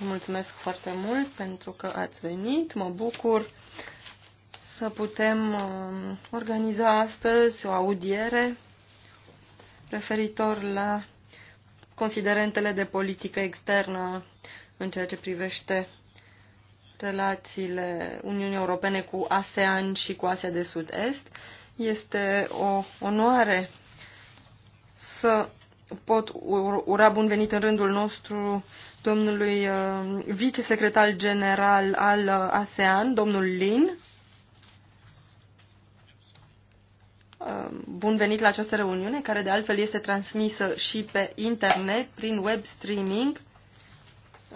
Vă Mulțumesc foarte mult pentru că ați venit. Mă bucur să putem uh, organiza astăzi o audiere referitor la considerentele de politică externă în ceea ce privește relațiile Uniunii Europene cu ASEAN și cu Asia de Sud-Est. Este o onoare să pot ura bun venit în rândul nostru domnului uh, vicesecretar general al uh, ASEAN, domnul Lin. Uh, bun venit la această reuniune, care de altfel este transmisă și pe internet, prin web streaming,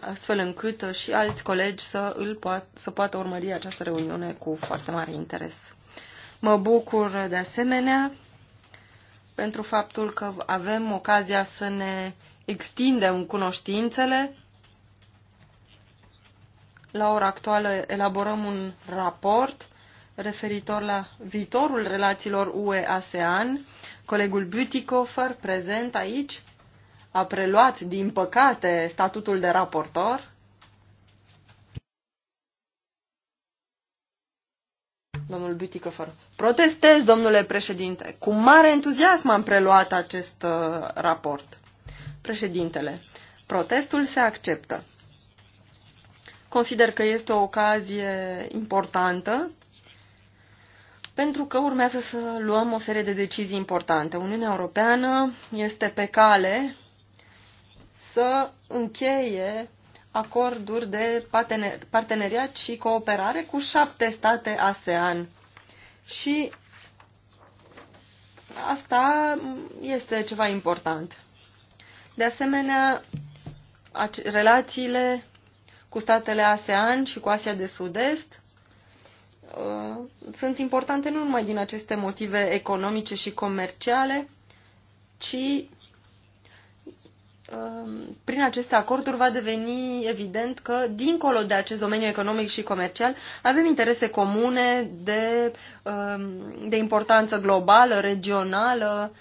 astfel încât și alți colegi să, îl poat, să poată urmări această reuniune cu foarte mare interes. Mă bucur de asemenea pentru faptul că avem ocazia să ne extindem cunoștințele. La ora actuală elaborăm un raport referitor la viitorul relațiilor UE-ASEAN. Colegul Butikofer, prezent aici, a preluat, din păcate, statutul de raportor. Domnul Butikofer, protestez, domnule președinte, cu mare entuziasm am preluat acest uh, raport. Președintele, protestul se acceptă. Consider că este o ocazie importantă pentru că urmează să luăm o serie de decizii importante. Uniunea Europeană este pe cale să încheie acorduri de partener parteneriat și cooperare cu șapte state ASEAN. Și asta este ceva important. De asemenea, relațiile cu statele ASEAN și cu Asia de Sud-Est uh, sunt importante nu numai din aceste motive economice și comerciale, ci uh, prin aceste acorduri va deveni evident că, dincolo de acest domeniu economic și comercial, avem interese comune de, uh, de importanță globală, regională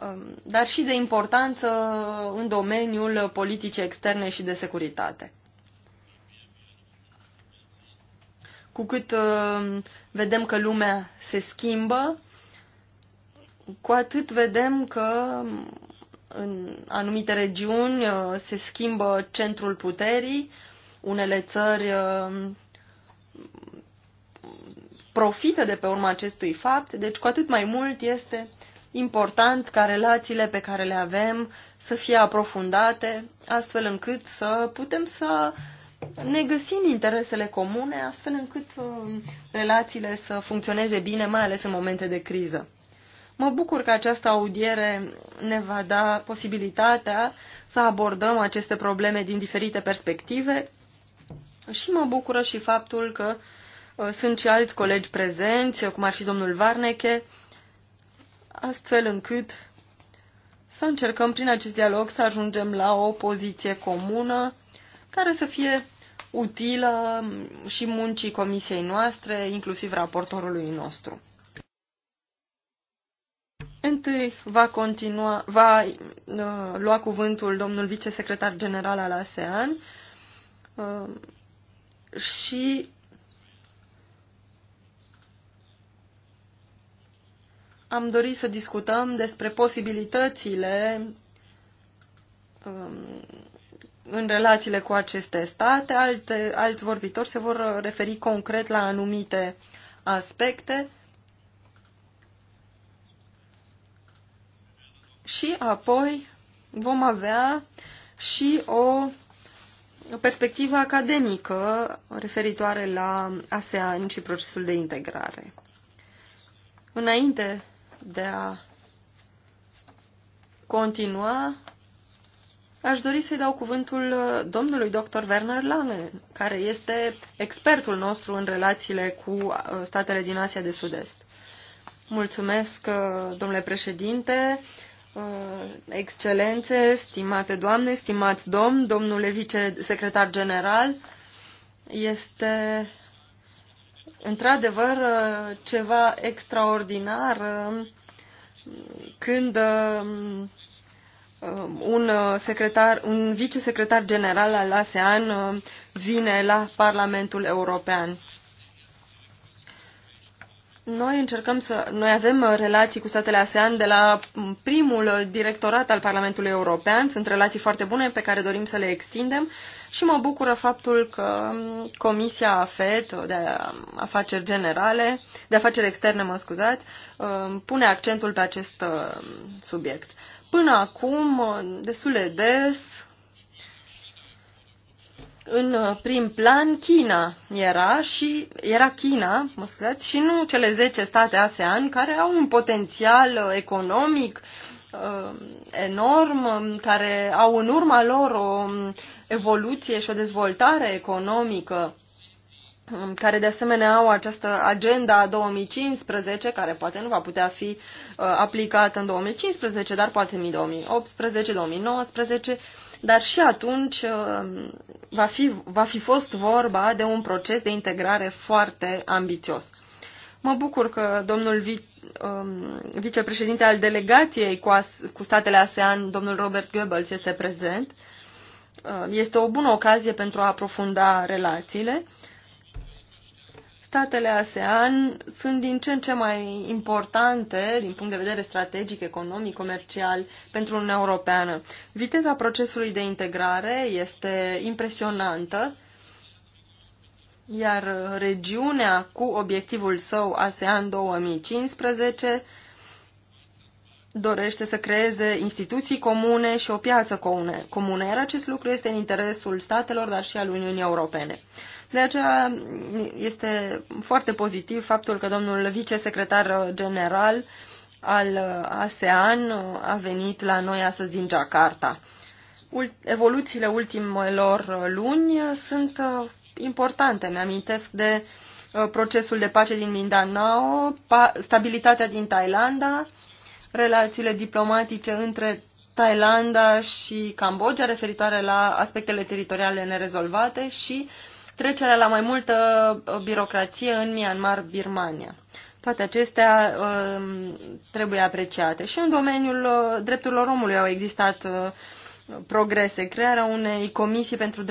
Um, dar și de importanță în domeniul politicii externe și de securitate. Cu cât um, vedem că lumea se schimbă, cu atât vedem că um, în anumite regiuni uh, se schimbă centrul puterii, unele țări profită de pe urma acestui fapt, deci cu atât mai mult este important ca relațiile pe care le avem să fie aprofundate, astfel încât să putem să ne găsim interesele comune, astfel încât uh, relațiile să funcționeze bine, mai ales în momente de criză. Mă bucur că această audiere ne va da posibilitatea să abordăm aceste probleme din diferite perspective și mă bucură și faptul că uh, sunt și alți colegi prezenți, cum ar fi domnul Varneche, astfel încât să încercăm prin acest dialog să ajungem la o poziție comună care să fie utilă și muncii comisiei noastre, inclusiv raportorului nostru. Întâi va, continua, va uh, lua cuvântul domnul vicesecretar general al ASEAN uh, și am dorit să discutăm despre posibilitățile um, în relațiile cu aceste state. Alte, alți vorbitori se vor referi concret la anumite aspecte. Și apoi vom avea și o perspectivă academică referitoare la ASEAN și procesul de integrare. Înainte de a continua, aș dori să-i dau cuvântul uh, domnului dr. Werner Lange, care este expertul nostru în relațiile cu uh, statele din Asia de Sud-Est. Mulțumesc, uh, domnule președinte, excelențe, stimate doamne, stimați domn, domnule vicesecretar general. Este într-adevăr uh, ceva extraordinar uh, când uh, un secretar, un vicesecretar general al ASEAN vine la Parlamentul European. Noi încercăm să... Noi avem uh, relații cu statele ASEAN de la mm, primul uh, directorat al Parlamentului European. Sunt relații foarte bune pe care dorim să le extindem și mă bucură faptul că mm, Comisia AFET uh, de afaceri generale, de afaceri externe, mă scuzați, pune accentul pe acest subiect. Până acum, destul de des, în uh, prim plan China era și era China, mă scuzați, și nu cele 10 state ASEAN care au un potențial uh, economic uh, enorm, um, care au în urma lor o um, evoluție și o dezvoltare economică, um, care de asemenea au această agenda 2015, care poate nu va putea fi aplicată în 2015, dar poate în 2018, 2019 dar și atunci uh, va fi, va fi fost vorba de un proces de integrare foarte ambițios. Mă bucur că domnul vi, um, vicepreședinte al delegației cu, as, cu statele ASEAN, domnul Robert Goebbels, este prezent. Uh, este o bună ocazie pentru a aprofunda relațiile statele ASEAN sunt din ce în ce mai importante din punct de vedere strategic, economic, comercial pentru Uniunea Europeană. Viteza procesului de integrare este impresionantă, iar regiunea cu obiectivul său ASEAN 2015 dorește să creeze instituții comune și o piață comune, iar acest lucru este în interesul statelor, dar și al Uniunii Europene. De aceea este foarte pozitiv faptul că domnul vicesecretar general al ASEAN a venit la noi astăzi din Jakarta. Evoluțiile ultimelor luni sunt uh, importante. Ne amintesc de uh, procesul de pace din Mindanao, stabilitatea din Thailanda, relațiile diplomatice între Thailanda și Cambodgia referitoare la aspectele teritoriale nerezolvate și uh, trecerea la mai multă uh, birocrație în Myanmar, Birmania. Toate acestea um, trebuie apreciate. Și în domeniul uh, drepturilor omului au existat uh, progrese, crearea unei comisii pentru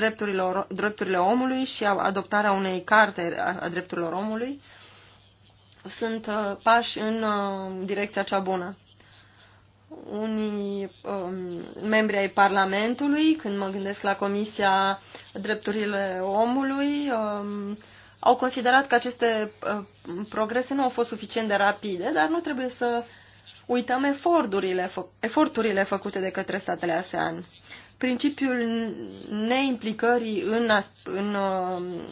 drepturile omului și adoptarea unei carte a drepturilor omului sunt pași în direcția cea bună unii um, membri ai Parlamentului, când mă gândesc la Comisia Drepturile Omului, um, au considerat că aceste uh, progrese nu au fost suficient de rapide, dar nu trebuie să uităm eforturile, fă, eforturile făcute de către statele ASEAN. Principiul neimplicării în, în uh,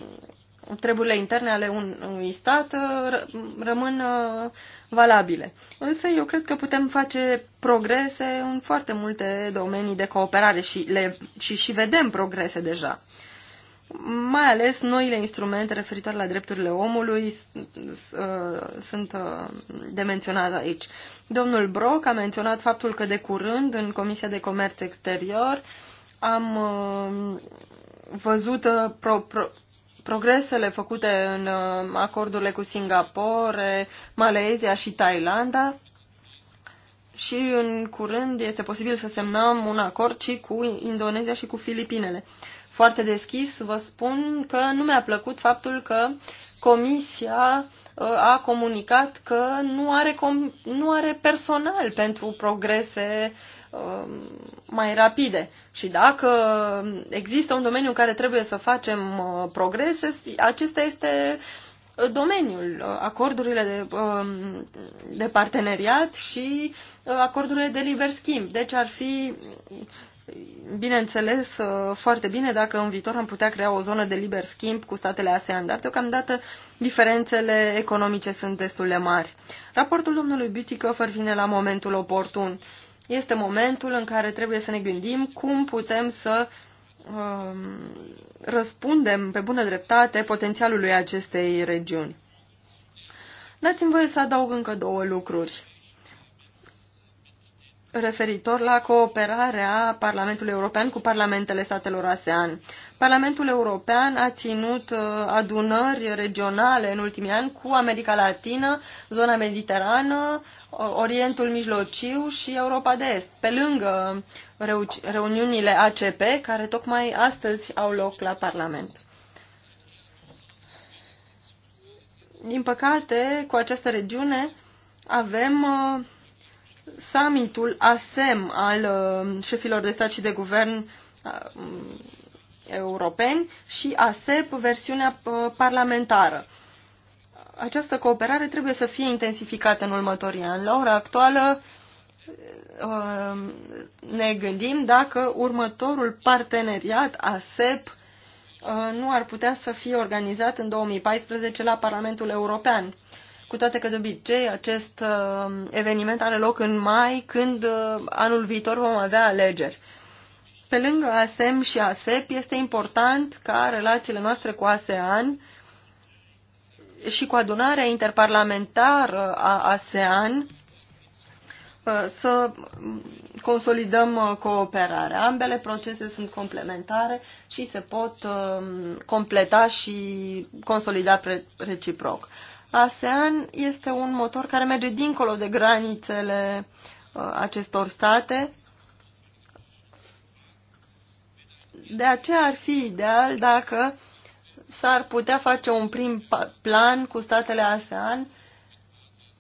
treburile interne ale unui stat uh, rămân uh, valabile. Însă eu cred că putem face progrese în foarte multe domenii de cooperare și, le, și, și vedem progrese deja. Mai ales noile instrumente referitoare la drepturile omului uh, sunt de menționat aici. Domnul Brock a menționat faptul că de curând în Comisia de Comerț Exterior am văzut pro, pro, progresele făcute în uh, acordurile cu Singapore, Malezia și Thailanda și în curând este posibil să semnăm un acord și cu Indonezia și cu Filipinele. Foarte deschis vă spun că nu mi-a plăcut faptul că Comisia uh, a comunicat că nu are, com- nu are personal pentru progrese Um, mai rapide. Și dacă există un domeniu în care trebuie să facem uh, progrese, acesta este uh, domeniul, uh, acordurile de, um, de parteneriat și acordurile de liber schimb. Deci ar fi, bineînțeles, foarte bine dacă în viitor am putea crea o zonă de liber schimb cu statele ASEAN, dar deocamdată diferențele economice sunt destul de mari. Raportul domnului Bütikofer vine la momentul oportun este momentul în care trebuie să ne gândim cum putem să um, răspundem pe bună dreptate potențialului acestei regiuni. Dați-mi voie să adaug încă două lucruri referitor la cooperarea Parlamentului European cu parlamentele statelor ASEAN. Parlamentul European a ținut uh, adunări regionale în ultimii ani cu America Latină, zona mediterană, uh, Orientul Mijlociu și Europa de Est, pe lângă reuniunile ACP, care tocmai astăzi au loc la Parlament. Din păcate, cu această regiune avem uh, summitul ASEM al uh, șefilor de stat și de guvern uh, europeni și ASEP versiunea uh, parlamentară. Această cooperare trebuie să fie intensificată în următorii ani. La ora actuală ne gândim dacă următorul parteneriat ASEP nu ar putea să fie organizat în 2014 la Parlamentul European. Cu toate că de obicei acest uh, eveniment are loc în mai, când uh, anul viitor vom avea alegeri. Pe lângă ASEM și ASEP, este important ca relațiile noastre cu ASEAN și cu adunarea interparlamentară a ASEAN uh, să consolidăm cooperarea. Ambele procese sunt complementare și se pot completa și consolida reciproc. ASEAN este un motor care merge dincolo de granițele uh, acestor state. De aceea ar fi ideal dacă s-ar putea face un prim plan cu statele ASEAN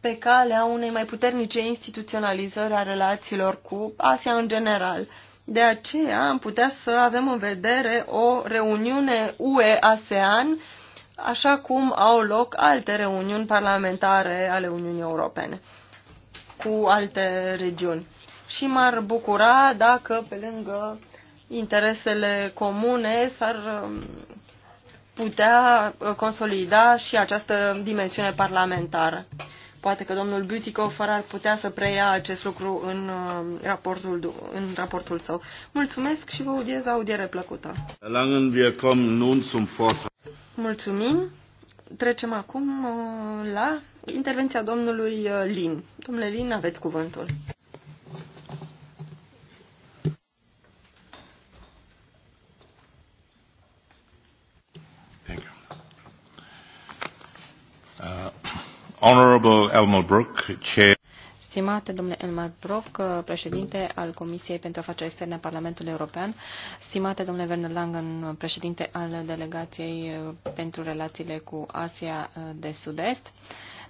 pe calea unei mai puternice instituționalizări a relațiilor cu Asia în general. De aceea am putea să avem în vedere o reuniune UE-ASEAN așa cum au loc alte reuniuni parlamentare ale Uniunii Europene cu alte regiuni. Și m-ar bucura dacă, pe lângă interesele comune, s-ar um, putea uh, consolida și această dimensiune parlamentară. Poate că domnul Butikofer ar putea să preia acest lucru în uh, raportul, în raportul său. Mulțumesc și vă audiez audiere plăcută. Mulțumim. Trecem acum uh, la intervenția domnului uh, Lin. Domnule Lin, aveți cuvântul. Thank you. Uh, Honorable Elmar Brook, Chair. Stimate domnule Elmar Brock, președinte al Comisiei pentru Afaceri Externe a Parlamentului European, stimate domnule Werner Langen, președinte al Delegației uh, pentru Relațiile cu Asia uh, de Sud-Est,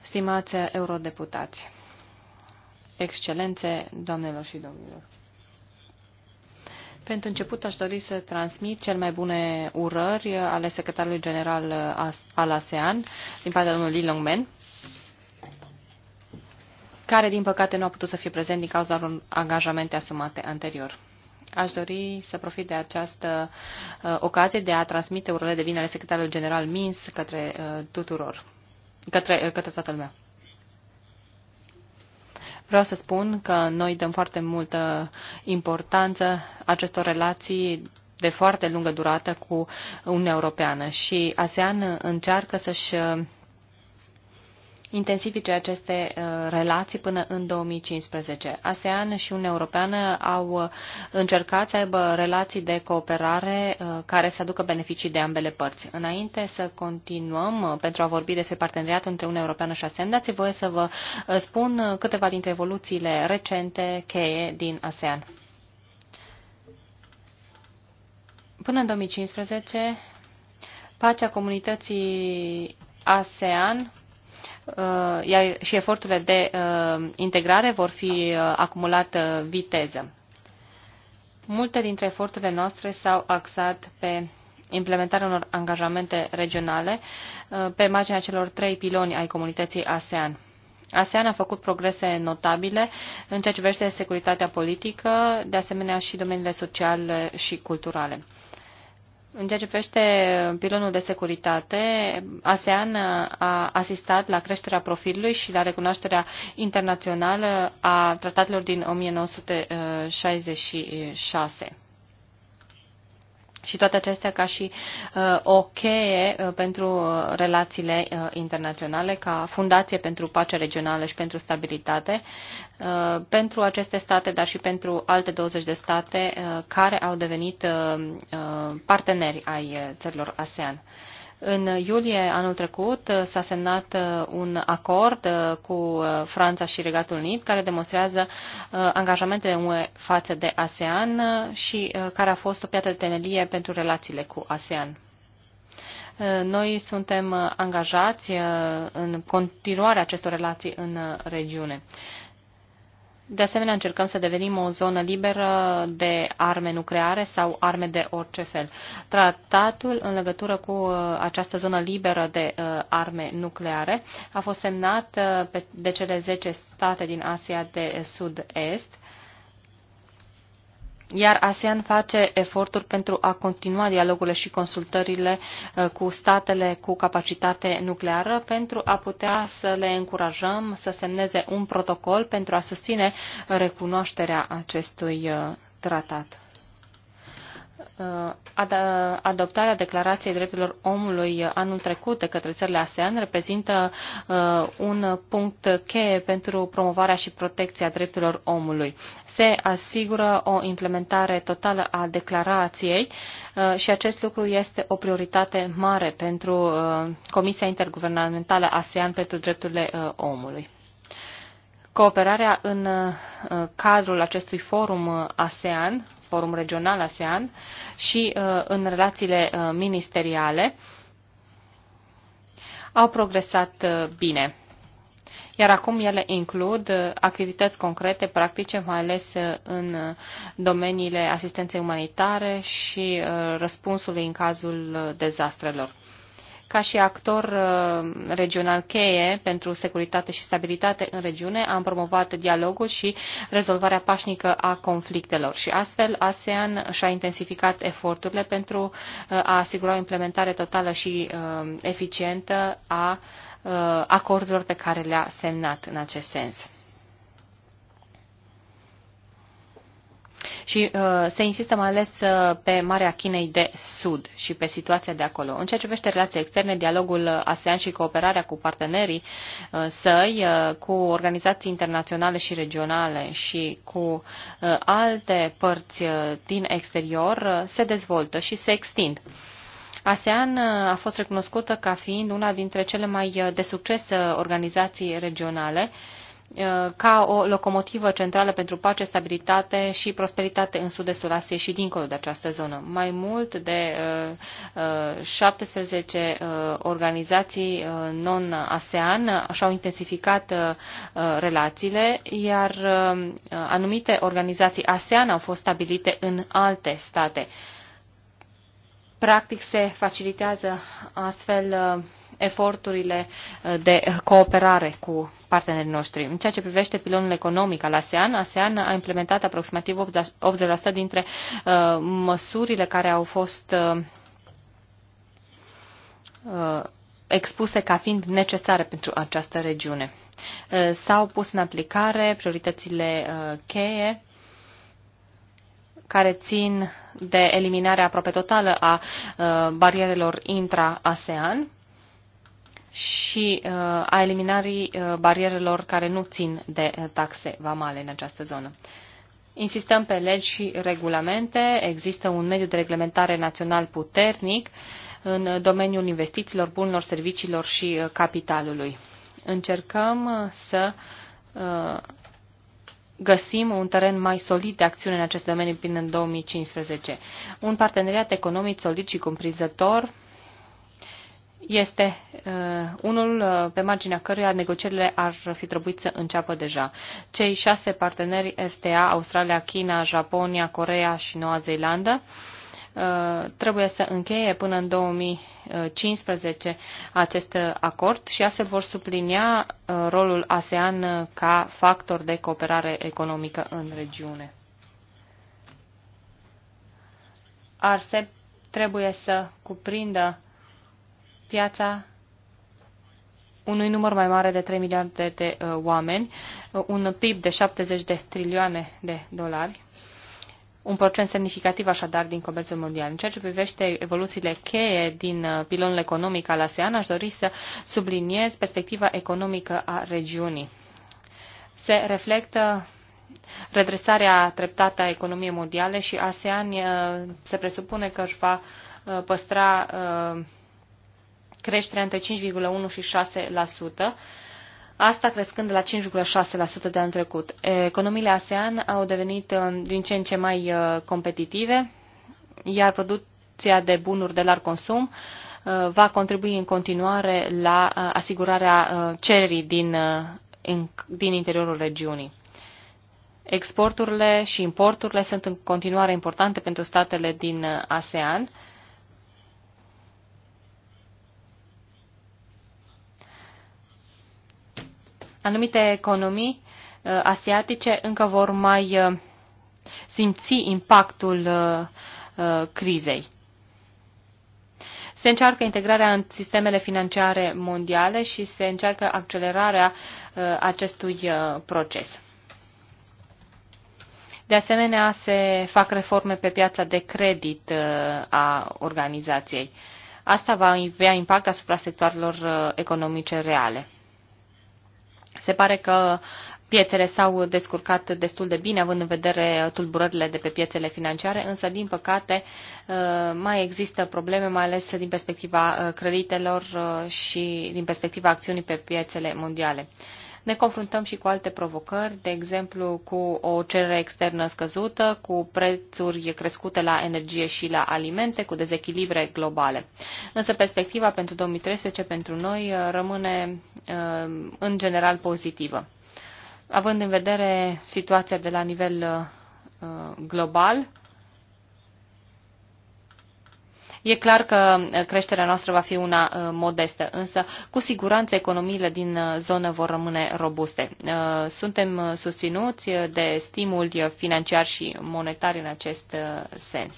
stimați eurodeputați, excelențe, doamnelor și domnilor. Pentru început aș dori să transmit cel mai bune urări ale secretarului general uh, al ASEAN din partea domnului Lee Longmen, care, din păcate, nu a putut să fie prezent din cauza unor angajamente asumate anterior. Aș dori să profit de această uh, ocazie de a transmite urăle de vină ale secretarului general Mins către uh, tuturor, către, uh, către toată lumea. Vreau să spun că noi dăm foarte multă importanță acestor relații de foarte lungă durată cu Uniunea Europeană și ASEAN încearcă să-și uh, intensifice aceste uh, relații până în 2015. ASEAN și Uniunea Europeană au uh, încercat să aibă relații de cooperare uh, care să aducă beneficii de ambele părți. Înainte să continuăm pentru a vorbi despre parteneriatul între Uniunea Europeană și ASEAN, dați voie să vă spun câteva dintre evoluțiile recente cheie din ASEAN. Până în 2015, pacea comunității ASEAN Uh, iar și eforturile de uh, integrare vor fi uh, acumulată viteză. Multe dintre eforturile noastre s-au axat pe implementarea unor angajamente regionale pe marginea celor trei piloni ai comunității ASEAN. ASEAN a făcut progrese notabile în ceea ce privește securitatea politică, de asemenea și domeniile sociale și culturale. În ceea ce privește pilonul de securitate, ASEAN a asistat la creșterea profilului și la recunoașterea internațională a tratatelor din 1966 și toate acestea ca și uh, o cheie uh, pentru uh, relațiile uh, internaționale, ca fundație pentru pace regională și pentru stabilitate, uh, pentru aceste state, dar și pentru alte 20 de state uh, care au devenit uh, uh parteneri ai uh, țărilor ASEAN. Uh, în iulie anul trecut s-a semnat uh, un acord uh, cu uh, Franța și Regatul Unit care demonstrează angajamentele UE față de ASEAN și care a fost o piatră de temelie pentru relațiile cu ASEAN. Noi suntem angajați în continuarea acestor relații în regiune. De asemenea, încercăm să devenim o zonă liberă de arme nucleare sau arme de orice fel. Tratatul în legătură cu uh, această zonă liberă de uh, arme nucleare a fost semnat uh, de cele 10 state din Asia de Sud-Est iar ASEAN face eforturi pentru a continua dialogurile și consultările uh, cu statele cu capacitate nucleară pentru a putea să le încurajăm să semneze un protocol pentru a susține recunoașterea acestui uh, tratat. Uh, adoptarea declarației drepturilor omului anul trecut de către țările ASEAN reprezintă uh, un punct cheie pentru promovarea și protecția drepturilor omului. Se asigură o implementare totală a declarației uh, și acest lucru este o prioritate mare pentru Comisia Interguvernamentală ASEAN pentru Drepturile Omului. Cooperarea în uh, cadrul acestui forum uh, ASEAN, forum regional ASEAN și uh, în relațiile ministeriale au progresat bine. Iar acum ele includ activități concrete, practice, mai ales în domeniile asistenței umanitare și răspunsului în cazul dezastrelor. Ca și actor uh, regional cheie pentru securitate și stabilitate în regiune, am promovat dialogul și rezolvarea pașnică a conflictelor și astfel ASEAN și-a intensificat eforturile pentru uh, a asigura o implementare totală și uh, eficientă a acordurilor pe care le-a semnat în acest sens. și uh, se insistă mai ales uh, pe Marea Chinei de Sud și pe situația de acolo. În ceea ce privește relații externe, dialogul uh, ASEAN și cooperarea cu partenerii uh, săi, uh, cu organizații internaționale și regionale și cu uh, alte părți uh, din exterior uh, se dezvoltă și se extind. ASEAN uh, a fost recunoscută ca fiind una dintre cele mai uh, de succes organizații regionale uh, Uh, ca o locomotivă centrală pentru pace, stabilitate și prosperitate în sud-estul Asiei și dincolo de această zonă. Mai mult de 17 uh, uh, organizații non-ASEAN și-au intensificat relațiile, iar anumite organizații ASEAN au fost stabilite în alte state. Practic se facilitează astfel uh, eforturile uh, de cooperare cu partenerii noștri. În ceea ce privește pilonul economic al ASEAN, ASEAN a implementat aproximativ 80% dintre uh, măsurile care au fost uh, expuse ca fiind necesare pentru această regiune. S-au pus în aplicare prioritățile cheie care țin de eliminarea aproape totală a barierelor intra-ASEAN și uh, a eliminării uh, barierelor care nu țin de uh, taxe vamale în această zonă. Insistăm pe legi și regulamente, există un mediu de reglementare național puternic în domeniul investițiilor, bunurilor, serviciilor și capitalului. Încercăm să găsim un teren mai solid de acțiune în acest domeniu până în 2015. Un parteneriat economic solid și cumprinzător este uh, unul uh, pe marginea căruia negocierile ar fi trebuit să înceapă deja. Cei șase parteneri FTA, Australia, China, Japonia, Corea și Noua Zeelandă, uh, trebuie să încheie până în 2015 acest acord și astfel vor sublinia uh, rolul ASEAN ca factor de cooperare economică în regiune. Arse trebuie să cuprindă piața unui număr mai mare de 3 miliarde de uh, oameni, uh, un PIB de 70 de trilioane de dolari, un procent semnificativ așadar din comerțul mondial. În ceea ce privește evoluțiile cheie din uh, pilonul economic al ASEAN, aș dori să subliniez perspectiva economică a regiunii. Se reflectă redresarea treptată a economiei mondiale și ASEAN uh, se presupune că își va păstra creșterea între 5,1 și 6%, asta crescând de la 5,6% de anul trecut. Economiile ASEAN au devenit uh, din ce în ce mai uh, competitive, iar producția de bunuri de larg consum uh, va contribui în continuare la asigurarea cererii din, din interiorul regiunii. Exporturile și importurile sunt în continuare importante pentru statele din ASEAN Anumite economii uh, asiatice încă vor mai uh, simți impactul uh, crizei. Se încearcă integrarea în sistemele financiare mondiale și se încearcă accelerarea acestui proces. De asemenea, se fac reforme pe piața de credit a organizației. Asta va avea impact asupra sectoarelor economice reale. Se pare că piețele s-au descurcat destul de bine, având în vedere tulburările de pe piețele financiare, însă, din păcate, uh, mai există probleme, mai ales din perspectiva uh, creditelor uh, și din perspectiva acțiunii pe piețele mondiale. Ne confruntăm și cu alte provocări, de exemplu cu o cerere externă scăzută, cu prețuri crescute la energie și la alimente, cu dezechilibre globale. Însă perspectiva pentru 2013 pentru noi uh, rămâne uh, în general pozitivă. Având în vedere situația de la nivel uh, global, E clar că uh, creșterea noastră va fi una uh, modestă, însă cu siguranță economiile din uh, zonă vor rămâne robuste. Suntem susținuți de stimul financiar și monetar în acest sens.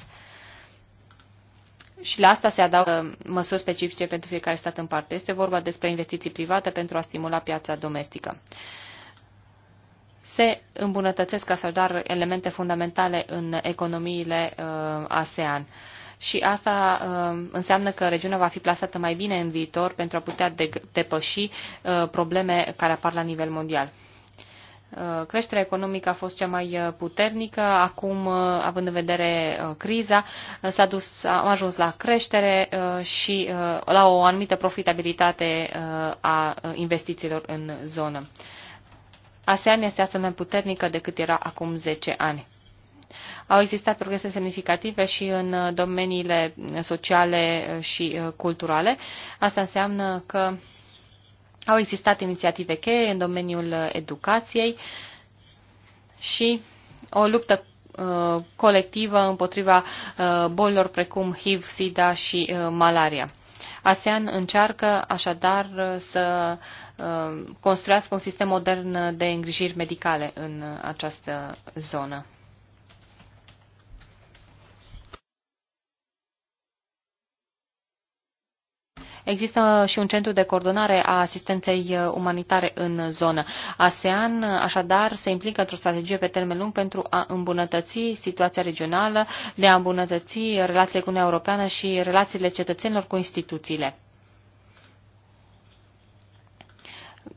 Și la asta se adaugă măsuri specifice pentru fiecare stat în parte. Este vorba despre investiții private pentru a stimula piața domestică. Se îmbunătățesc așadar elemente fundamentale în economiile ASEAN și asta uh, înseamnă că regiunea va fi plasată mai bine în viitor pentru a putea de depăși uh, probleme care apar la nivel mondial. Uh, creșterea economică a fost cea mai puternică, acum, având în vedere criza, s-a dus, am ajuns la creștere și la o anumită profitabilitate a investițiilor în zonă. ASEAN este astfel mai puternică decât era acum 10 ani. Au existat progrese semnificative și în uh, domeniile uh, sociale uh, și culturale. Asta înseamnă că au existat inițiative cheie în domeniul educației și o luptă colectivă împotriva bolilor precum HIV, SIDA și malaria. ASEAN încearcă așadar să construiască un sistem modern de îngrijiri medicale în această zonă. Există și un centru de coordonare a asistenței uh, umanitare în zonă. ASEAN, uh, așadar, se implică într-o strategie pe termen lung pentru a îmbunătăți situația regională, de a îmbunătăți relațiile cu Uniunea Europeană și relațiile cetățenilor cu instituțiile.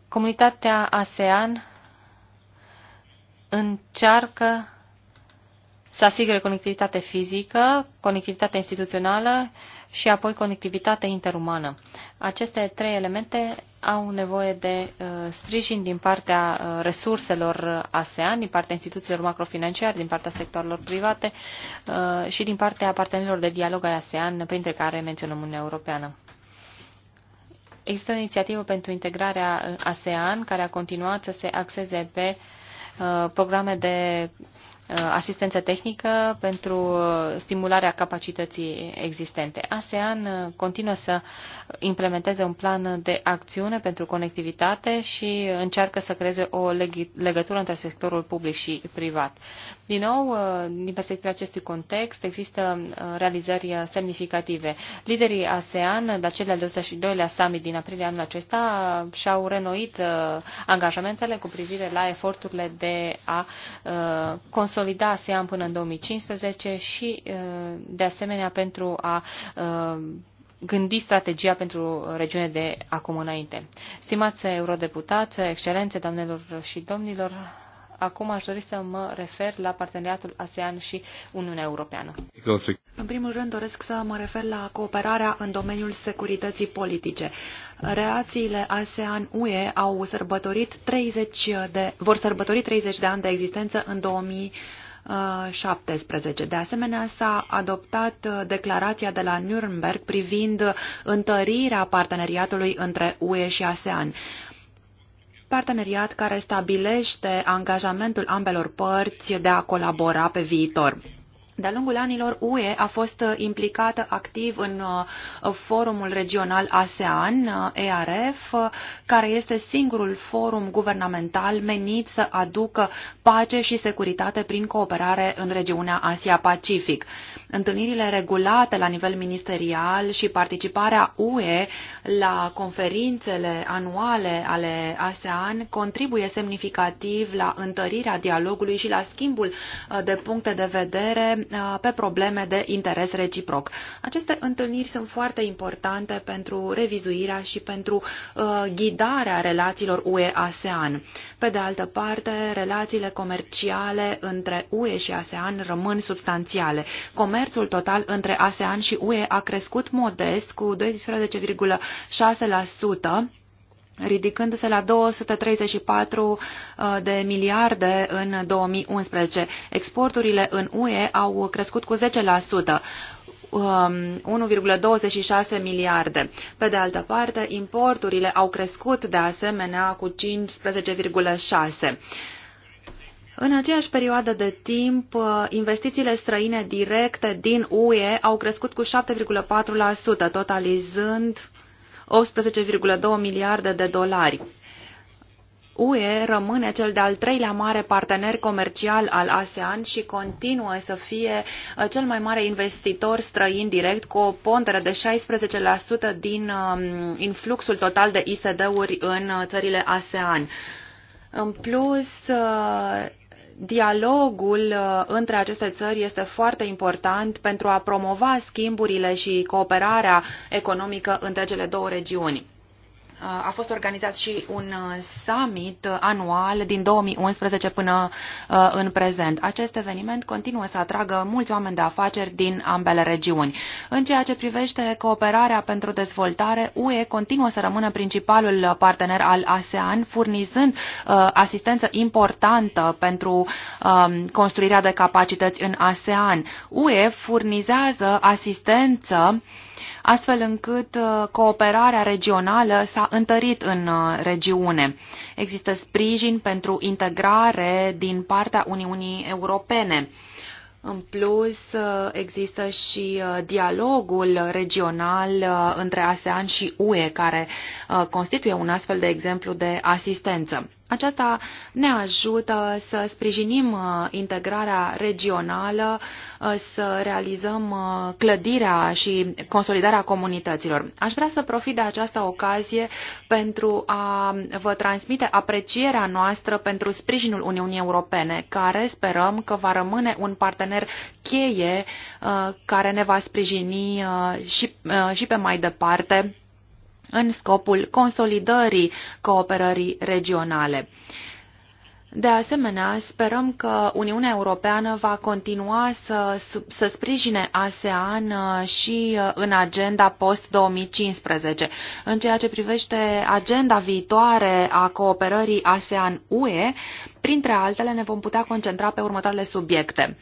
Comunitatea ASEAN încearcă să asigure conectivitate fizică, conectivitate instituțională și apoi conectivitate interumană. Aceste trei elemente au nevoie de uh, sprijin din partea uh, resurselor uh, ASEAN, din partea instituțiilor macrofinanciare, din partea sectorilor private uh, și din partea partenerilor de dialog ai ASEAN, printre care menționăm Uniunea Europeană. Există o inițiativă pentru integrarea uh, ASEAN care a continuat să se axeze pe uh, programe de Uh, asistență tehnică pentru uh, stimularea capacității existente. ASEAN uh, continuă să implementeze un plan de acțiune pentru conectivitate și încearcă să creeze o legătură între sectorul public și privat. Din nou, din perspectiva acestui context, există realizări semnificative. Liderii ASEAN, la cele al 22-lea summit din aprilie anul acesta, și-au renoit angajamentele cu privire la eforturile de a consolida consolida ASEAN până în 2015 și, uh, de asemenea, pentru a uh, gândi strategia pentru regiune de acum înainte. Stimați eurodeputați, excelențe, doamnelor și domnilor, Acum aș dori să mă refer la parteneriatul ASEAN și Uniunea Europeană. În primul rând doresc să mă refer la cooperarea în domeniul securității politice. Relațiile ASEAN-UE au sărbătorit 30 de, vor sărbători 30 de ani de existență în 2000 17. De asemenea, s-a adoptat declarația de la Nuremberg privind întărirea parteneriatului între UE și ASEAN parteneriat care stabilește angajamentul ambelor părți de a colabora pe viitor. De-a lungul anilor, UE a fost uh, implicată activ în uh, forumul regional ASEAN, uh, ERF, care este singurul forum guvernamental menit să aducă pace și securitate prin cooperare în regiunea Asia-Pacific. Întâlnirile regulate la nivel ministerial și participarea UE la conferințele anuale ale ASEAN contribuie semnificativ la întărirea dialogului și la schimbul de puncte de vedere Uh, pe probleme de interes reciproc. Aceste întâlniri sunt foarte importante pentru revizuirea și pentru uh, ghidarea relațiilor UE-ASEAN. Pe de altă parte, relațiile comerciale între UE și ASEAN rămân substanțiale. Comerțul total între ASEAN și UE a crescut modest cu 12,6% ridicându-se la 234 uh, de miliarde în 2011. Exporturile în UE au crescut cu 10%. 1,26 um, miliarde. Pe de altă parte, importurile au crescut de asemenea cu 15,6. În aceeași perioadă de timp, uh, investițiile străine directe din UE au crescut cu 7,4%, totalizând 18,2 miliarde de dolari. UE rămâne cel de-al treilea mare partener comercial al ASEAN și continuă să fie uh, cel mai mare investitor străin direct cu o pondere de 16% din um, influxul total de ISD-uri în uh, țările ASEAN. În plus, uh, Dialogul uh, între aceste țări este foarte important pentru a promova schimburile și cooperarea economică între cele două regiuni a fost organizat și un uh, summit anual din 2011 până uh, în prezent. Acest eveniment continuă să atragă mulți oameni de afaceri din ambele regiuni. În ceea ce privește cooperarea pentru dezvoltare, UE continuă să rămână principalul partener al ASEAN, furnizând uh, asistență importantă pentru um, construirea de capacități în ASEAN. UE furnizează asistență astfel încât uh, cooperarea regională s-a întărit în uh, regiune. Există sprijin pentru integrare din partea Uniunii Europene. În plus, uh, există și dialogul regional între ASEAN și UE, care constituie un astfel de exemplu de asistență. Aceasta ne ajută să sprijinim uh, integrarea regională, uh, să realizăm uh, clădirea și consolidarea comunităților. Aș vrea să profit de această ocazie pentru a vă transmite aprecierea noastră pentru sprijinul Uniunii Europene, care sperăm că va rămâne un partener cheie care ne va sprijini și, și pe mai departe în scopul consolidării cooperării regionale. De asemenea, sperăm că Uniunea Europeană va continua să, să sprijine ASEAN uh, și uh, în agenda post-2015. În ceea ce privește agenda viitoare a cooperării ASEAN-UE, printre altele ne vom putea concentra pe următoarele subiecte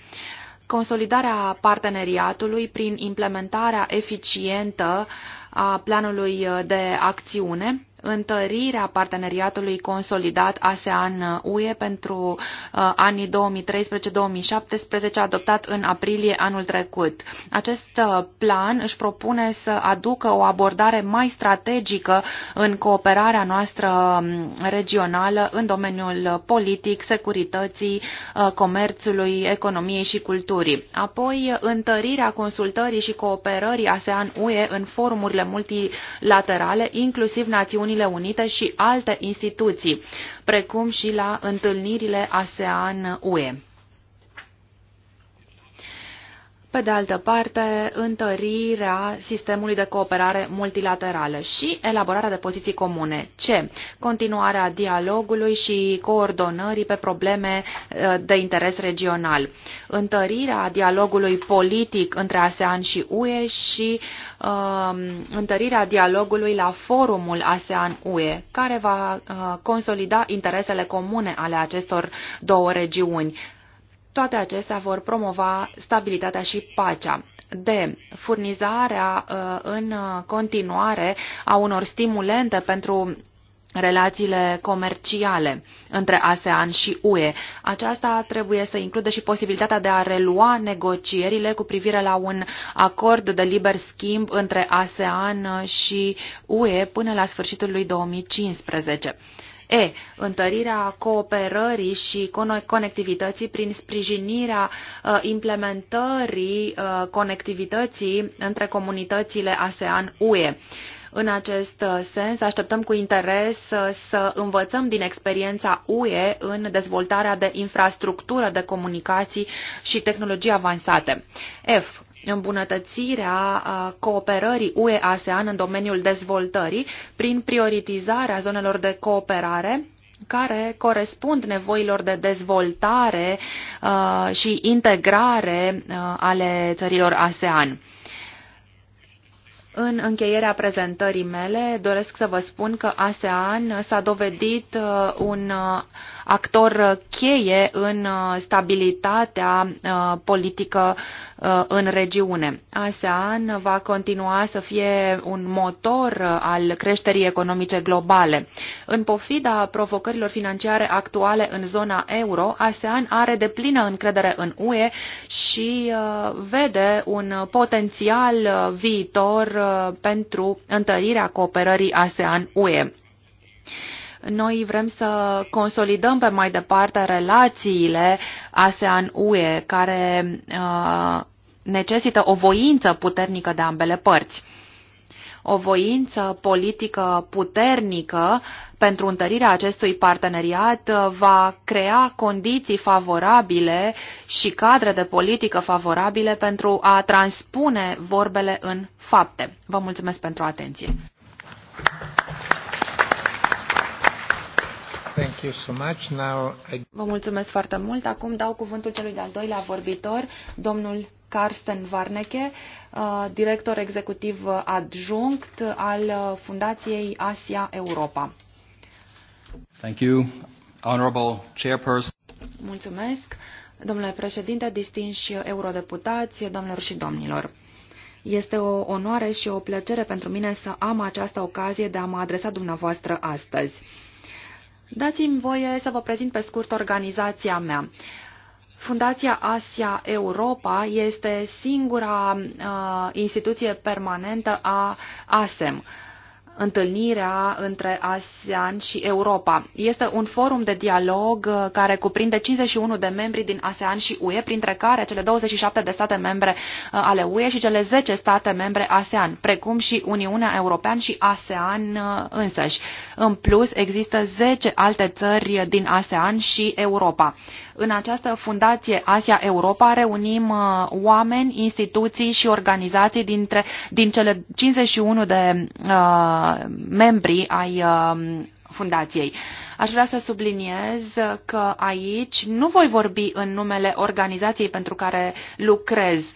consolidarea parteneriatului prin implementarea eficientă uh, a planului de acțiune întărirea parteneriatului consolidat ASEAN-UE pentru uh, anii 2013-2017, adoptat în aprilie anul trecut. Acest uh, plan își propune să aducă o abordare mai strategică în cooperarea noastră um, regională în domeniul politic, securității, uh, comerțului, economiei și culturii. Apoi, întărirea consultării și cooperării ASEAN-UE în forumurile multilaterale, inclusiv Națiunile Națiunile Unite și alte instituții, precum și la întâlnirile ASEAN-UE pe de altă parte, întărirea sistemului de cooperare multilaterală și elaborarea de poziții comune. C. Continuarea dialogului și coordonării pe probleme ă, de interes regional. Întărirea dialogului politic între ASEAN și UE și uh, întărirea dialogului la forumul ASEAN-UE, care va uh, consolida interesele comune ale acestor două regiuni, toate acestea vor promova stabilitatea și pacea de furnizarea uh, în continuare a unor stimulente pentru relațiile comerciale între ASEAN și UE. Aceasta trebuie să includă și posibilitatea de a relua negocierile cu privire la un acord de liber schimb între ASEAN și UE până la sfârșitul lui 2015. E. Întărirea cooperării și conectivității prin sprijinirea uh, implementării uh, conectivității între comunitățile ASEAN-UE. În acest uh, sens, așteptăm cu interes să învățăm din experiența UE în dezvoltarea de infrastructură de comunicații și tehnologii avansate. F îmbunătățirea cooperării UE-ASEAN în domeniul dezvoltării prin prioritizarea zonelor de cooperare care corespund nevoilor de dezvoltare și integrare ale țărilor ASEAN. În încheierea prezentării mele doresc să vă spun că ASEAN s-a dovedit uh, un uh, actor cheie în uh, stabilitatea politică în regiune. ASEAN va continua să fie un motor al creșterii economice globale. În pofida provocărilor financiare actuale în zona euro, ASEAN are de plină încredere în UE și vede un potențial viitor Uh, pentru întărirea cooperării ASEAN-UE. Noi vrem să consolidăm pe mai departe relațiile ASEAN-UE, care uh, necesită o voință puternică de ambele părți o voință politică puternică pentru întărirea acestui parteneriat uh, va crea condiții favorabile și cadre de politică favorabile pentru a transpune vorbele în fapte. Vă mulțumesc pentru atenție. Thank you so much. Now I... Vă mulțumesc foarte mult. Acum dau cuvântul celui de-al doilea vorbitor, domnul Carsten uh, director executiv adjunct al uh, Fundației Asia Europa. Thank you, honorable chairperson. Mulțumesc, domnule președinte, distinși eurodeputați, domnilor și domnilor. Este o onoare și o plăcere pentru mine să am această ocazie de a mă adresa dumneavoastră astăzi. Dați-mi voie să vă prezint pe scurt organizația mea. Fundația Asia Europa este singura uh, instituție permanentă a ASEM. Uh, întâlnirea între ASEAN și Europa. Este un forum de dialog uh, care cuprinde 51 de membri din ASEAN și UE, printre care cele 27 de state membre uh, ale UE și cele 10 state membre ASEAN, precum și Uniunea Europeană și ASEAN uh, însăși. În plus, există 10 alte țări din ASEAN și Europa. În această fundație Asia Europa reunim uh, oameni, instituții și organizații dintre, din cele 51 de uh, membri ai uh, fundației. Aș vrea să subliniez că aici nu voi vorbi în numele organizației pentru care lucrez. Uh,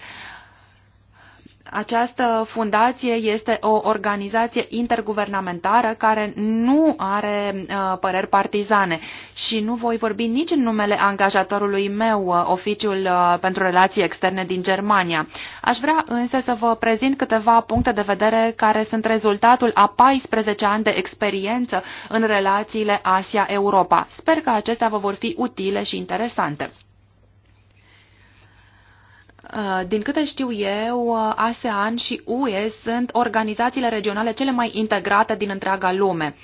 această fundație este o organizație interguvernamentară care nu are uh, păreri partizane și nu voi vorbi nici în numele angajatorului meu, uh, oficiul uh, pentru relații externe din Germania. Aș vrea însă să vă prezint câteva puncte de vedere care sunt rezultatul a 14 ani de experiență în relațiile Asia-Europa. Sper că acestea vă vor fi utile și interesante. Uh, din câte știu eu, uh, ASEAN și UE sunt organizațiile regionale cele mai integrate din întreaga lume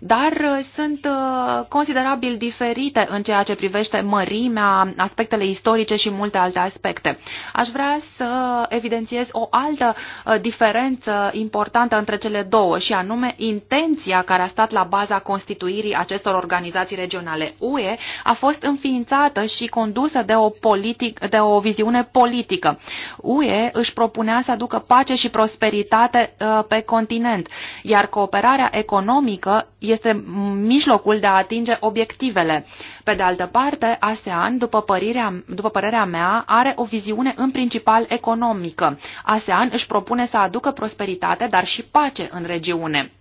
dar uh, sunt uh, considerabil diferite în ceea ce privește mărimea, aspectele istorice și multe alte aspecte. Aș vrea să evidențiez o altă uh, diferență importantă între cele două și anume intenția care a stat la baza constituirii acestor organizații regionale. UE a fost înființată și condusă de o, politic, de o viziune politică. UE își propunea să aducă pace și prosperitate pe continent, iar cooperarea economică este mijlocul de a atinge obiectivele. Pe de altă parte, ASEAN, după, părirea, după părerea mea, are o viziune în principal economică. ASEAN își propune să aducă prosperitate, dar și pace în regiune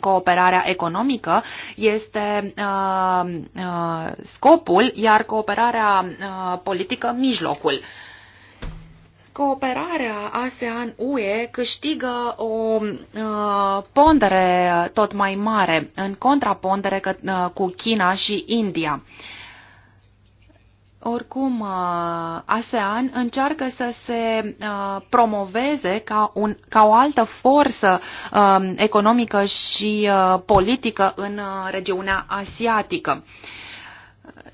cooperarea economică este uh, uh, scopul, iar cooperarea uh, politică mijlocul. Uh, Cooperarea ASEAN-UE câștigă o uh, pondere tot mai mare, în contrapondere că, uh, cu China și India. Oricum, uh, ASEAN încearcă să se uh, promoveze ca, un, ca o altă forță uh, economică și uh, politică în uh, regiunea asiatică. Uh,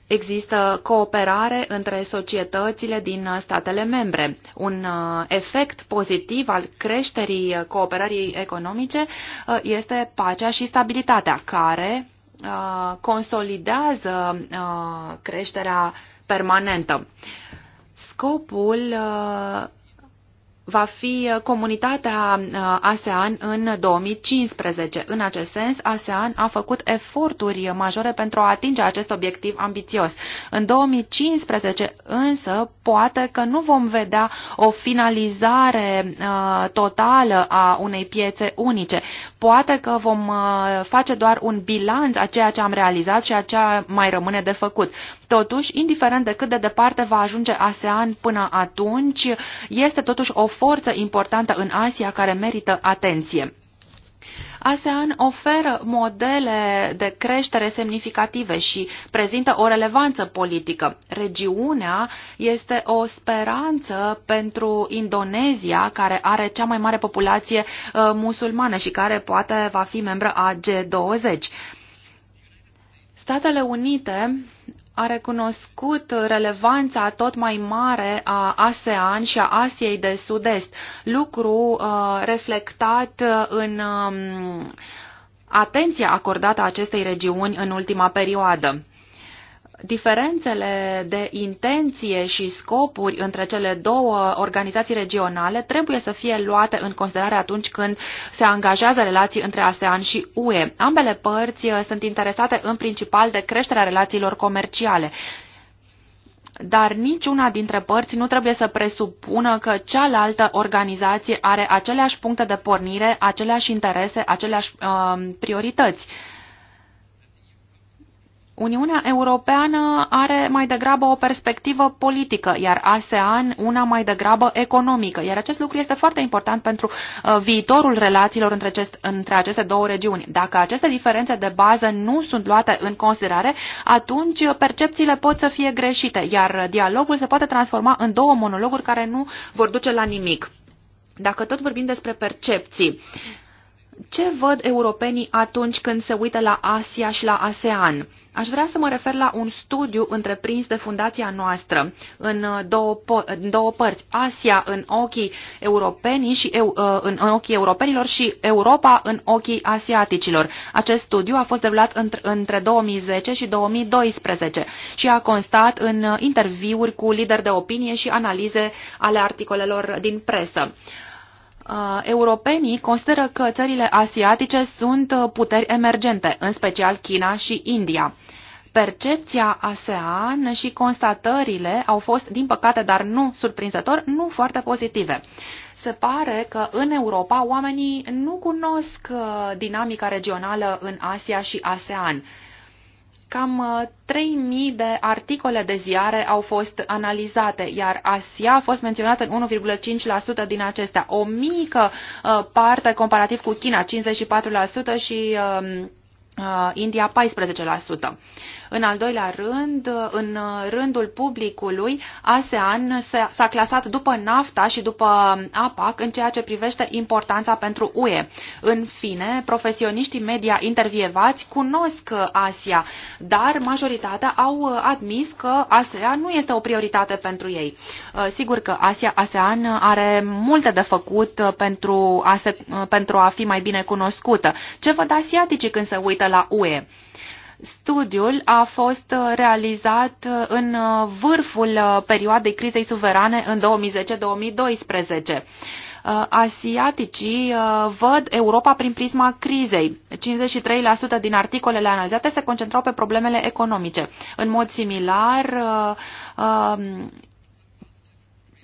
există cooperare între societățile din statele membre. Un uh, efect pozitiv al creșterii cooperării economice uh, este pacea și stabilitatea, care uh, consolidează creșterea permanentă. Scopul va fi uh, comunitatea uh, ASEAN în 2015. În acest sens, ASEAN a făcut eforturi majore pentru a atinge acest obiectiv ambițios. În 2015 însă, poate că nu vom vedea o finalizare uh, totală a unei piețe unice. Poate că vom face doar un bilanț a ceea ce am realizat și a ceea mai rămâne de făcut. Totuși, indiferent de cât de departe va ajunge ASEAN până atunci, este totuși o forță importantă în Asia care merită atenție. ASEAN oferă modele de creștere semnificative și prezintă o relevanță politică. Regiunea este o speranță pentru Indonezia, care are cea mai mare populație uh, musulmană și care poate va fi membră a G20. Statele Unite a recunoscut relevanța tot mai mare a ASEAN și a Asiei de Sud-Est, lucru uh, reflectat în um, atenția acordată acestei regiuni în ultima perioadă diferențele de intenție și scopuri între cele două organizații regionale trebuie să fie luate în considerare atunci când se angajează relații între ASEAN și UE. Ambele părți uh, sunt interesate în principal de creșterea relațiilor comerciale dar niciuna dintre părți nu trebuie să presupună că cealaltă organizație are aceleași puncte de pornire, aceleași interese, aceleași uh, priorități. Uh, Uniunea Europeană are mai degrabă o perspectivă politică, iar ASEAN una mai degrabă economică, iar acest lucru este foarte important pentru uh, viitorul relațiilor între, acest, între aceste două regiuni. Dacă aceste diferențe de bază nu sunt luate în considerare, atunci percepțiile pot să fie greșite, iar dialogul se poate transforma în două monologuri care nu vor duce la nimic. Dacă tot vorbim despre percepții, ce văd europenii atunci când se uită la Asia și la ASEAN? Aș vrea să mă refer la un studiu întreprins de fundația noastră în uh, două, în două părți, Asia în ochii, europenii și, în, uh, în ochii europenilor și Europa în ochii asiaticilor. Acest studiu a fost derulat între 2010 și 2012 și a constat în uh, interviuri cu lideri de opinie și analize ale articolelor din presă europenii consideră că țările asiatice sunt puteri emergente, în special China și India. Percepția ASEAN și constatările au fost, din păcate, dar nu surprinzător, nu foarte pozitive. Se pare că în Europa oamenii nu cunosc uh, dinamica regională în Asia și ASEAN. Cam 3.000 uh, de articole de ziare au fost analizate, iar Asia a fost menționată în 1,5% din acestea. O mică uh, parte comparativ cu China, 54% și Uh, India 14%. În al doilea rând, în rândul publicului, ASEAN s-a clasat după NAFTA și după APAC în ceea ce privește importanța pentru UE. În fine, profesioniștii media intervievați cunosc Asia, dar majoritatea au admis că ASEAN nu este o prioritate pentru ei. Uh, sigur că Asia ASEAN are multe de făcut pentru a, se, pentru a fi mai bine cunoscută. Ce văd asiaticii când se uită la UE? Studiul a fost uh, realizat uh, în uh, vârful perioadei crizei suverane în 2010-2012 asiaticii văd Europa prin prisma crizei. 53% din articolele analizate se concentrau pe problemele economice. În mod similar, um,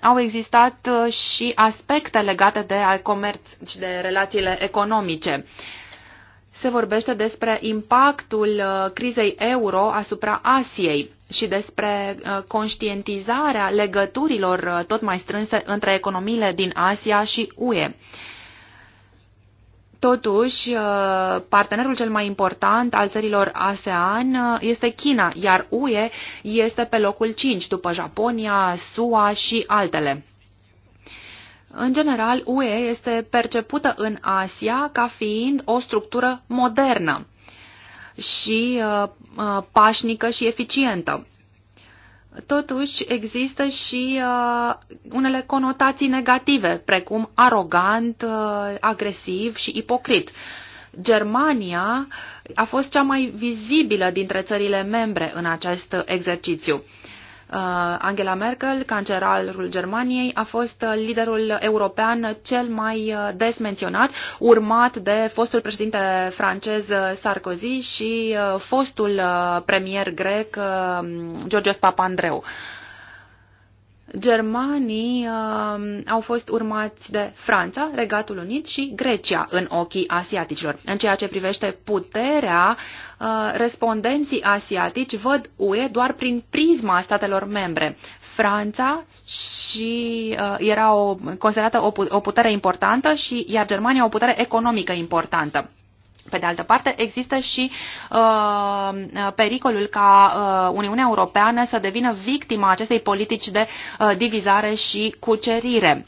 au existat și aspecte legate de comerț și de relațiile economice se vorbește despre impactul uh, crizei euro asupra Asiei și despre uh, conștientizarea legăturilor uh, tot mai strânse între economiile din Asia și UE. Totuși, partenerul cel mai important al țărilor ASEAN este China, iar UE este pe locul 5 după Japonia, SUA și altele. În general, UE este percepută în Asia ca fiind o structură modernă și uh, uh, pașnică și eficientă. Totuși, există și uh, unele conotații negative, precum arogant, uh, agresiv și ipocrit. Germania a fost cea mai vizibilă dintre țările membre în acest exercițiu. Uh, Uh, Angela Merkel, cancerarul Germaniei, a fost uh, liderul european cel mai uh, des menționat, urmat de fostul președinte francez Sarkozy și fostul premier grec Georgios Papandreou germanii uh, au fost urmați de Franța, Regatul Unit și Grecia în ochii asiaticilor. În ceea ce privește puterea, uh, respondenții asiatici văd UE doar prin prisma statelor membre. Franța și uh, era o, considerată o, o putere importantă și iar Germania o putere economică importantă. Pe de altă parte, există și uh, pericolul ca uh, Uniunea Europeană să devină victima acestei politici de uh, divizare și cucerire.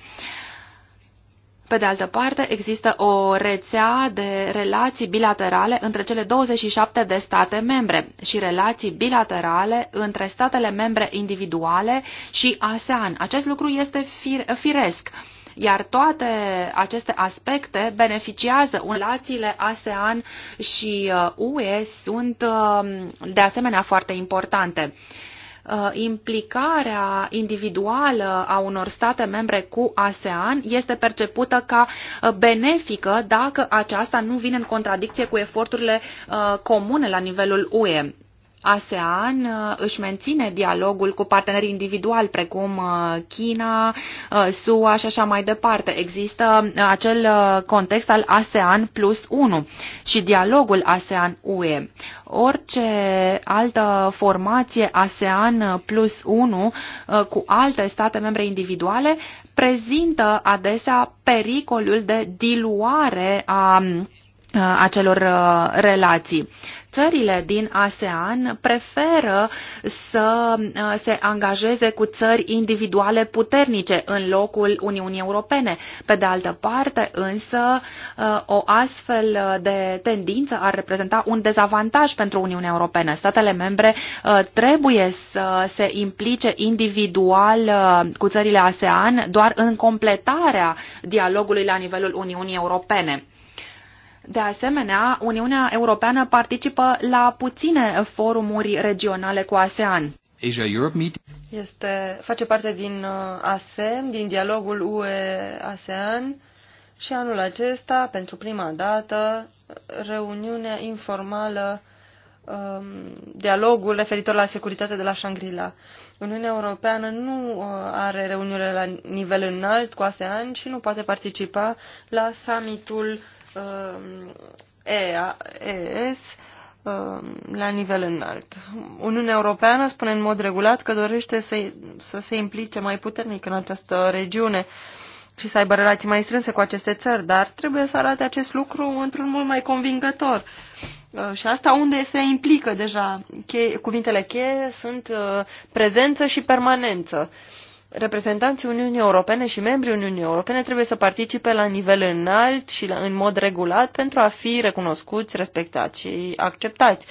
Pe de altă parte, există o rețea de relații bilaterale între cele 27 de state membre și relații bilaterale între statele membre individuale și ASEAN. Acest lucru este fir firesc. Uh, iar toate aceste aspecte beneficiază. Relațiile ASEAN și uh, UE sunt uh, de asemenea foarte importante uh, implicarea individuală a unor state membre cu ASEAN este percepută ca benefică dacă aceasta nu vine în contradicție cu eforturile comune la nivelul UE. ASEAN uh, își menține dialogul cu parteneri individuali precum uh, China, uh, SUA și așa mai departe. Există acel context al ASEAN plus 1 și dialogul ASEAN-UE. Orice altă formație ASEAN plus 1 cu alte state membre individuale prezintă adesea pericolul de diluare a Uh, acelor uh, relații. Țările din ASEAN preferă să uh, se angajeze cu țări individuale puternice în locul Uniunii Europene. Pe de altă parte, însă, o astfel de tendință ar reprezenta un dezavantaj pentru Uniunea Europeană. Statele membre trebuie să se implice individual cu țările ASEAN doar în completarea dialogului la nivelul Uniunii Europene. De asemenea, Uniunea Europeană participă la puține forumuri regionale cu ASEAN. Asia Europe Meeting. Este, face parte din uh, ASEM, din dialogul UE-ASEAN și anul acesta, pentru prima dată, reuniunea informală um, dialogul referitor la securitate de la Shangri-La. Uniunea Europeană nu uh, are reuniune la nivel înalt cu ASEAN și nu poate participa la summitul Um, EES um, la nivel înalt. Uniunea Europeană spune în mod regulat că dorește să, să se implice mai puternic în această regiune și să aibă relații mai strânse cu aceste țări, dar trebuie să arate acest lucru într-un mult mai convingător. Uh, și asta unde se implică deja. Cuvintele cheie sunt uh, prezență și permanență reprezentanții Uniunii Europene și membrii Uniunii Europene trebuie să participe la nivel înalt și la, în mod regulat pentru a fi recunoscuți, respectați și acceptați.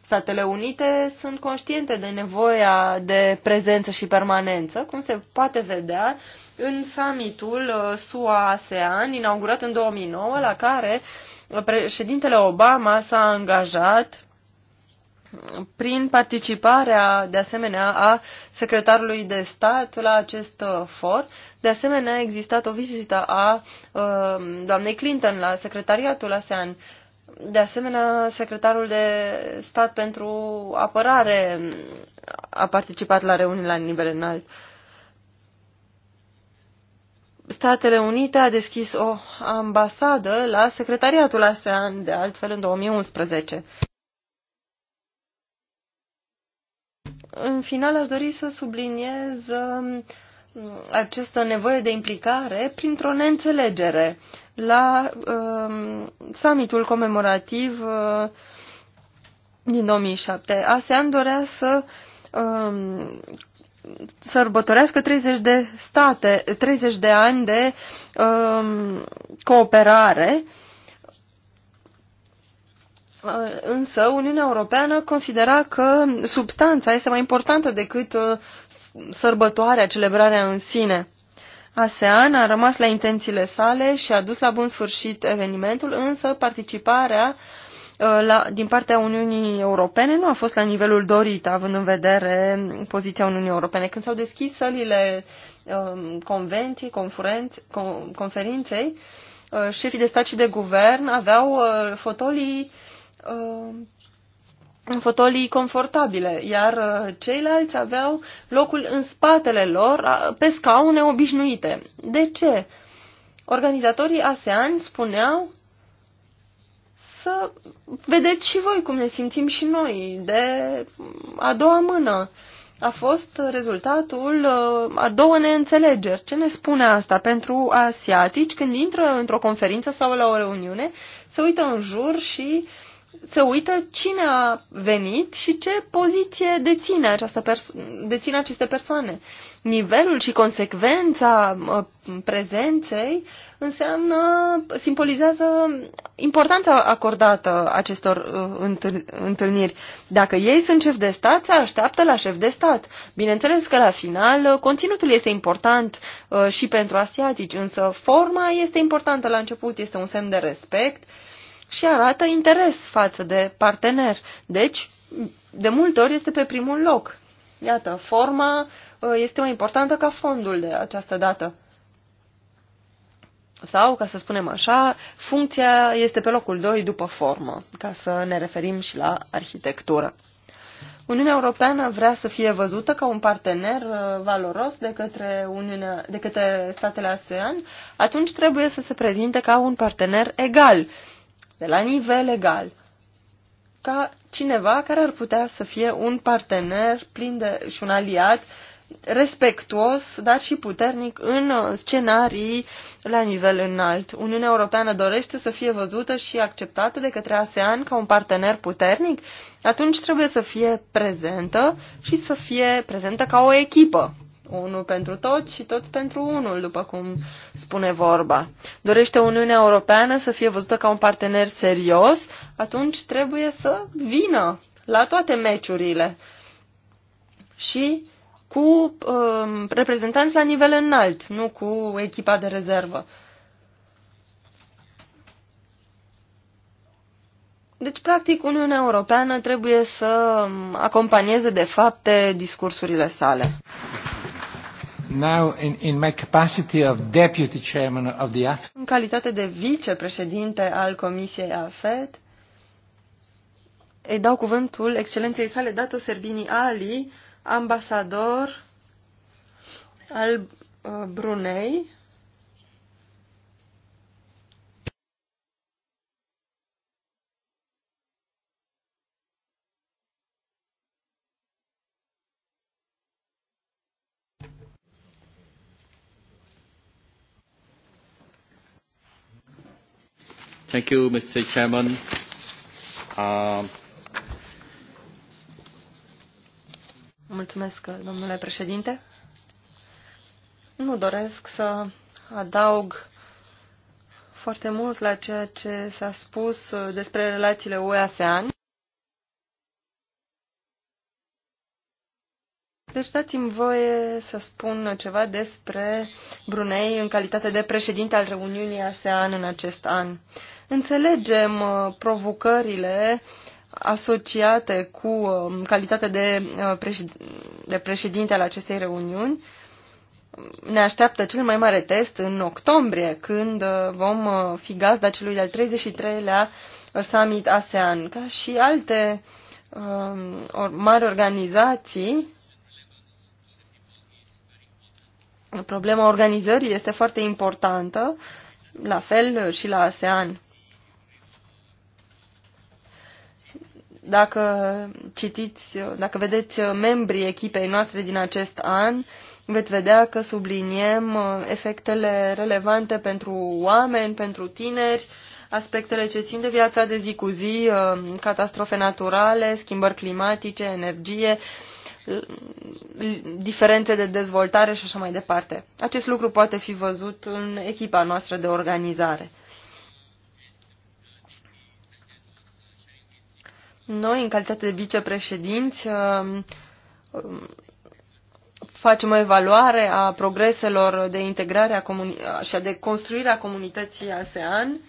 Statele Unite sunt conștiente de nevoia de prezență și permanență, cum se poate vedea în summitul uh, SUA-ASEAN inaugurat în 2009, la care uh, președintele Obama s-a angajat prin participarea, de asemenea, a secretarului de stat la acest uh, for. De asemenea, a existat o vizită a uh, doamnei Clinton la secretariatul ASEAN. De asemenea, secretarul de stat pentru apărare a participat la reuniuni la nivel înalt. Statele Unite a deschis o ambasadă la secretariatul ASEAN, de altfel, în 2011. În final, aș dori să subliniez um, această nevoie de implicare printr-o neînțelegere la uh, summitul comemorativ uh, din 2007. ASEAN dorea să uh, sărbătorească 30 de state, 30 de ani de uh, cooperare uh, Uh, însă Uniunea Europeană considera că substanța este mai importantă decât uh, sărbătoarea, celebrarea în sine. ASEAN a rămas la intențiile sale și a dus la bun sfârșit evenimentul, însă participarea uh, la, din partea Uniunii Europene nu a fost la nivelul dorit, având în vedere poziția Uniunii Europene. Când s-au deschis sălile um, convenții, conferinței, șefii de stat și de guvern aveau fotolii Uh, fotolii confortabile, iar uh, ceilalți aveau locul în spatele lor, pe scaune obișnuite. De ce? Organizatorii ASEAN spuneau să vedeți și voi cum ne simțim și noi, de mm, a doua mână. A fost rezultatul uh, a două neînțelegeri. Ce ne spune asta pentru asiatici când intră într-o conferință sau la o reuniune, se uită în jur și uh, se uită cine a venit și ce poziție deține, această perso- deține aceste persoane. Nivelul și consecvența uh, prezenței înseamnă, simbolizează importanța acordată acestor uh, întâlniri. Dacă ei sunt șef de stat, se așteaptă la șef de stat. Bineînțeles că la final uh, conținutul este important și pentru asiatici, însă forma este importantă la început, este un semn de respect și arată interes față de partener. Deci, de multe ori este pe primul loc. Iată, forma uh, este mai importantă ca fondul de această dată. Sau, ca să spunem așa, funcția este pe locul 2 după formă, ca să ne referim și la arhitectură. Uniunea Europeană vrea să fie văzută ca un partener uh, valoros de către, Uniunea, de către statele ASEAN, atunci trebuie să se prezinte ca un partener egal de la nivel legal, ca cineva care ar putea să fie un partener plin de, și un aliat respectuos, dar și puternic în uh, scenarii la nivel înalt. Uniunea Europeană dorește să fie văzută și acceptată de către ASEAN ca un partener puternic, atunci trebuie să fie prezentă și să fie prezentă ca o echipă. Unul pentru toți și toți pentru unul, după cum spune vorba. Dorește Uniunea Europeană să fie văzută ca un partener serios, atunci trebuie să vină la toate meciurile și cu um, reprezentanți la nivel înalt, nu cu echipa de rezervă. Deci, practic, Uniunea Europeană trebuie să um, acompanieze de fapte discursurile sale. În calitate de vicepreședinte al Comisiei AFET, îi dau cuvântul excelenței sale Dato Serbini Ali, ambasador al uh, Brunei Mr. Uh, Mulțumesc, domnule președinte. Nu doresc să adaug foarte mult la ceea ce s-a spus despre relațiile UE-ASEAN. Deci dați-mi voie să spun ceva despre Brunei în calitate de președinte al reuniunii ASEAN în acest an. Uh, Înțelegem uh, provocările asociate cu uh, calitatea de, uh, de președinte al acestei reuniuni. Ne așteaptă cel mai mare test în octombrie, când vom fi gazda celui de-al 33-lea summit ASEAN. Ca și alte um, mari organizații, problema organizării este foarte importantă, la fel și la ASEAN. Dacă citiți, dacă vedeți membrii echipei noastre din acest an, veți vedea că subliniem efectele relevante pentru oameni, pentru tineri, aspectele ce țin de viața de zi cu zi, catastrofe naturale, schimbări climatice, energie, diferențe de dezvoltare și așa mai departe. Acest lucru poate fi văzut în echipa noastră de organizare. Noi, în calitate de vicepreședinți, um, facem o evaluare a progreselor de integrare a și a de construire a comunității ASEAN.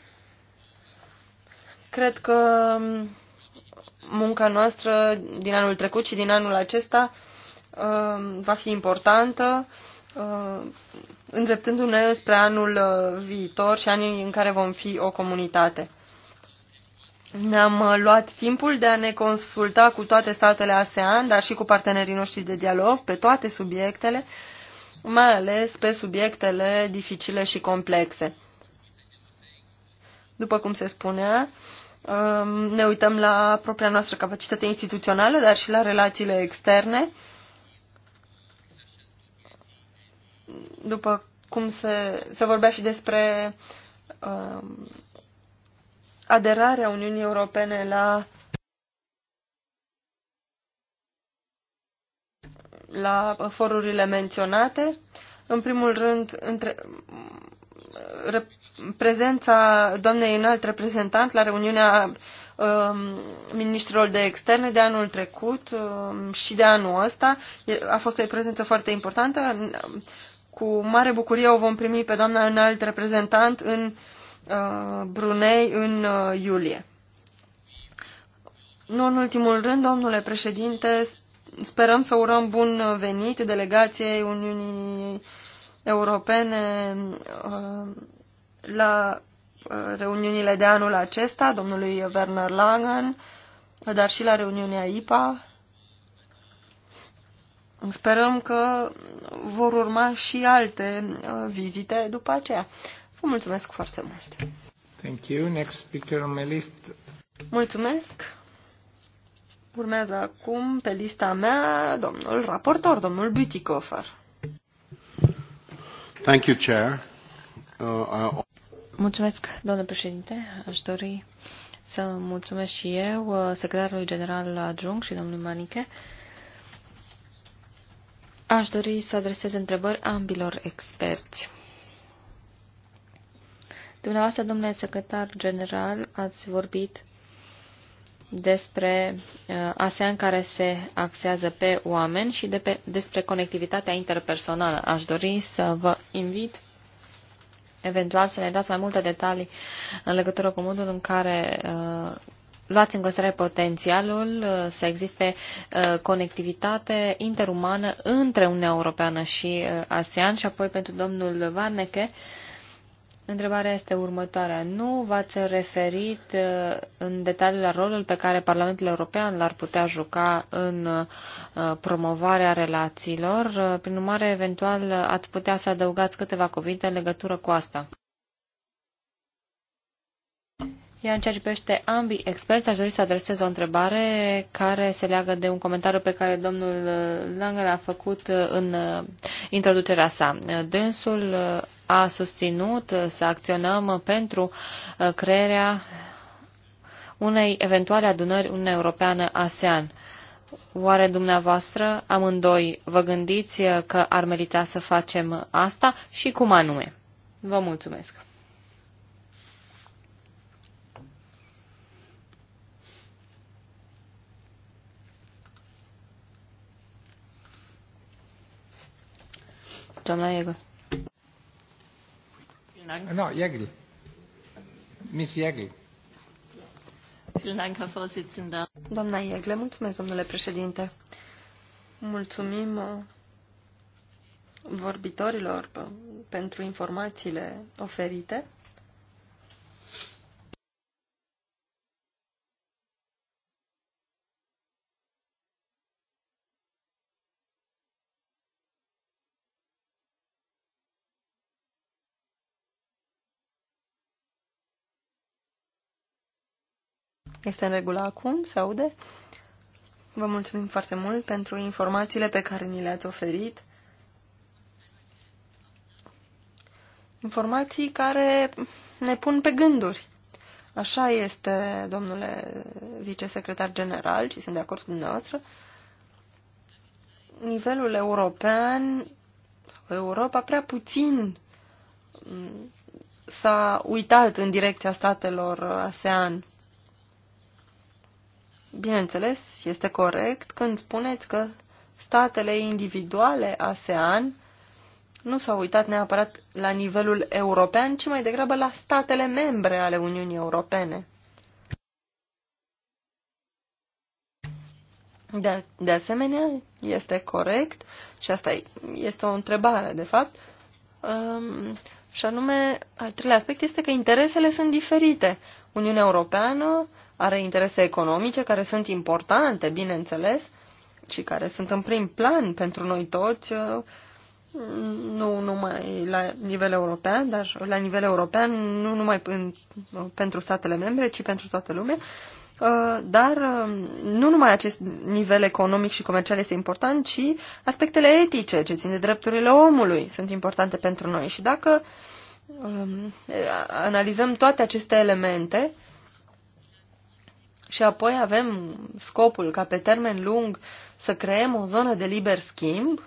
Cred că um, munca noastră din anul trecut și din anul acesta um, va fi importantă, îndreptându-ne spre anul uh, viitor și anii în care vom fi o comunitate. Ne-am uh, luat timpul de a ne consulta cu toate statele ASEAN, dar și cu partenerii noștri de dialog pe toate subiectele, mai ales pe subiectele dificile și complexe. După cum se spunea, um, ne uităm la propria noastră capacitate instituțională, dar și la relațiile externe. După cum se, se vorbea și despre um, aderarea Uniunii Europene la la forurile menționate. În primul rând, între, prezența doamnei înalt reprezentant la reuniunea um, ministrilor de externe de anul trecut um, și de anul ăsta a fost o prezență foarte importantă. Cu mare bucurie o vom primi pe doamna înalt reprezentant în uh, Uh, Brunei în uh, iulie. Nu în ultimul rând, domnule președinte, sperăm să urăm bun uh, venit delegației Uniunii Europene la reuniunile de anul acesta, domnului Werner Langen, dar și la reuniunea IPA. Sperăm că vor urma și alte vizite după aceea. Vă mulțumesc foarte mult. Thank you. Next speaker on my list. Mulțumesc. Urmează acum pe lista mea domnul raportor, domnul Butikofer. Thank you, Chair. Uh, I... Mulțumesc, domnule președinte. Aș dori să mulțumesc și eu uh, secretarului general adjunct și domnului Maniche. Aș dori să adresez întrebări ambilor experți. Dumneavoastră, domnule secretar general, ați vorbit despre uh, ASEAN care se axează pe oameni și de pe, despre conectivitatea interpersonală. Aș dori să vă invit eventual să ne dați mai multe detalii în legătură cu modul în care uh, luați în considerare potențialul uh, să existe uh, conectivitate interumană între Uniunea Europeană și uh, ASEAN și apoi pentru domnul Varneche uh, Întrebarea este următoarea. Nu v-ați referit uh, în detaliu la rolul pe care Parlamentul European l-ar putea juca în uh, promovarea relațiilor? Uh, prin urmare, eventual, ați putea să adăugați câteva cuvinte în legătură cu asta. Iar în ceea ce privește ambii experți, aș dori să adresez o întrebare care se leagă de un comentariu pe care domnul uh, Langer a făcut uh, în uh, introducerea sa. Dânsul a susținut să acționăm pentru crearea unei eventuale adunări Uniunea Europeană-ASEAN. Oare dumneavoastră, amândoi, vă gândiți că ar merita să facem asta și cum anume? Vă mulțumesc! doamna Iegel. No, Iegel. Miss Iegel. Doamna Iegle, mulțumesc, domnule președinte. Mulțumim uh, vorbitorilor pentru informațiile oferite. Este în regulă acum? Se aude? Vă mulțumim foarte mult pentru informațiile pe care ni le-ați oferit. Informații care ne pun pe gânduri. Așa este, domnule vicesecretar general, și sunt de acord cu dumneavoastră, nivelul european, Europa prea puțin mm, s-a uitat în direcția statelor ASEAN. Bineînțeles, este corect când spuneți că statele individuale ASEAN nu s-au uitat neapărat la nivelul european, ci mai degrabă la statele membre ale Uniunii Europene. De, de asemenea, este corect, și asta este o întrebare, de fapt, um, și anume, al treilea aspect este că interesele sunt diferite. Uniunea Europeană are interese economice care sunt importante, bineînțeles, și care sunt în prim plan pentru noi toți, uh, nu numai la nivel european, dar la nivel european, nu numai în, uh, pentru statele membre, ci pentru toată lumea. Uh, dar nu numai acest nivel economic și comercial este important, ci aspectele etice ce țin de drepturile omului sunt importante pentru noi. Și dacă um, analizăm toate aceste elemente, și apoi avem scopul ca pe termen lung să creăm o zonă de liber schimb,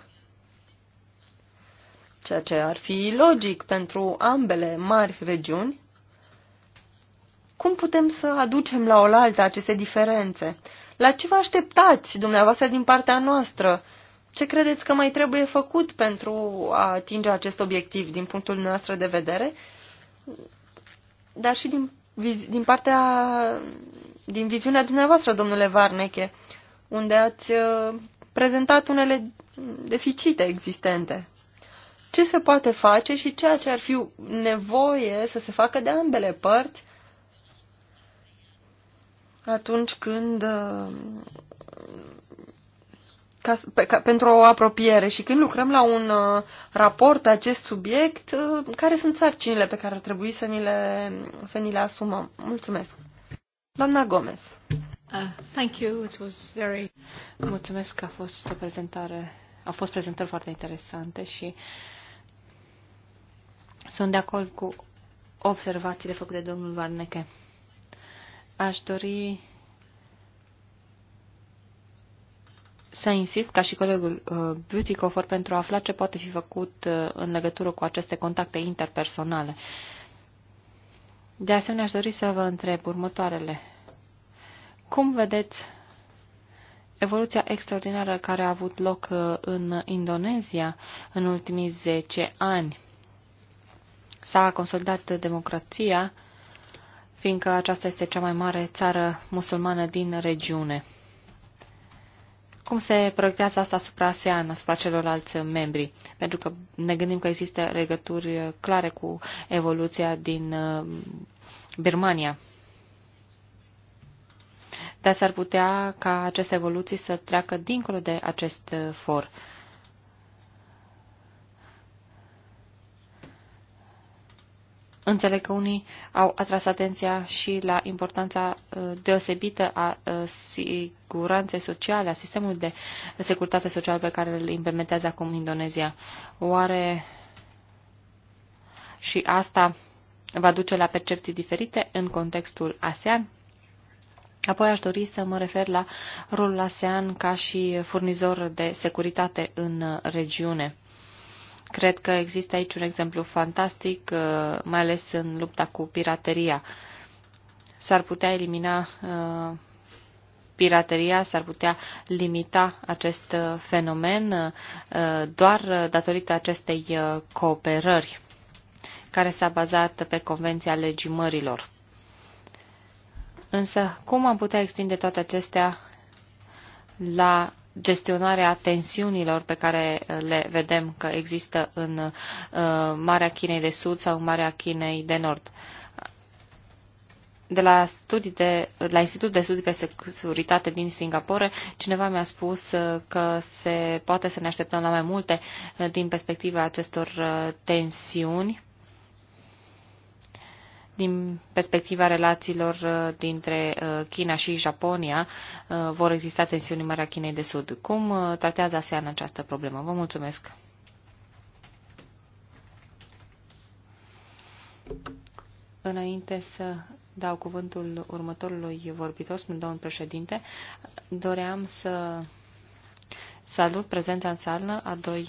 ceea ce ar fi logic pentru ambele mari regiuni. Cum putem să aducem la oaltă aceste diferențe? La ce vă așteptați dumneavoastră din partea noastră? Ce credeți că mai trebuie făcut pentru a atinge acest obiectiv din punctul nostru de vedere, dar și din, din partea din viziunea dumneavoastră, domnule Varneche, unde ați uh, prezentat unele deficite existente. Ce se poate face și ceea ce ar fi nevoie să se facă de ambele părți atunci când uh, ca, pe, ca, pentru o apropiere și când lucrăm la un uh, raport pe acest subiect, uh, care sunt sarcinile pe care ar trebui să ni le, să ni le asumăm? Mulțumesc! Doamna Gomez. Uh, thank you. It was very... Mulțumesc că a fost o prezentare, au fost prezentări foarte interesante și sunt de acord cu observațiile făcute de domnul Varneche. Aș dori să insist ca și colegul uh, Butikofer pentru a afla ce poate fi făcut uh, în legătură cu aceste contacte interpersonale. Uh, de asemenea, aș dori să vă întreb următoarele. Cum vedeți evoluția extraordinară care a avut loc uh, în Indonezia în ultimii 10 ani? S-a consolidat democrația, fiindcă aceasta este cea mai mare țară musulmană din regiune cum se proiectează asta asupra ASEAN, asupra celorlalți membri? Pentru că ne gândim că există legături clare cu evoluția din uh, Birmania. Dar s-ar putea ca aceste evoluții să treacă dincolo de acest uh, for. Înțeleg că unii au atras atenția și la importanța uh, deosebită a uh, siguranței sociale, a sistemului de securitate socială pe care îl implementează acum Indonezia. Oare și asta va duce la percepții diferite în contextul ASEAN? Apoi aș dori să mă refer la rolul ASEAN ca și furnizor de securitate în uh, regiune. Cred că există aici un exemplu fantastic, uh, mai ales în lupta cu pirateria. S-ar putea elimina uh, pirateria, s-ar putea limita acest uh, fenomen doar datorită acestei cooperări care s-a bazat pe Convenția Legii Mărilor. Însă, cum am putea extinde toate acestea la gestionarea tensiunilor pe care uh, le vedem că există în uh, Marea Chinei de Sud sau în Marea Chinei de Nord. De la, studii de, la Institutul de Studii pe Securitate din Singapore, cineva mi-a spus uh, că se poate să ne așteptăm la mai multe din perspectiva acestor tensiuni din perspectiva relațiilor uh, dintre uh, China și Japonia, uh, vor exista tensiuni în Marea Chinei de Sud. Cum tratează ASEAN această problemă? Vă mulțumesc! Înainte să dau cuvântul următorului vorbitor, spun domnul președinte, doream să salut prezența în sală a doi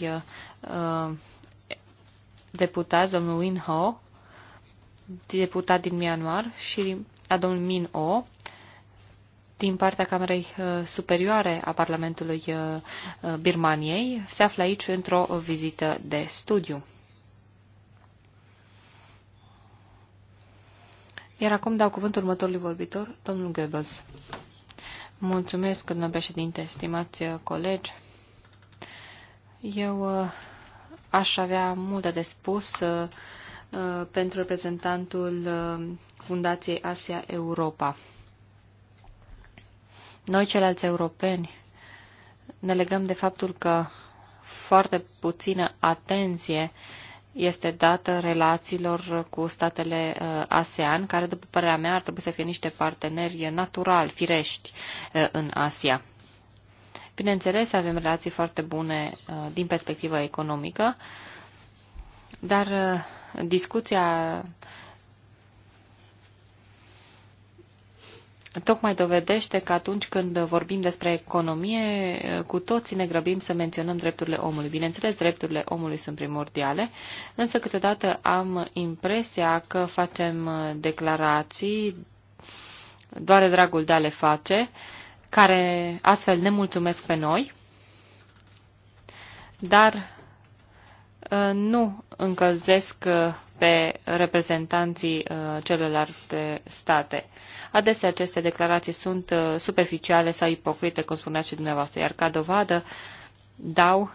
uh, deputați, domnul Win Ho deputat din Myanmar și a domnului Min O din partea Camerei uh, Superioare a Parlamentului uh, uh, Birmaniei se află aici într-o vizită de studiu. Iar acum dau cuvântul următorului vorbitor, domnul Goebbels. Mulțumesc, domnul președinte, stimați colegi. Eu aș avea multe de spus Uh, pentru reprezentantul uh, Fundației Asia Europa. Noi, ceilalți europeni, ne legăm de faptul că foarte puțină atenție este dată relațiilor cu statele uh, ASEAN, care, după părerea mea, ar trebui să fie niște parteneri natural, firești în Asia. Bineînțeles, avem relații foarte bune din perspectivă economică, dar discuția tocmai dovedește că atunci când vorbim despre economie, cu toții ne grăbim să menționăm drepturile omului. Bineînțeles, drepturile omului sunt primordiale, însă câteodată am impresia că facem declarații doar de dragul de a le face, care astfel ne mulțumesc pe noi, dar Uh, nu încălzesc uh, pe reprezentanții uh, celorlalte state. Adesea aceste declarații sunt superficiale sau ipocrite, cum spuneați și dumneavoastră, iar ca dovadă dau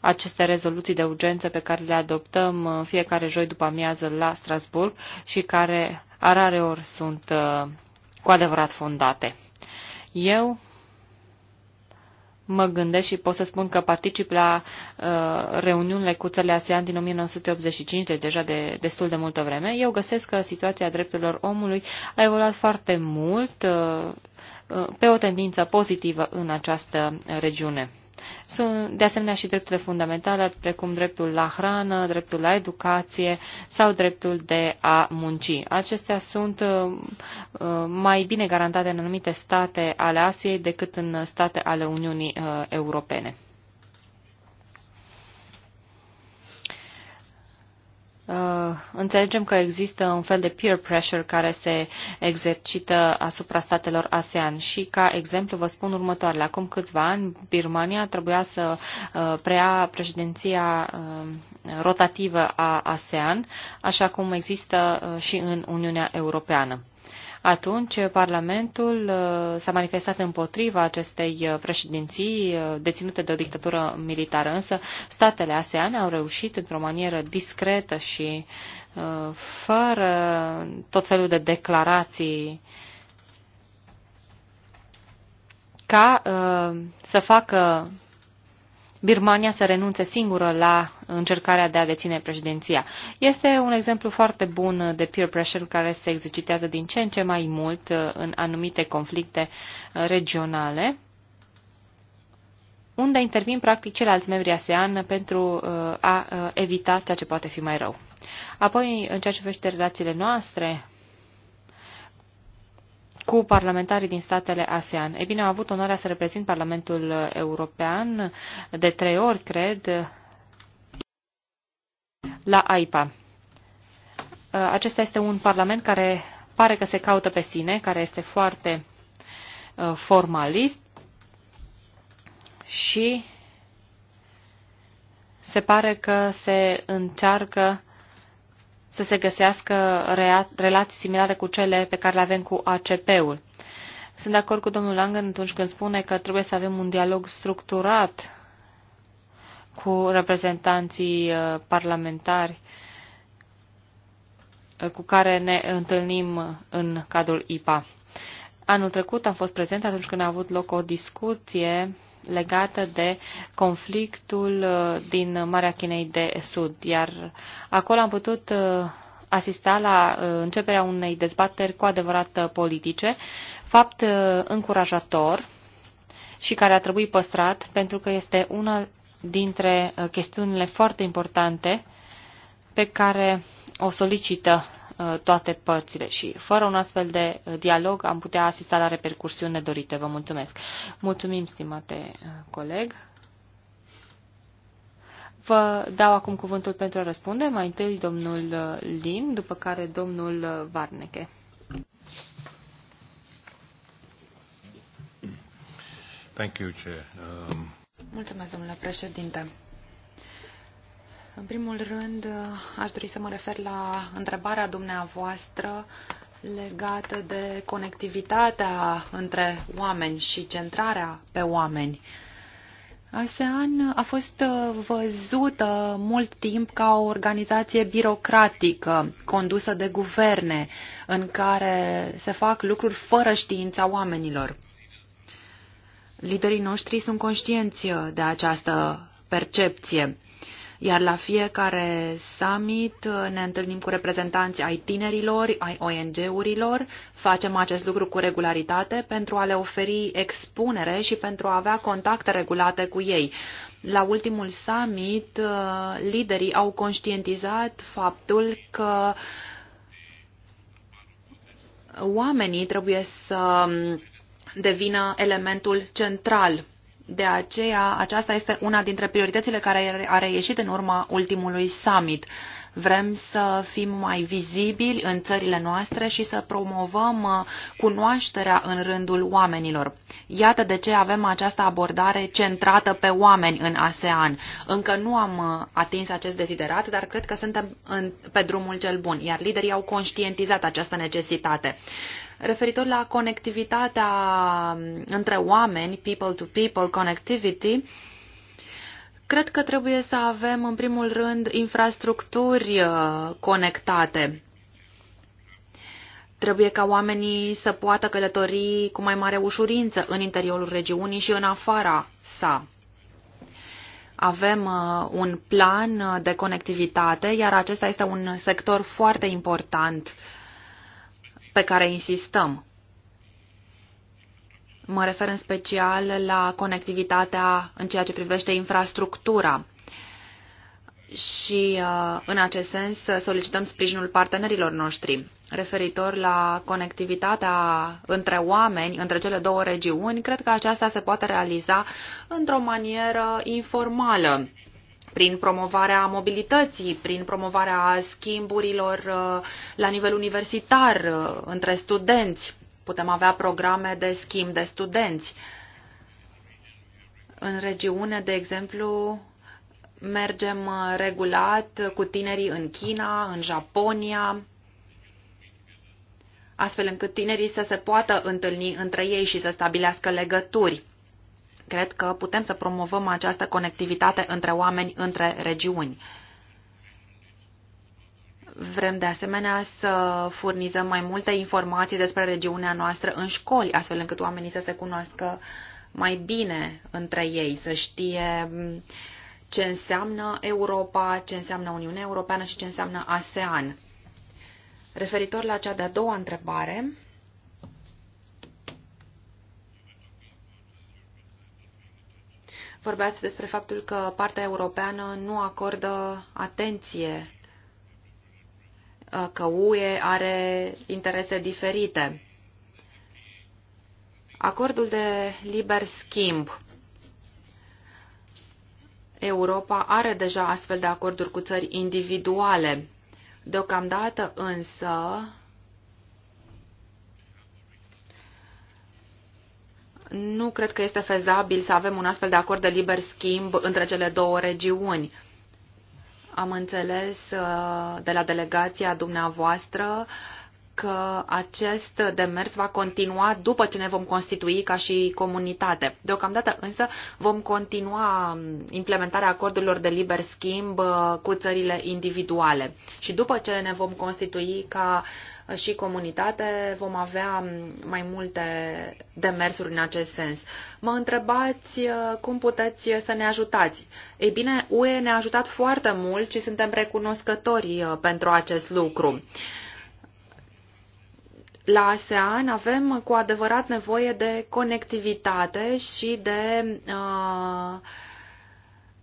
aceste rezoluții de urgență pe care le adoptăm fiecare joi după amiază la Strasburg și care ori sunt cu adevărat fondate. Eu mă gândesc și pot să spun că particip la uh, reuniunile cu țările ASEAN din 1985, de deci deja de destul de multă vreme, eu găsesc că situația drepturilor omului a evoluat foarte mult uh, uh pe o tendință pozitivă în această regiune. Sunt de asemenea și drepturile fundamentale, precum dreptul la hrană, dreptul la educație sau dreptul de a munci. Acestea sunt uh, uh, mai bine garantate în anumite state ale Asiei decât în state ale Uniunii uh, Europene. Uh, înțelegem că există un fel de peer pressure care se exercită asupra statelor ASEAN și ca exemplu vă spun următoarele. Acum câțiva ani Birmania trebuia să uh, preia președinția uh, rotativă a ASEAN, așa cum există și în Uniunea Europeană. Atunci, Parlamentul uh, s-a manifestat împotriva acestei uh, președinții uh, deținute de o dictatură militară, însă statele ASEAN au reușit într-o manieră discretă și fără tot felul de declarații ca să facă Birmania să renunțe singură la încercarea de a deține președinția. Este un exemplu foarte bun de peer pressure care se exercitează din ce în ce mai mult uh, în anumite conflicte uh, regionale unde intervin practic ceilalți membri ASEAN pentru uh, a evita ceea ce poate fi mai rău. Apoi, în ceea ce privește relațiile noastre cu parlamentarii din statele ASEAN. Ei bine, am avut onoarea să reprezint Parlamentul European de trei ori, cred, la AIPA. Acesta este un parlament care pare că se caută pe sine, care este foarte uh, formalist și se pare că se încearcă să se găsească relații similare cu cele pe care le avem cu ACP-ul. Sunt de acord cu domnul Langen atunci când spune că trebuie să avem un dialog structurat cu reprezentanții uh, parlamentari uh, cu care ne întâlnim în cadrul IPA. Anul trecut am fost prezent atunci când a avut loc o discuție legată de conflictul uh, din Marea Chinei de Sud, iar acolo am putut uh, asista la uh, începerea unei dezbateri cu adevărat politice, fapt încurajator și care a trebuit păstrat pentru că este una dintre chestiunile foarte importante pe care o solicită Uh, toate părțile și fără un astfel de uh, dialog am putea asista la repercursiuni nedorite. Vă mulțumesc. Mulțumim, stimate uh, coleg. Vă dau acum cuvântul pentru a răspunde. Mai întâi domnul Lin, după care domnul Varneche. Thank you, Chair. Um... Mulțumesc, domnule președinte. În primul rând, aș dori să mă refer la întrebarea dumneavoastră legată de conectivitatea între oameni și centrarea pe oameni. ASEAN a fost văzută mult timp ca o organizație birocratică condusă de guverne în care se fac lucruri fără știința oamenilor. Liderii noștri sunt conștienți de această percepție iar la fiecare summit ne întâlnim cu reprezentanți ai tinerilor, ai ONG-urilor, facem acest lucru cu regularitate pentru a le oferi expunere și pentru a avea contacte regulate cu ei. La ultimul summit, uh, liderii au conștientizat faptul că oamenii trebuie să um, devină elementul central de aceea, aceasta este una dintre prioritățile care a reieșit în urma ultimului summit. Vrem să fim mai vizibili în țările noastre și să promovăm uh, cunoașterea în rândul oamenilor. Iată de ce avem această abordare centrată pe oameni în ASEAN. Încă nu am uh, atins acest deziderat, dar cred că suntem pe drumul cel bun, iar liderii au conștientizat această necesitate referitor la conectivitatea între oameni, people-to-people connectivity, cred că trebuie să avem, în primul rând, infrastructuri uh, conectate. Trebuie ca oamenii să poată călători cu mai mare ușurință în interiorul regiunii și în afara sa avem uh, un plan de conectivitate, iar acesta este un sector foarte important pe care insistăm. Mă refer în special la conectivitatea în ceea ce privește infrastructura. Și uh, în acest sens solicităm sprijinul partenerilor noștri referitor la conectivitatea între oameni, între cele două regiuni, cred că aceasta se poate realiza într-o manieră informală prin promovarea mobilității, prin promovarea schimburilor uh, la nivel universitar uh, între studenți. Putem avea programe de schimb de studenți. În regiune, de exemplu, mergem uh, regulat cu tinerii în China, în Japonia, astfel încât tinerii să se poată întâlni între ei și să stabilească legături. Cred că putem să promovăm această conectivitate între oameni, între regiuni. Vrem de asemenea să furnizăm mai multe informații despre regiunea noastră în școli, astfel încât oamenii să se cunoască mai bine între ei, să știe mm, ce înseamnă Europa, ce înseamnă Uniunea Europeană și ce înseamnă ASEAN. Referitor la cea de-a doua întrebare, Vorbeați despre faptul că partea europeană nu acordă atenție, uh, că UE are interese diferite. Acordul de liber schimb. Europa are deja astfel de acorduri cu țări individuale. Deocamdată însă nu cred că este fezabil să avem un astfel de acord de liber schimb între cele două regiuni. Am înțeles uh, de la delegația dumneavoastră că acest demers va continua după ce ne vom constitui ca și comunitate. Deocamdată însă vom continua implementarea acordurilor de liber schimb uh, cu țările individuale și după ce ne vom constitui ca uh, și comunitate vom avea mai multe demersuri în acest sens. Mă întrebați uh, cum puteți să ne ajutați. Ei bine, UE ne-a ajutat foarte mult și suntem recunoscători pentru acest lucru la ASEAN avem cu adevărat nevoie de conectivitate și de uh,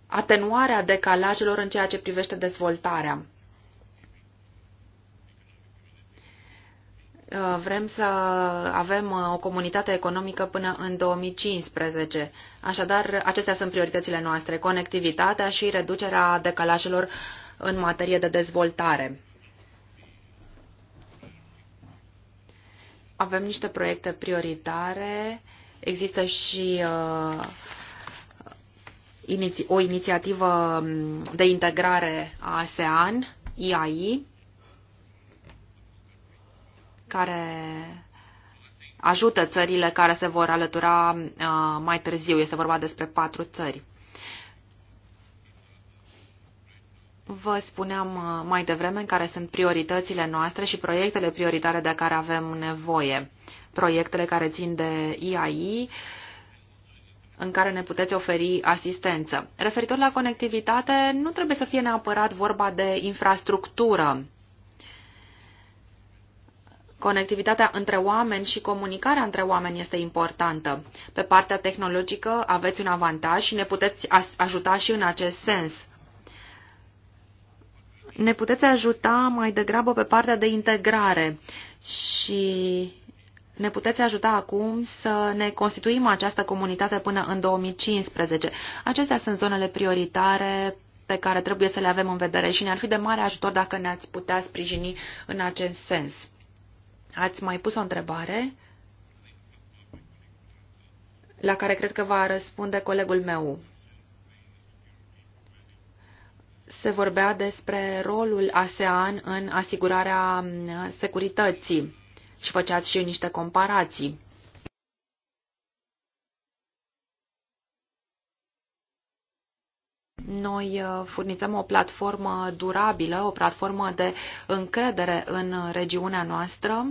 atenuarea decalajelor în ceea ce privește dezvoltarea. Uh, vrem să avem uh, o comunitate economică până în 2015. Așadar, acestea sunt prioritățile noastre, conectivitatea și reducerea decalajelor în materie de dezvoltare. Avem niște proiecte prioritare, există și uh, iniți- o inițiativă de integrare a ASEAN, IAI, care ajută țările care se vor alătura uh, mai târziu. Este vorba despre patru țări. Vă spuneam uh, mai devreme care sunt prioritățile noastre și proiectele prioritare de care avem nevoie. Proiectele care țin de IAI, în care ne puteți oferi asistență. Referitor la conectivitate, nu trebuie să fie neapărat vorba de infrastructură. Conectivitatea între oameni și comunicarea între oameni este importantă. Pe partea tehnologică aveți un avantaj și ne puteți ajuta și în acest sens ne puteți ajuta mai degrabă pe partea de integrare și ne puteți ajuta acum să ne constituim această comunitate până în 2015. Acestea sunt zonele prioritare pe care trebuie să le avem în vedere și ne-ar fi de mare ajutor dacă ne-ați putea sprijini în acest sens. Ați mai pus o întrebare la care cred că va răspunde colegul meu se vorbea despre rolul ASEAN în asigurarea mm, securității și făceați și niște comparații. Noi uh, furnizăm o platformă durabilă, o platformă de încredere în regiunea noastră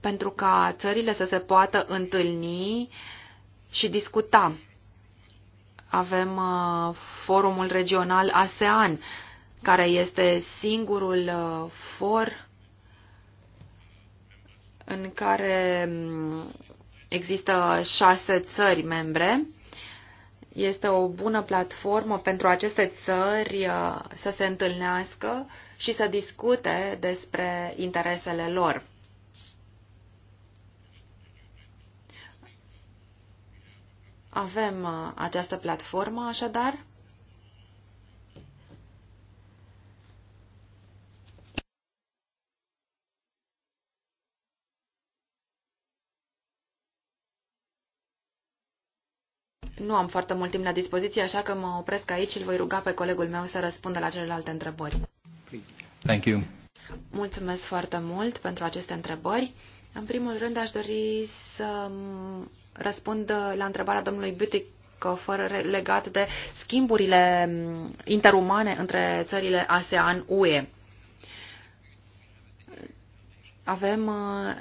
pentru ca țările să se poată întâlni și discuta avem uh, forumul regional ASEAN, care este singurul uh, for în care mm, există șase țări membre. Este o bună platformă pentru aceste țări uh, să se întâlnească și să discute despre interesele lor. Avem uh, această platformă, așadar. Nu am foarte mult timp la dispoziție, așa că mă opresc aici și îl voi ruga pe colegul meu să răspundă la celelalte întrebări. Thank you. Mulțumesc foarte mult pentru aceste întrebări. În primul rând, aș dori să răspund uh, la întrebarea domnului Butic uh, fără legat de schimburile mm, interumane între țările ASEAN-UE. Avem uh,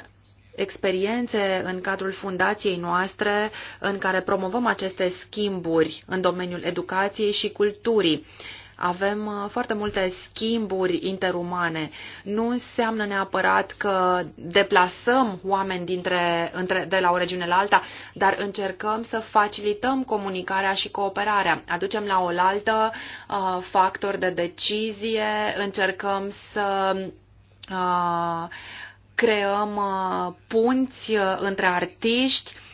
experiențe în cadrul fundației noastre în care promovăm aceste schimburi în domeniul educației și culturii. Avem uh, foarte multe schimburi interumane. Nu înseamnă neapărat că deplasăm oameni dintre, între, de la o regiune la alta, dar încercăm să facilităm comunicarea și cooperarea. Aducem la oaltă uh, factori de decizie, încercăm să uh, creăm uh, punți uh, între artiști, uh,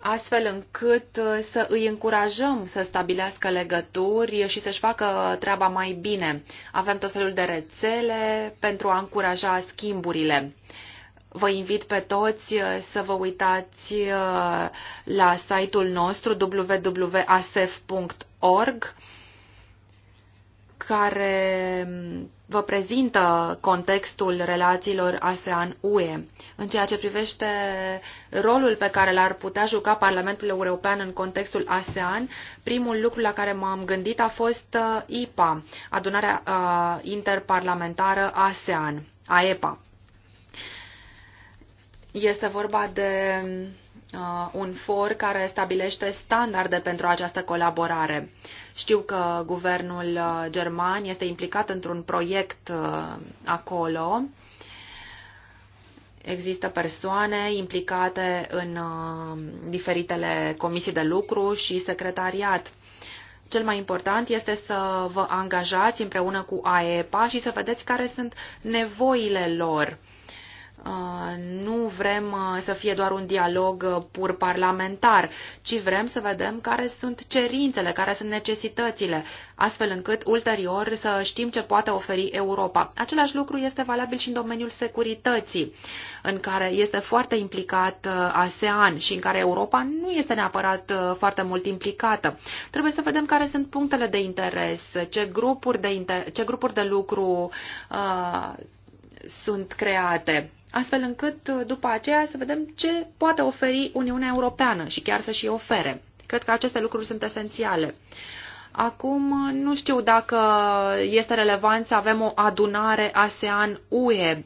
astfel încât uh, să îi încurajăm să stabilească legături și să-și facă treaba mai bine. Avem tot felul de rețele pentru a încuraja schimburile. Vă invit pe toți uh, să vă uitați uh, la site-ul nostru www.asef.org care mm, vă prezintă contextul relațiilor ASEAN-UE în ceea ce privește rolul pe care l-ar putea juca Parlamentul European în contextul ASEAN. Primul lucru la care m-am gândit a fost uh, IPA, adunarea uh, interparlamentară ASEAN, AEPA. Este vorba de mm, Uh, un for care stabilește standarde pentru această colaborare. Știu că guvernul uh, german este implicat într-un proiect uh, acolo. Există persoane implicate în diferitele comisii de lucru și secretariat. Cel mai important este să vă angajați împreună cu AEPA și să vedeți care sunt nevoile lor Uh, nu vrem uh, să fie doar un dialog uh, pur parlamentar, ci vrem să vedem care sunt cerințele, care sunt necesitățile, astfel încât ulterior să știm ce poate oferi Europa. Același lucru este valabil și în domeniul securității, în care este foarte implicat ASEAN și în care Europa nu este neapărat foarte mult implicată. Trebuie să vedem care sunt punctele de interes, ce grupuri de, inter- ce grupuri de lucru uh, sunt create astfel încât uh, după aceea să vedem ce poate oferi Uniunea Europeană și chiar să și ofere. Cred că aceste lucruri sunt esențiale. Acum nu știu dacă este relevant să avem o adunare ASEAN-UE.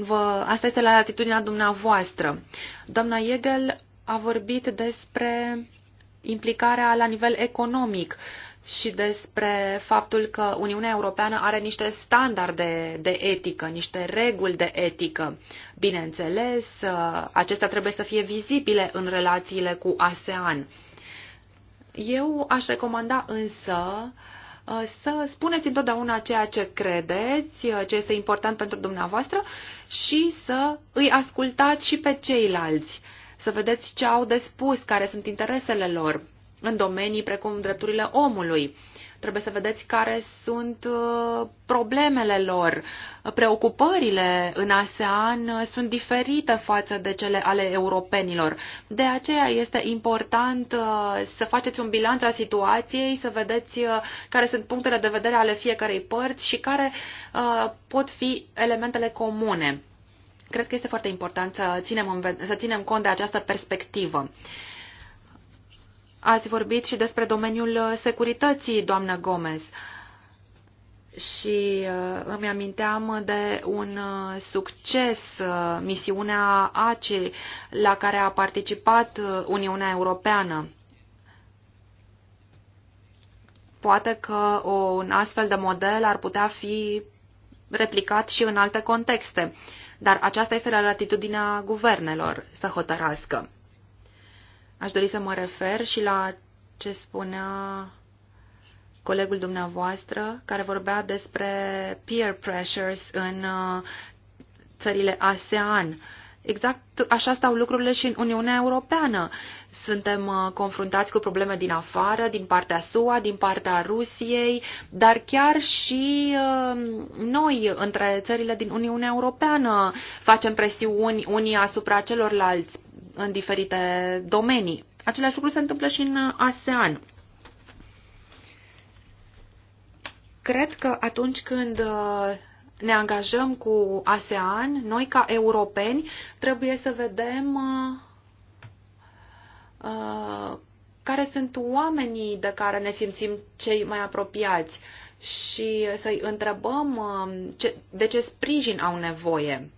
Vă, asta este la atitudinea dumneavoastră. Doamna Iegel a vorbit despre implicarea la nivel economic și despre faptul că Uniunea Europeană are niște standarde de etică, niște reguli de etică. Bineînțeles, uh, acestea trebuie să fie vizibile în relațiile cu ASEAN. Eu aș recomanda însă uh, să spuneți întotdeauna ceea ce credeți, uh, ce este important pentru dumneavoastră și să îi ascultați și pe ceilalți, să vedeți ce au de spus, care sunt interesele lor în domenii precum drepturile omului. Trebuie să vedeți care sunt uh, problemele lor. Preocupările în ASEAN sunt diferite față de cele ale europenilor. De aceea este important uh, să faceți un bilanț al situației, să vedeți uh, care sunt punctele de vedere ale fiecarei părți și care pot fi elementele comune. Cred că este foarte important să ținem, în, să ținem cont de această perspectivă. Uh, Ați vorbit și despre domeniul uh, securității, doamnă Gomez. Și uh, îmi aminteam de un uh, succes, misiunea ACI, la care a participat Uniunea Europeană. Poate că o, un astfel de model ar putea fi replicat și în alte contexte, dar aceasta este la latitudinea guvernelor să hotărască. Aș dori să mă refer și la ce spunea colegul dumneavoastră, care vorbea despre peer pressures în uh, țările ASEAN. Exact așa stau lucrurile și în Uniunea Europeană. Suntem uh, confruntați cu probleme din afară, din partea SUA, din partea Rusiei, dar chiar și uh, noi, între țările din Uniunea Europeană, facem presiuni unii asupra celorlalți în diferite domenii. Același lucru se întâmplă și în ASEAN. Cred că atunci când uh, ne angajăm cu ASEAN, noi ca europeni trebuie să vedem uh, uh, care sunt oamenii de care ne simțim cei mai apropiați și să-i întrebăm de ce sprijin au nevoie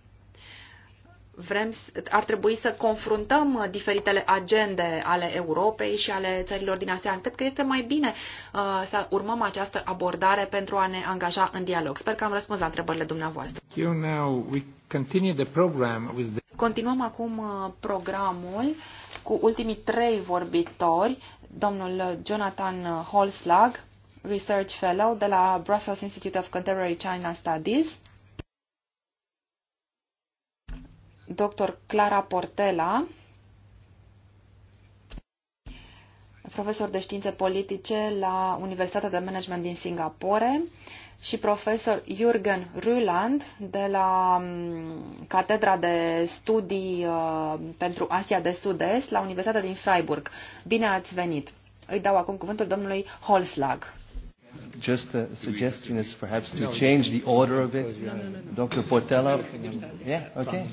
vrem, ar trebui să confruntăm uh, diferitele agende ale Europei și ale țărilor din ASEAN. Cred că este mai bine uh, să urmăm această abordare pentru a ne angaja în dialog. Sper că am răspuns la întrebările dumneavoastră. Continuăm acum uh, programul cu ultimii trei vorbitori, domnul Jonathan Holslag, Research Fellow de la Brussels Institute of Contemporary China Studies, dr. Clara Portela, profesor de științe politice la Universitatea de Management din Singapore și profesor Jürgen Rüland de la mm, Catedra de Studii uh, pentru Asia de Sud-Est la Universitatea din Freiburg. Bine ați venit! Îi dau acum cuvântul domnului Holslag just a suggestion is perhaps to change the order of it, Dr. Portella. Yeah, okay.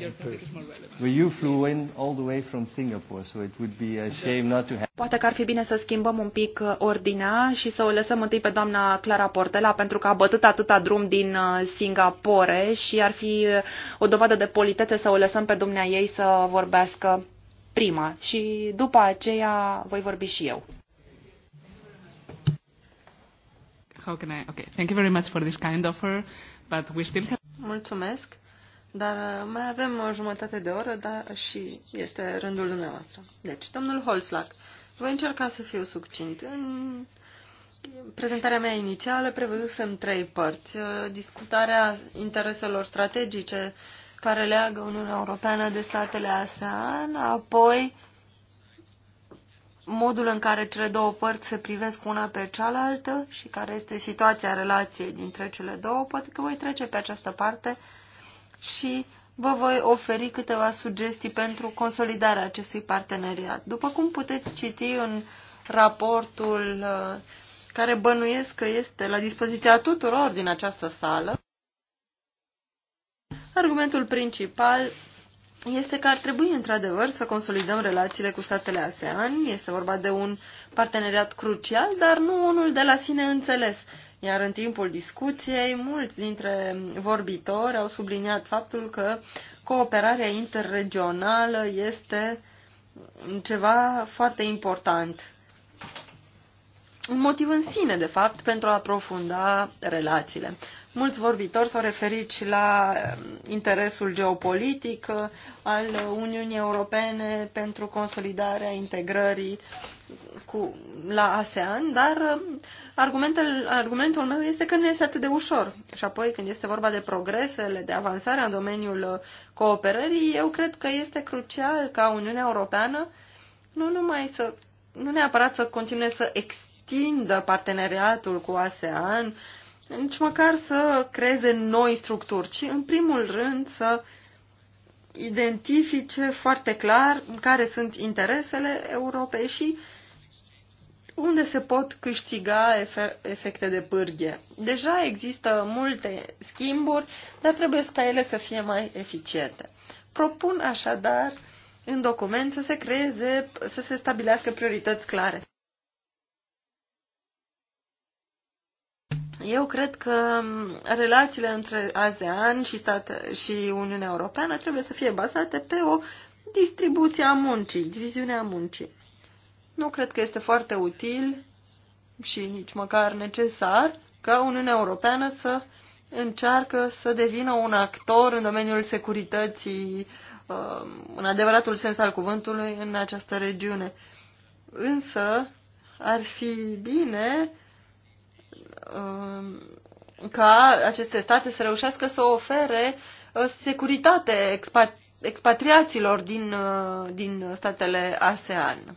Well, you flew in all the way from Singapore, so it would be a shame not to have... Poate că ar fi bine să schimbăm un pic uh, ordinea și să o lăsăm întâi pe doamna Clara Portela, pentru că a bătut atâta drum din uh, Singapore și ar fi uh, o dovadă de politete să o lăsăm pe dumnea ei să vorbească prima și după aceea voi vorbi și eu. How can I? Okay. Thank you very much for this kind offer, but we still have. Mulțumesc, dar uh, mai avem o jumătate de oră, dar și este rândul dumneavoastră. Deci, domnul Holslack, voi încerca să fiu succint. În prezentarea mea inițială prevăzusem trei părți. Uh, discutarea intereselor strategice care leagă Uniunea Europeană de statele ASEAN, apoi modul în care cele două părți se privesc una pe cealaltă și care este situația relației dintre cele două, poate că voi trece pe această parte și vă voi oferi câteva sugestii pentru consolidarea acestui parteneriat. După cum puteți citi în raportul uh, care bănuiesc că este la dispoziția tuturor din această sală, argumentul principal este că ar trebui într-adevăr să consolidăm relațiile cu statele ASEAN. Este vorba de un parteneriat crucial, dar nu unul de la sine înțeles. Iar în timpul discuției, mulți dintre vorbitori au subliniat faptul că cooperarea interregională este ceva foarte important. Un motiv în sine, de fapt, pentru a aprofunda relațiile. Mulți vorbitori s-au referit și la um, interesul geopolitic uh, al Uniunii Europene pentru consolidarea integrării cu, la ASEAN, dar um, argumentul, argumentul meu este că nu este atât de ușor. Și apoi, când este vorba de progresele, de avansarea în domeniul uh, cooperării, eu cred că este crucial ca Uniunea Europeană nu numai să, nu neapărat să continue să extindă parteneriatul cu ASEAN, nici măcar să creeze noi structuri, ci în primul rând să identifice foarte clar care sunt interesele Europei și unde se pot câștiga efecte de pârghie. Deja există multe schimburi, dar trebuie ca ele să fie mai eficiente. Propun așadar în document să se creeze, să se stabilească priorități clare. Eu cred că relațiile între ASEAN și, stat, și Uniunea Europeană trebuie să fie bazate pe o distribuție a muncii, diviziune a muncii. Nu cred că este foarte util și nici măcar necesar ca Uniunea Europeană să încearcă să devină un actor în domeniul securității, um, în adevăratul sens al cuvântului, în această regiune. Însă ar fi bine Um, ca aceste state să reușească să ofere uh, securitate expatriaților din, uh, din statele ASEAN.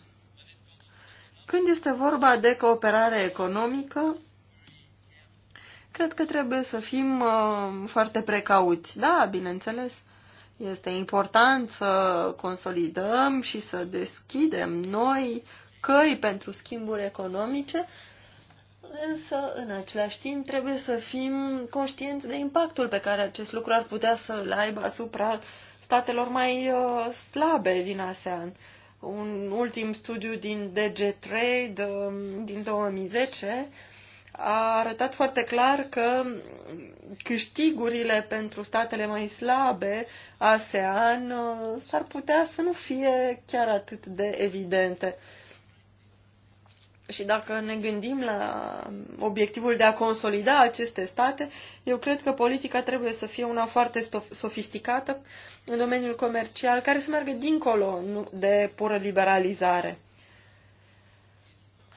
Când este vorba de cooperare economică, cred că trebuie să fim uh, foarte precauți. Da, bineînțeles, este important să consolidăm și să deschidem noi căi pentru schimburi economice, însă în același timp trebuie să fim conștienți de impactul pe care acest lucru ar putea să îl aibă asupra statelor mai uh, slabe din ASEAN. Un ultim studiu din DG Trade um, din 2010 a arătat foarte clar că câștigurile pentru statele mai slabe ASEAN uh, s-ar putea să nu fie chiar atât de evidente. Uh, și dacă ne gândim la obiectivul de a consolida aceste state, eu cred că politica trebuie să fie una foarte sofisticată în domeniul comercial, care să meargă dincolo de pură liberalizare.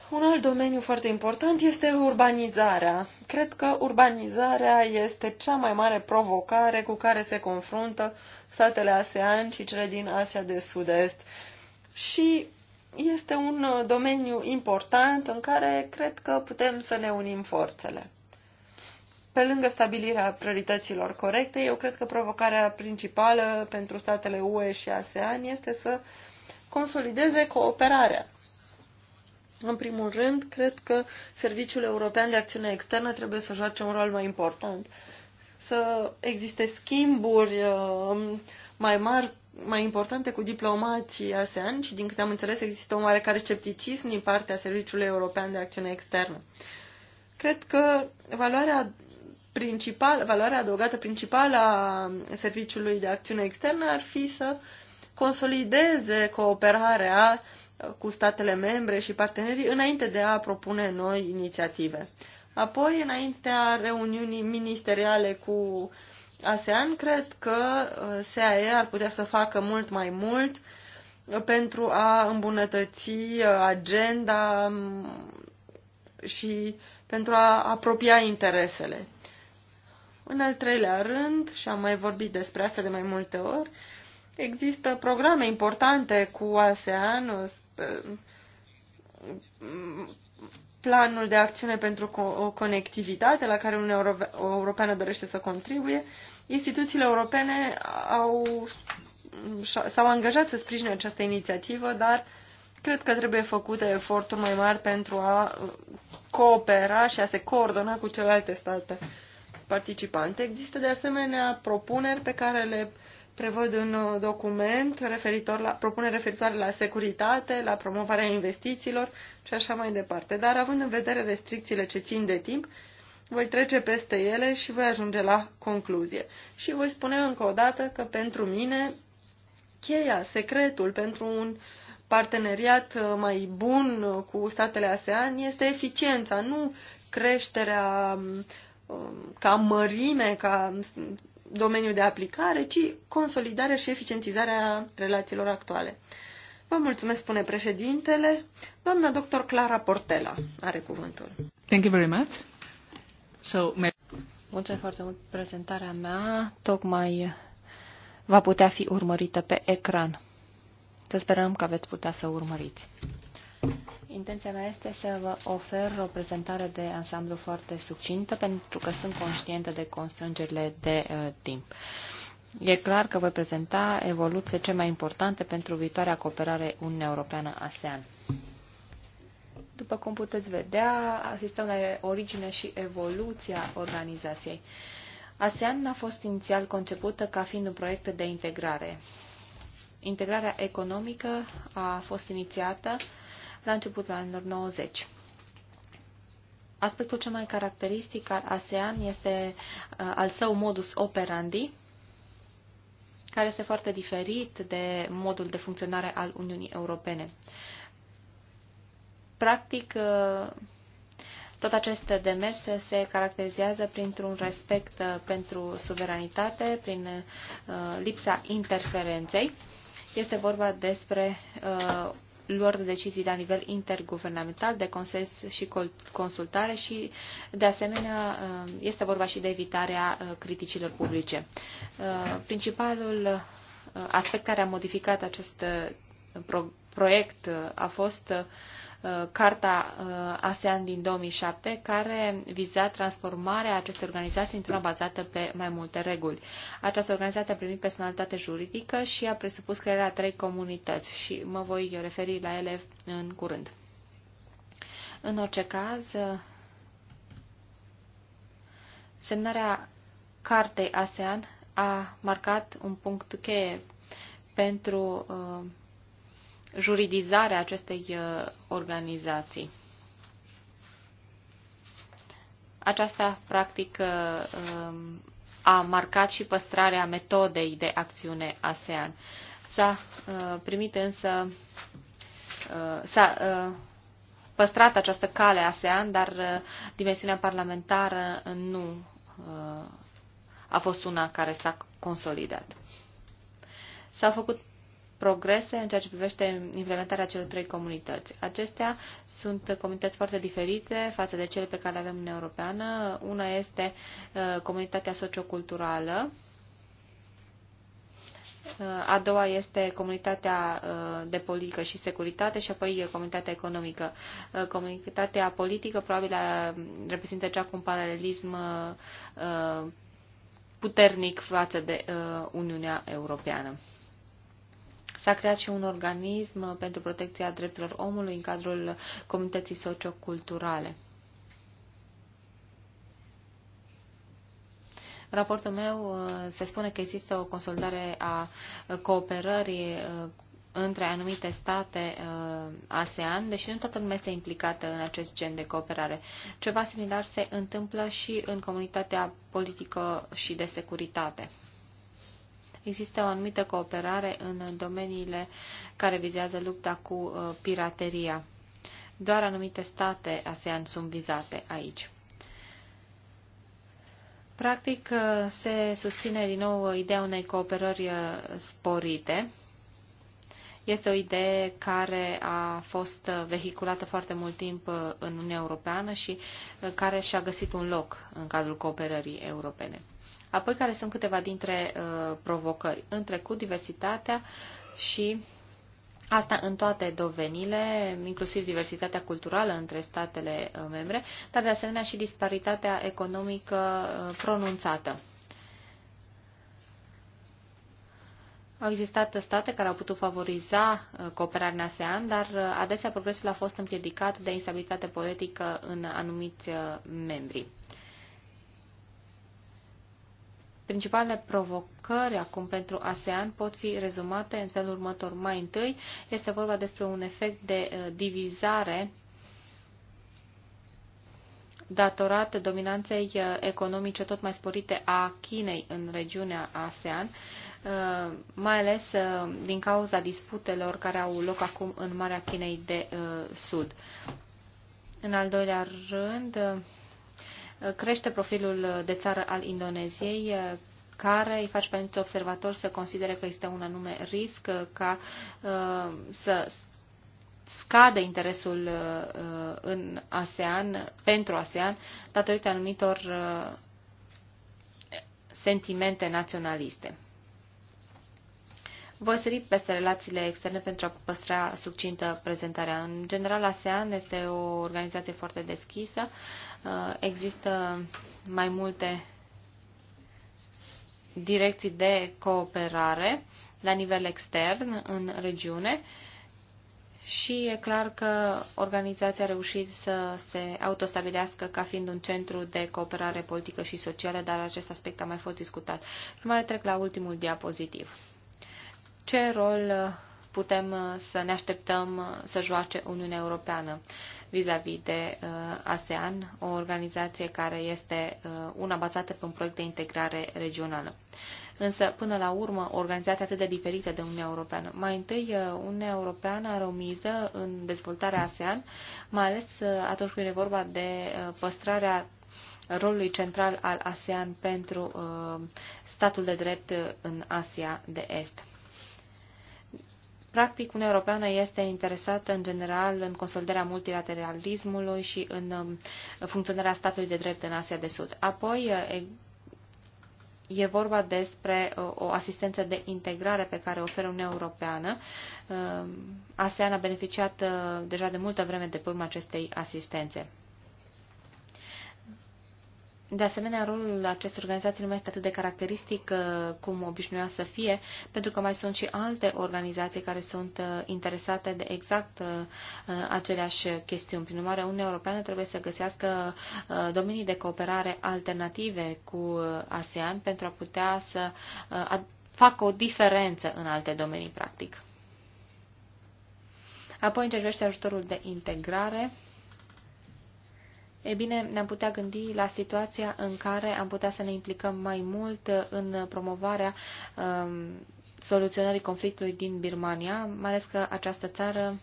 Un alt domeniu foarte important este urbanizarea. Cred că urbanizarea este cea mai mare provocare cu care se confruntă statele ASEAN și cele din Asia de Sud-Est. Și este un uh, domeniu important în care cred că putem să ne unim forțele. Pe lângă stabilirea priorităților corecte, eu cred că provocarea principală pentru statele UE și ASEAN este să consolideze cooperarea. În primul rând, cred că Serviciul European de Acțiune Externă trebuie să joace un rol mai important. Să existe schimburi uh, mai mari mai importante cu diplomații ASEAN și din câte am înțeles există un oarecare scepticism din partea Serviciului European de Acțiune Externă. Cred că valoarea principal, valoarea adăugată principală a Serviciului de Acțiune Externă ar fi să consolideze cooperarea cu statele membre și partenerii înainte de a propune noi inițiative. Apoi, înaintea reuniunii ministeriale cu uh, ASEAN, cred că uh, SAE ar putea să facă mult mai mult pentru a îmbunătăți uh, agenda mm, și pentru a apropia interesele. În al treilea rând, și am mai vorbit despre asta de mai multe ori, există programe importante cu ASEAN, uh, planul de acțiune pentru o conectivitate la care Uniunea Europeană dorește să contribuie, instituțiile europene au, s-au angajat să sprijine această inițiativă, dar cred că trebuie făcute eforturi mai mari pentru a uh, coopera și a se coordona cu celelalte state participante. Există de asemenea propuneri pe care le prevăd un uh, document referitor la, propune referitoare la securitate, la promovarea investițiilor și așa mai departe. Dar având în vedere restricțiile ce țin de timp, voi trece peste ele și voi ajunge la concluzie. Și voi spune încă o dată că pentru mine cheia, secretul pentru un parteneriat uh, mai bun uh, cu statele ASEAN este eficiența, nu creșterea um, ca mărime, ca domeniul de aplicare, ci consolidarea și eficientizarea relațiilor actuale. Vă mulțumesc, spune președintele. Doamna doctor Clara Portela are cuvântul. Thank you very much. So, Mulțumesc foarte mult. Prezentarea mea tocmai va putea fi urmărită pe ecran. Să sperăm că veți putea să urmăriți. Intenția mea este să vă ofer o prezentare de ansamblu foarte succintă, pentru că sunt conștientă de constrângerile de uh, timp. E clar că voi prezenta evoluțiile cele mai importante pentru viitoarea cooperare Uniunea Europeană-ASEAN. După cum puteți vedea, asistăm la originea și evoluția organizației. ASEAN a fost inițial concepută ca fiind un proiect de integrare. Integrarea economică a fost inițiată uh, la începutul anilor 90. Aspectul cel mai caracteristic al ASEAN este uh, al său modus operandi, care este foarte diferit de modul de funcționare al Uniunii Europene. Practic, uh, tot aceste demers se caracterizează printr-un respect uh, pentru suveranitate, prin lipsa interferenței. Este vorba despre luări de decizii la nivel interguvernamental, de consens și consultare și, de asemenea, uh, este vorba și de evitarea uh, criticilor publice. Uh, principalul aspect care a modificat acest proiect a fost uh, Uh, Carta uh, ASEAN din 2007, care viza transformarea acestei organizații într-una bazată pe mai multe reguli. Această organizație a primit personalitate juridică și a presupus crearea trei comunități și mă voi referi la ele în curând. În orice caz, uh, semnarea cartei ASEAN a marcat un punct cheie pentru uh, juridizare a acestei uh, organizații. Aceasta, practic, uh, um, a marcat și păstrarea metodei de acțiune ASEAN. S-a uh, primit însă, s-a păstrat această cale ASEAN, dar dimensiunea parlamentară nu a fost una care s-a consolidat. S-au făcut progrese în ceea ce privește implementarea celor trei comunități. Acestea sunt comunități foarte diferite față de cele pe care le avem în Europeană. Una este uh, comunitatea socioculturală, uh, a doua este comunitatea uh, de politică și securitate și apoi comunitatea economică. Comunitatea politică probabil reprezintă cea cu un paralelism puternic față de Uniunea Europeană. S-a creat și un organism pentru protecția drepturilor omului în cadrul comunității socioculturale. În raportul meu uh, se spune că există o consolidare a cooperării uh, între anumite state uh, ASEAN, deși nu toată lumea este implicată în acest gen de cooperare. Ceva similar se întâmplă și în comunitatea politică și de securitate. Există o anumită cooperare în domeniile care vizează lupta cu uh, pirateria. Doar anumite state ASEAN sunt vizate aici. Practic, uh, se susține din nou ideea unei cooperări uh, sporite. Este o idee care a fost vehiculată foarte mult timp în Uniunea Europeană și care și-a găsit un loc în cadrul cooperării europene. Apoi, care sunt câteva dintre uh, provocări? În trecut, diversitatea și Asta în toate dovenile, inclusiv diversitatea culturală între statele uh, membre, dar de asemenea și disparitatea economică uh, pronunțată. Au existat state care au putut favoriza uh, cooperarea în ASEAN, dar adesea progresul a fost împiedicat de instabilitate politică în anumiți membri. Principalele provocări acum pentru ASEAN pot fi rezumate în felul următor. Mai întâi este vorba despre un efect de uh, divizare datorat dominanței uh, economice tot mai sporite a Chinei în regiunea ASEAN, uh, mai ales din cauza disputelor care au loc acum în Marea Chinei de Sud. În al doilea rând, crește profilul de țară al Indoneziei, eh, care îi face pe observatori să considere că este un anume risc eh, ca eh, să scade interesul în ASEAN, pentru ASEAN, datorită anumitor sentimente naționaliste. Voi sări peste relațiile externe pentru a păstra succintă prezentarea. În general, ASEAN este o organizație foarte deschisă. Uh, există mai multe direcții de cooperare la nivel extern în regiune și e clar că organizația a reușit să se autostabilească ca fiind un centru de cooperare politică și socială, dar acest aspect a mai fost discutat. Mai trec la ultimul diapozitiv ce rol uh, putem uh, să ne așteptăm uh, să joace Uniunea Europeană vis-a-vis -vis de ASEAN, o organizație care este una bazată pe un proiect de integrare regională. Însă, până la urmă, o organizație atât de diferită de Uniunea Europeană. Mai întâi, Uniunea Europeană are o miză în dezvoltarea ASEAN, mai ales atunci când e vorba de păstrarea rolului central al ASEAN pentru statul de drept în Asia de Est. Practic, Uniunea Europeană este interesată în general în consolidarea multilateralismului și în um, funcționarea statului de drept în Asia de Sud. Apoi, E vorba despre o asistență de integrare pe care o oferă Uniunea Europeană. Um, ASEAN a beneficiat uh, deja de multă vreme de pe acestei asistențe. De asemenea, rolul acestor organizații nu mai este atât de caracteristic uh, cum obișnuia să fie, pentru că mai sunt și alte organizații care sunt uh, interesate de exact uh, aceleași chestiuni. Prin urmare, Uniunea Europeană trebuie să găsească domenii de cooperare alternative cu ASEAN pentru a putea să facă o diferență în alte domenii, practic. Apoi, în ce ajutorul de integrare, E bine, ne-am putea gândi la situația în care am putea să ne implicăm mai mult în promovarea um, soluționării conflictului din Birmania, mai ales că această țară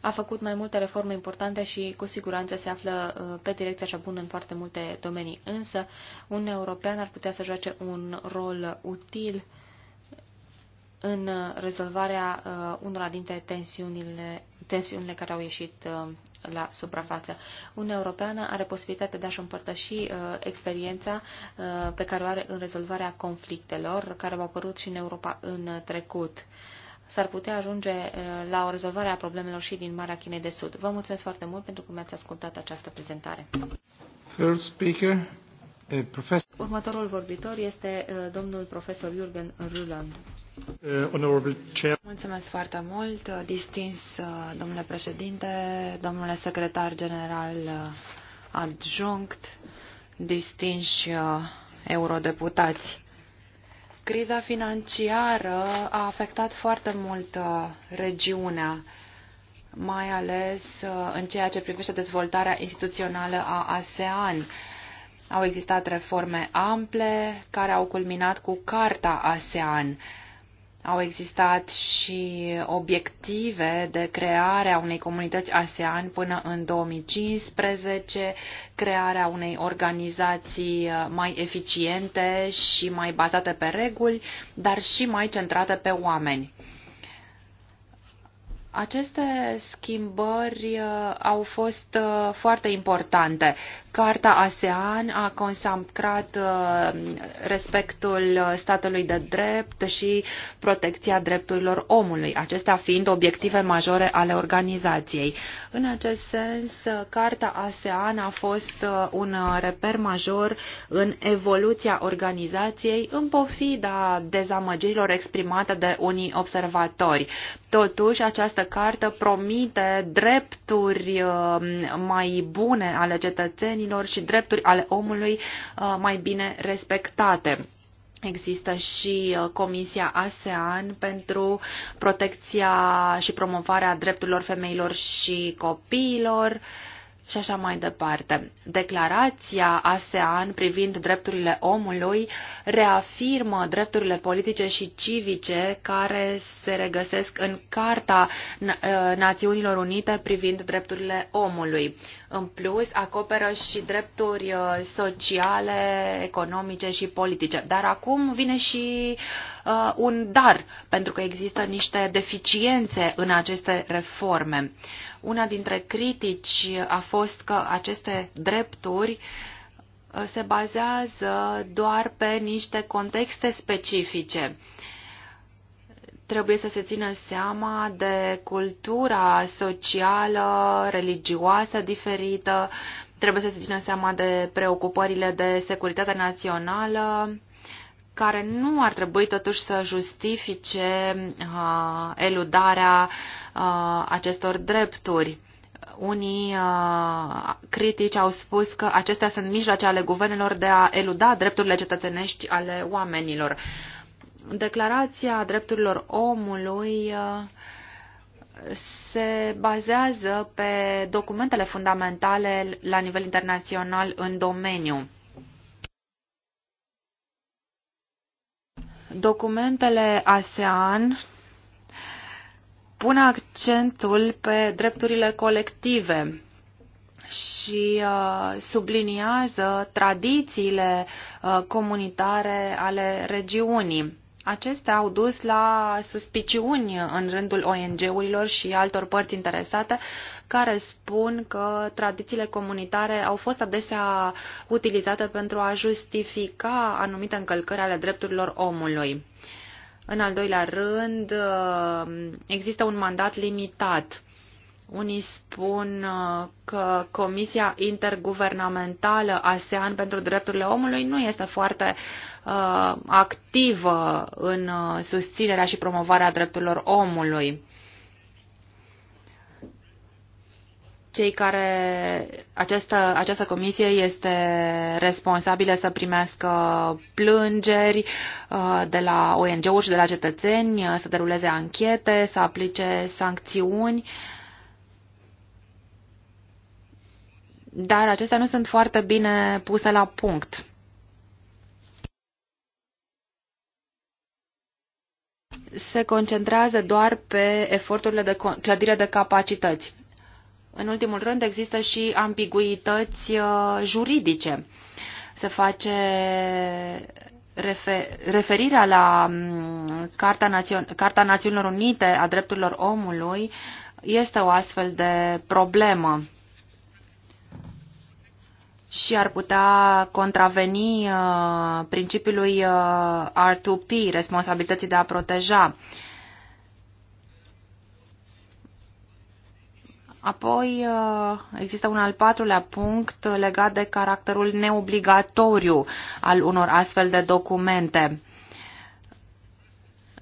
a făcut mai multe reforme importante și cu siguranță se află uh, pe direcția cea bună în foarte multe domenii. Însă, un european ar putea să joace un rol util în uh, rezolvarea uh, unora dintre tensiunile, tensiunile care au ieșit la suprafață. Uniunea Europeană are posibilitatea de a-și împărtăși uh, experiența uh, pe care o are în rezolvarea conflictelor care au apărut și în Europa în trecut. S-ar putea ajunge uh, la o rezolvare a problemelor și din Marea Chinei de Sud. Vă mulțumesc foarte mult pentru că mi-ați ascultat această prezentare. First speaker, uh, professor... Următorul vorbitor este uh, domnul profesor Jürgen Rüland. Uh, Mulțumesc foarte mult, uh, distins uh, domnule președinte, domnule secretar general adjunct, distinși eurodeputați. Criza financiară a afectat foarte mult regiunea, mai ales în ceea ce privește dezvoltarea instituțională a ASEAN. Au existat reforme ample care au culminat cu Carta ASEAN au existat și obiective de creare a unei comunități ASEAN până în 2015, crearea unei organizații uh, mai eficiente și mai bazate pe reguli, dar și mai centrate pe oameni. Aceste schimbări uh, au fost uh, foarte importante Carta ASEAN a consacrat uh, respectul statului de drept și protecția drepturilor omului, acestea fiind obiective majore ale organizației. În acest sens, Carta ASEAN a fost uh, un reper major în evoluția organizației, în pofida dezamăgirilor exprimate de unii observatori. Totuși, această carte promite drepturi uh, mai bune ale cetățenilor oamenilor și drepturi ale omului uh, mai bine respectate. Există și uh, Comisia ASEAN pentru protecția și promovarea drepturilor femeilor și copiilor și așa mai departe. Declarația ASEAN privind drepturile omului reafirmă drepturile politice și civice care se regăsesc în Carta uh, Națiunilor Unite privind drepturile omului. În plus, acoperă și drepturi uh, sociale, economice și politice. Dar acum vine și uh, un dar, pentru că există niște deficiențe în aceste reforme. Uh, una dintre critici a fost că aceste drepturi uh, se bazează doar pe niște contexte specifice. Trebuie să se țină seama de cultura socială, religioasă diferită, trebuie să se țină seama de preocupările de securitate națională, care nu ar trebui totuși să justifice uh, eludarea uh, Uh, acestor drepturi. Unii uh, critici au spus că acestea sunt mijloace ale guvernelor de a eluda drepturile cetățenești ale oamenilor. Declarația drepturilor omului uh, se bazează pe documentele fundamentale la nivel internațional în domeniu. Documentele ASEAN pun accentul pe drepturile colective și uh, subliniază tradițiile uh, comunitare ale regiunii. Acestea au dus la suspiciuni în rândul ONG-urilor și altor părți interesate care spun că tradițiile comunitare au fost adesea utilizate pentru a justifica anumite încălcări ale drepturilor omului. În al doilea rând, uh, există un mandat limitat. Unii spun uh, că Comisia Interguvernamentală ASEAN pentru Drepturile Omului nu este foarte uh, activă în uh, susținerea și promovarea drepturilor omului. cei care această, această comisie este responsabilă să primească plângeri uh, de la ONG-uri și de la cetățeni, uh, să deruleze anchete, să aplice sancțiuni. Dar acestea nu sunt foarte bine puse la punct. se concentrează doar pe eforturile de clădire de capacități. În ultimul rând, există și ambiguități uh, juridice. Se face referirea la mm, Carta, Națion- Carta Națiunilor Unite a Drepturilor Omului este o astfel de problemă și ar putea contraveni uh, principiului uh, R2P, responsabilității de a proteja. Uh, Apoi uh, există un al patrulea punct legat de caracterul neobligatoriu al unor astfel de documente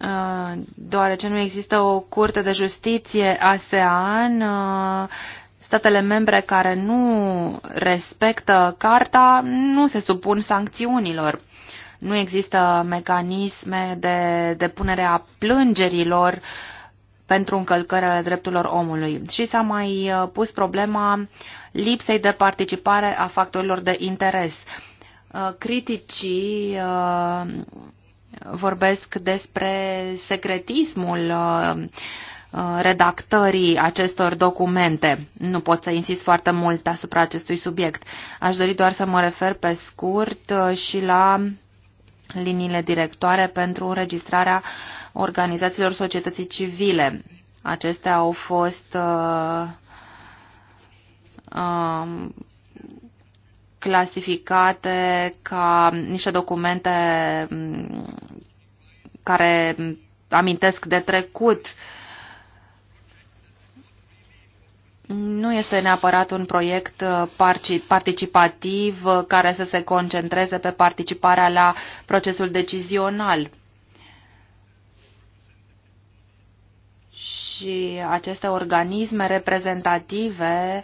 uh, deoarece nu există o curte de justiție ASEAN, uh, statele membre care nu respectă carta nu se supun sancțiunilor. Nu există mecanisme de depunere a plângerilor uh, pentru încălcări ale drepturilor omului. Și s-a mai uh, pus problema lipsei de participare a factorilor de interes. Uh, criticii uh, vorbesc despre secretismul redactării acestor documente. Nu pot să insist foarte mult asupra acestui subiect. Aș dori doar să mă refer pe scurt și la liniile directoare pentru înregistrarea uh, organizațiilor societății civile. Acestea au fost uh, uh, clasificate ca niște documente mm, care amintesc de trecut. Nu este neapărat un proiect uh, participativ uh, care să se concentreze pe participarea la procesul decizional. și aceste organisme reprezentative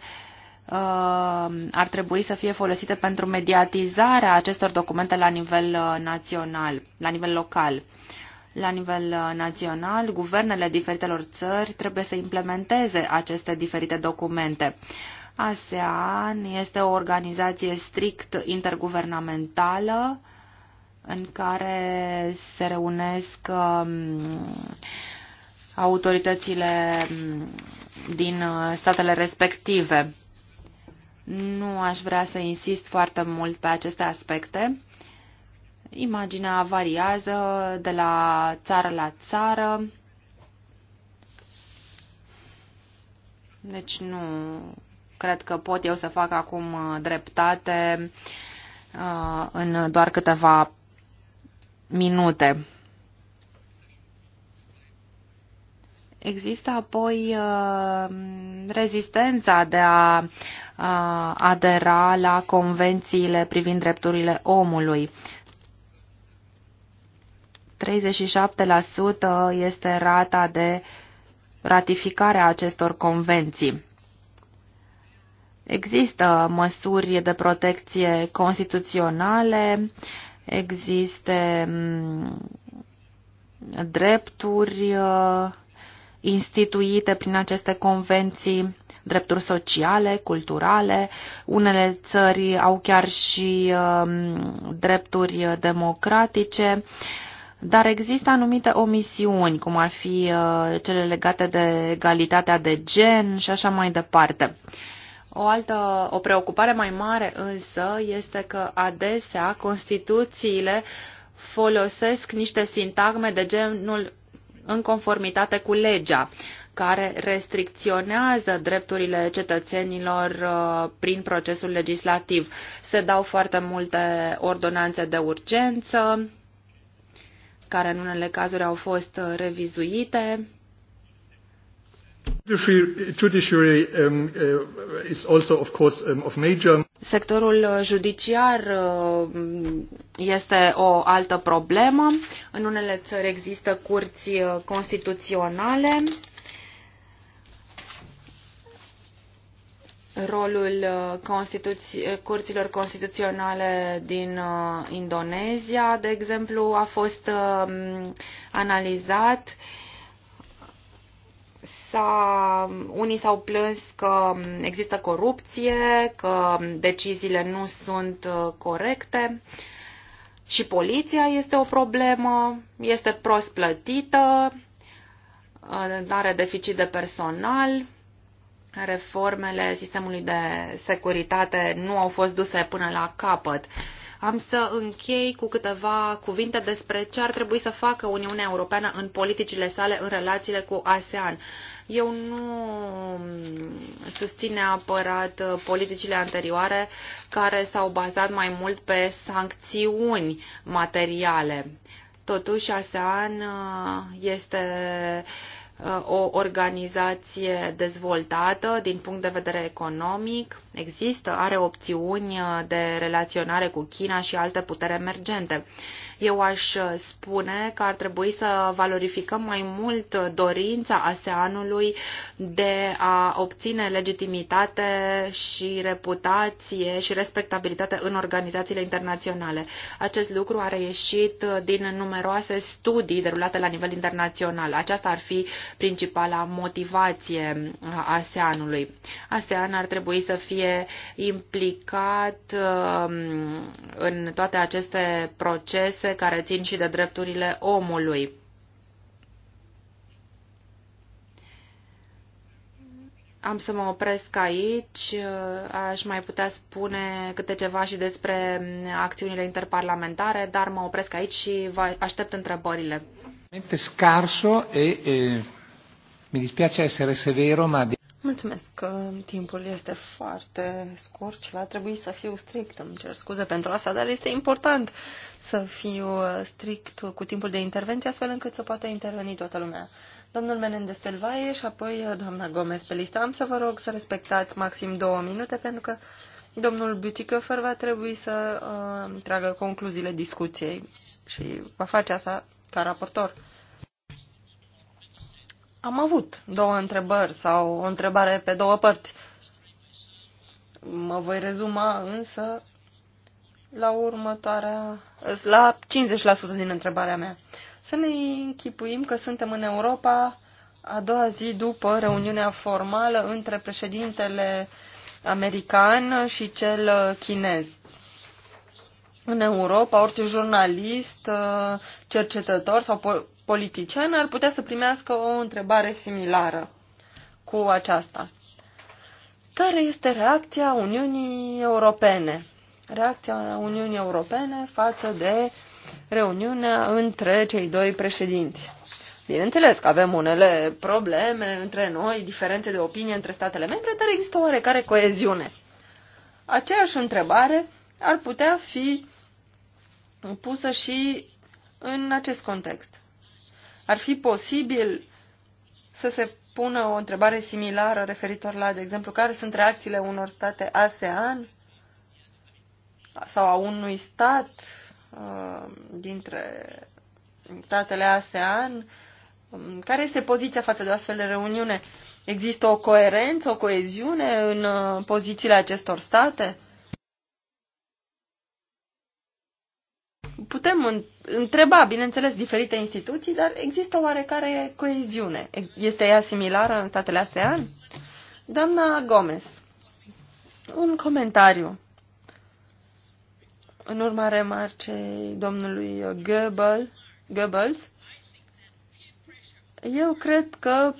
uh, ar trebui să fie folosite pentru mediatizarea acestor documente la nivel uh, național, la nivel local. La nivel uh, național, guvernele diferitelor țări trebuie să implementeze aceste diferite documente. ASEAN este o organizație strict interguvernamentală în care se reunesc um, autoritățile mm, din uh, statele respective. Nu aș vrea să insist foarte mult pe aceste aspecte. Imaginea variază de la țară la țară. Deci nu cred că pot eu să fac acum uh, dreptate uh, în doar câteva minute. Există apoi uh, rezistența de a uh, adera la convențiile privind drepturile omului. 37% este rata de ratificare a acestor convenții. Există măsuri de protecție constituționale, există mm, drepturi uh, instituite prin aceste convenții drepturi sociale, culturale. Unele țări au chiar și um, drepturi democratice, dar există anumite omisiuni, cum ar fi uh, cele legate de egalitatea de gen și așa mai departe. O altă, o preocupare mai mare însă este că adesea Constituțiile folosesc niște sintagme de genul în conformitate cu legea care restricționează drepturile cetățenilor uh, prin procesul legislativ. Se dau foarte multe ordonanțe de urgență, care în unele cazuri au fost uh, revizuite. Judiciary um, uh, is also, of course, um, of major Sectorul judiciar uh, este o altă problemă. În unele țări există curți uh, constituționale. Rolul uh, Constituți- curților constituționale din Indonezia, de exemplu, a fost analizat S-a, unii s-au plâns că există corupție, că deciziile nu sunt uh, corecte și poliția este o problemă, este prost plătită, uh, are deficit de personal, reformele sistemului de securitate nu au fost duse până la capăt. Am să închei cu câteva cuvinte despre ce ar trebui să facă Uniunea Europeană în politicile sale în relațiile cu ASEAN. Eu nu susțin neapărat politicile anterioare care s-au bazat mai mult pe sancțiuni materiale. Totuși, ASEAN uh, este uh, o organizație dezvoltată din punct de vedere economic există, are opțiuni uh, de relaționare cu China și alte puteri emergente. Eu aș uh, spune că ar trebui să valorificăm mai mult uh, dorința ASEANului de a obține legitimitate și reputație și respectabilitate în organizațiile internaționale. Acest lucru a reieșit din numeroase studii derulate la nivel internațional. Aceasta ar fi principala motivație a ASEANului. ASEAN ar trebui să fie fie implicat um, în toate aceste procese care țin și de drepturile omului. Am să mă opresc aici. Aș mai putea spune câte ceva și despre acțiunile interparlamentare, dar mă opresc aici și vă aștept întrebările. Scarso e, e mi dispiace essere severo, ma Mulțumesc că timpul este foarte scurt și va trebui să fiu strict. Îmi cer scuze pentru asta, dar este important să fiu uh, strict cu timpul de intervenție, astfel încât să poată interveni toată lumea. Domnul Menendez Telvaie și apoi uh, doamna Gomez pe listă. Am să vă rog să respectați maxim două minute, pentru că domnul Butikofer va trebui să uh, tragă concluziile discuției și va face asta ca raportor. Am avut două întrebări sau o întrebare pe două părți. Mă voi rezuma însă la următoarea, la 50% din întrebarea mea. Să ne închipuim că suntem în Europa a doua zi după reuniunea formală între președintele american și cel chinez. În Europa, orice jurnalist, cercetător sau politician ar putea să primească o întrebare similară cu aceasta. Care este reacția Uniunii Europene? Reacția Uniunii Europene față de reuniunea între cei doi președinți. Bineînțeles că avem unele probleme între noi, diferențe de opinie între statele membre, dar există oarecare coeziune. Aceeași întrebare ar putea fi pusă și în acest context. Ar fi posibil să se pună o întrebare similară referitor la, de exemplu, care sunt reacțiile unor state ASEAN sau a unui stat uh, dintre statele ASEAN? Um, care este poziția față de o astfel de reuniune? Există o coerență, o coeziune în uh, pozițiile acestor state? putem întreba, bineînțeles, diferite instituții, dar există o oarecare coeziune. Este ea similară în statele ASEAN? Doamna Gomez, un comentariu. În urma remarcei domnului Goebbels, Goebbels, eu cred că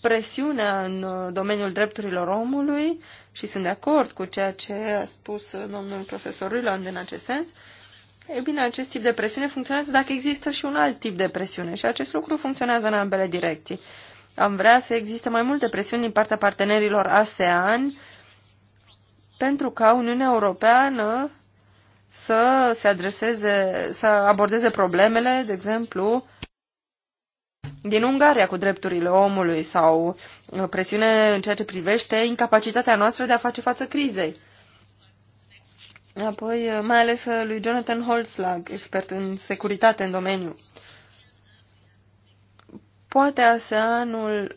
presiunea în domeniul drepturilor omului, și sunt de acord cu ceea ce a spus domnul profesor Ruland în acest sens, uh, E bine, acest tip de presiune funcționează dacă există și un alt tip de presiune și acest lucru funcționează în ambele direcții. Am vrea să existe mai multe presiuni din partea partenerilor ASEAN pentru ca Uniunea Europeană să se adreseze, să abordeze problemele, de exemplu, din Ungaria cu drepturile omului sau presiune în ceea ce privește incapacitatea noastră de a face față crizei apoi uh, mai ales uh, lui Jonathan Holzlag, expert în securitate în domeniu. Poate ASEANul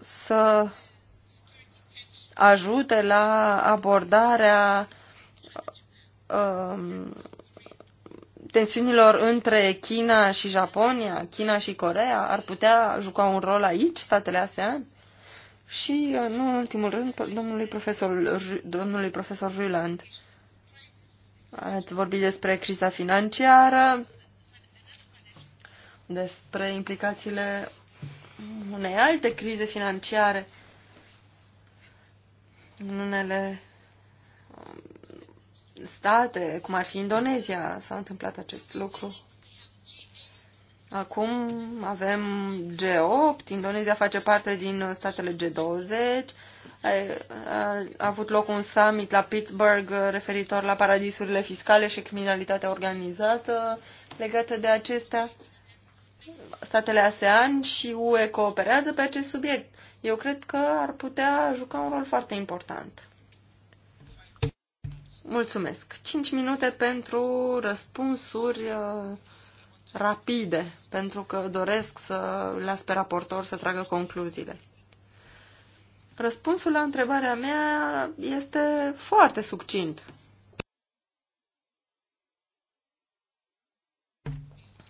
să ajute la abordarea um, tensiunilor între China și Japonia, China și Corea, ar putea juca un rol aici, statele ASEAN? Și, uh, nu în ultimul rând, domnului profesor, domnului profesor Ruland. Ați vorbit despre criza financiară, despre implicațiile unei alte crize financiare. În unele state, cum ar fi Indonezia, s-a întâmplat acest lucru. Acum avem G8, Indonezia face parte din statele G20, a, a, avut loc un summit la Pittsburgh uh, referitor la paradisurile fiscale și criminalitatea organizată legată de acestea. Statele ASEAN și UE cooperează pe acest subiect. Eu cred că ar putea juca un rol foarte important. Mulțumesc. 5 minute pentru răspunsuri. Uh, rapide, pentru că doresc să las pe raportor să tragă concluziile. Răspunsul la întrebarea mea este foarte succint.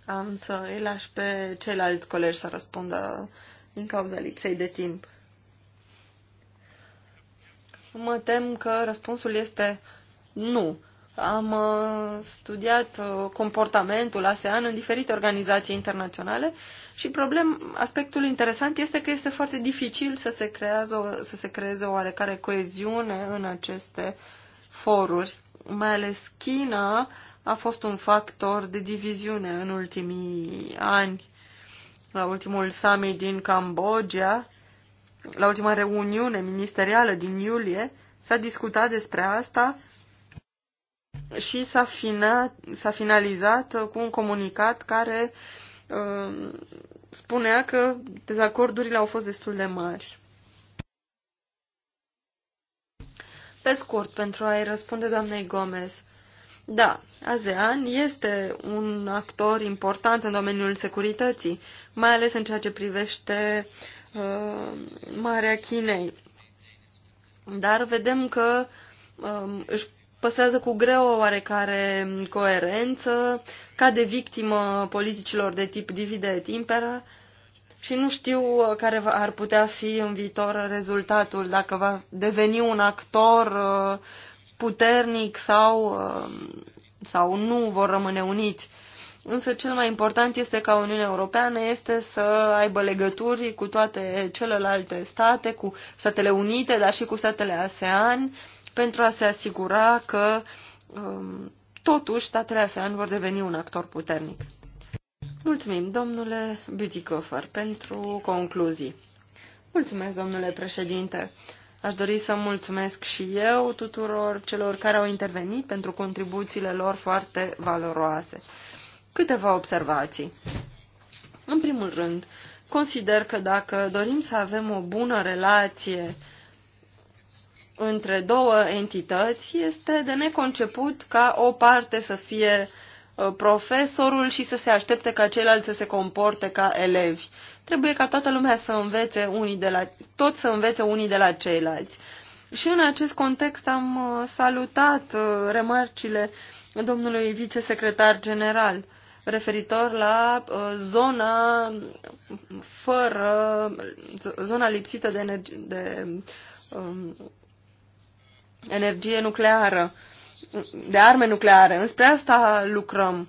Am să îi lași pe ceilalți colegi să răspundă din cauza lipsei de timp. Mă tem că răspunsul este nu. Am uh, studiat uh, comportamentul ASEAN în diferite organizații internaționale și problem, aspectul interesant este că este foarte dificil să se, creează, să se creeze o oarecare coeziune în aceste foruri. Mai ales China a fost un factor de diviziune în ultimii ani. La ultimul summit din Cambodgia, la ultima reuniune ministerială din iulie, s-a discutat despre asta și s-a, fina, finalizat cu un comunicat care uh, spunea că dezacordurile au fost destul de mari. Pe scurt, pentru a-i răspunde doamnei Gomez, da, ASEAN este un actor important în domeniul securității, mai ales în ceea ce privește uh, Marea Chinei. Dar vedem că uh, își păstrează cu greu o oarecare coerență, cade victimă politicilor de tip divide et impera și nu știu uh, care ar putea fi în viitor rezultatul, dacă va deveni un actor uh, puternic sau, uh, sau nu vor rămâne uniți. Însă cel mai important este ca Uniunea Europeană este să aibă legături cu toate celelalte state, cu Statele Unite, dar și cu statele ASEAN, pentru a se asigura că um, totuși statele ASEAN vor deveni un actor puternic. Mulțumim, domnule Bütikofer, pentru concluzii. Mulțumesc, domnule președinte. Aș dori să mulțumesc și eu tuturor celor care au intervenit pentru contribuțiile lor foarte valoroase. Câteva observații. În primul rând, consider că dacă dorim să avem o bună relație între două entități este de neconceput ca o parte să fie uh, profesorul și să se aștepte ca ceilalți să se comporte ca elevi. Trebuie ca toată lumea să învețe unii de la, tot să învețe unii de la ceilalți. Și în acest context am uh, salutat uh, remarcile domnului vicesecretar general referitor la zona fără, zona lipsită de, energie, de um, energie nucleară, de arme nucleare. Înspre asta lucrăm.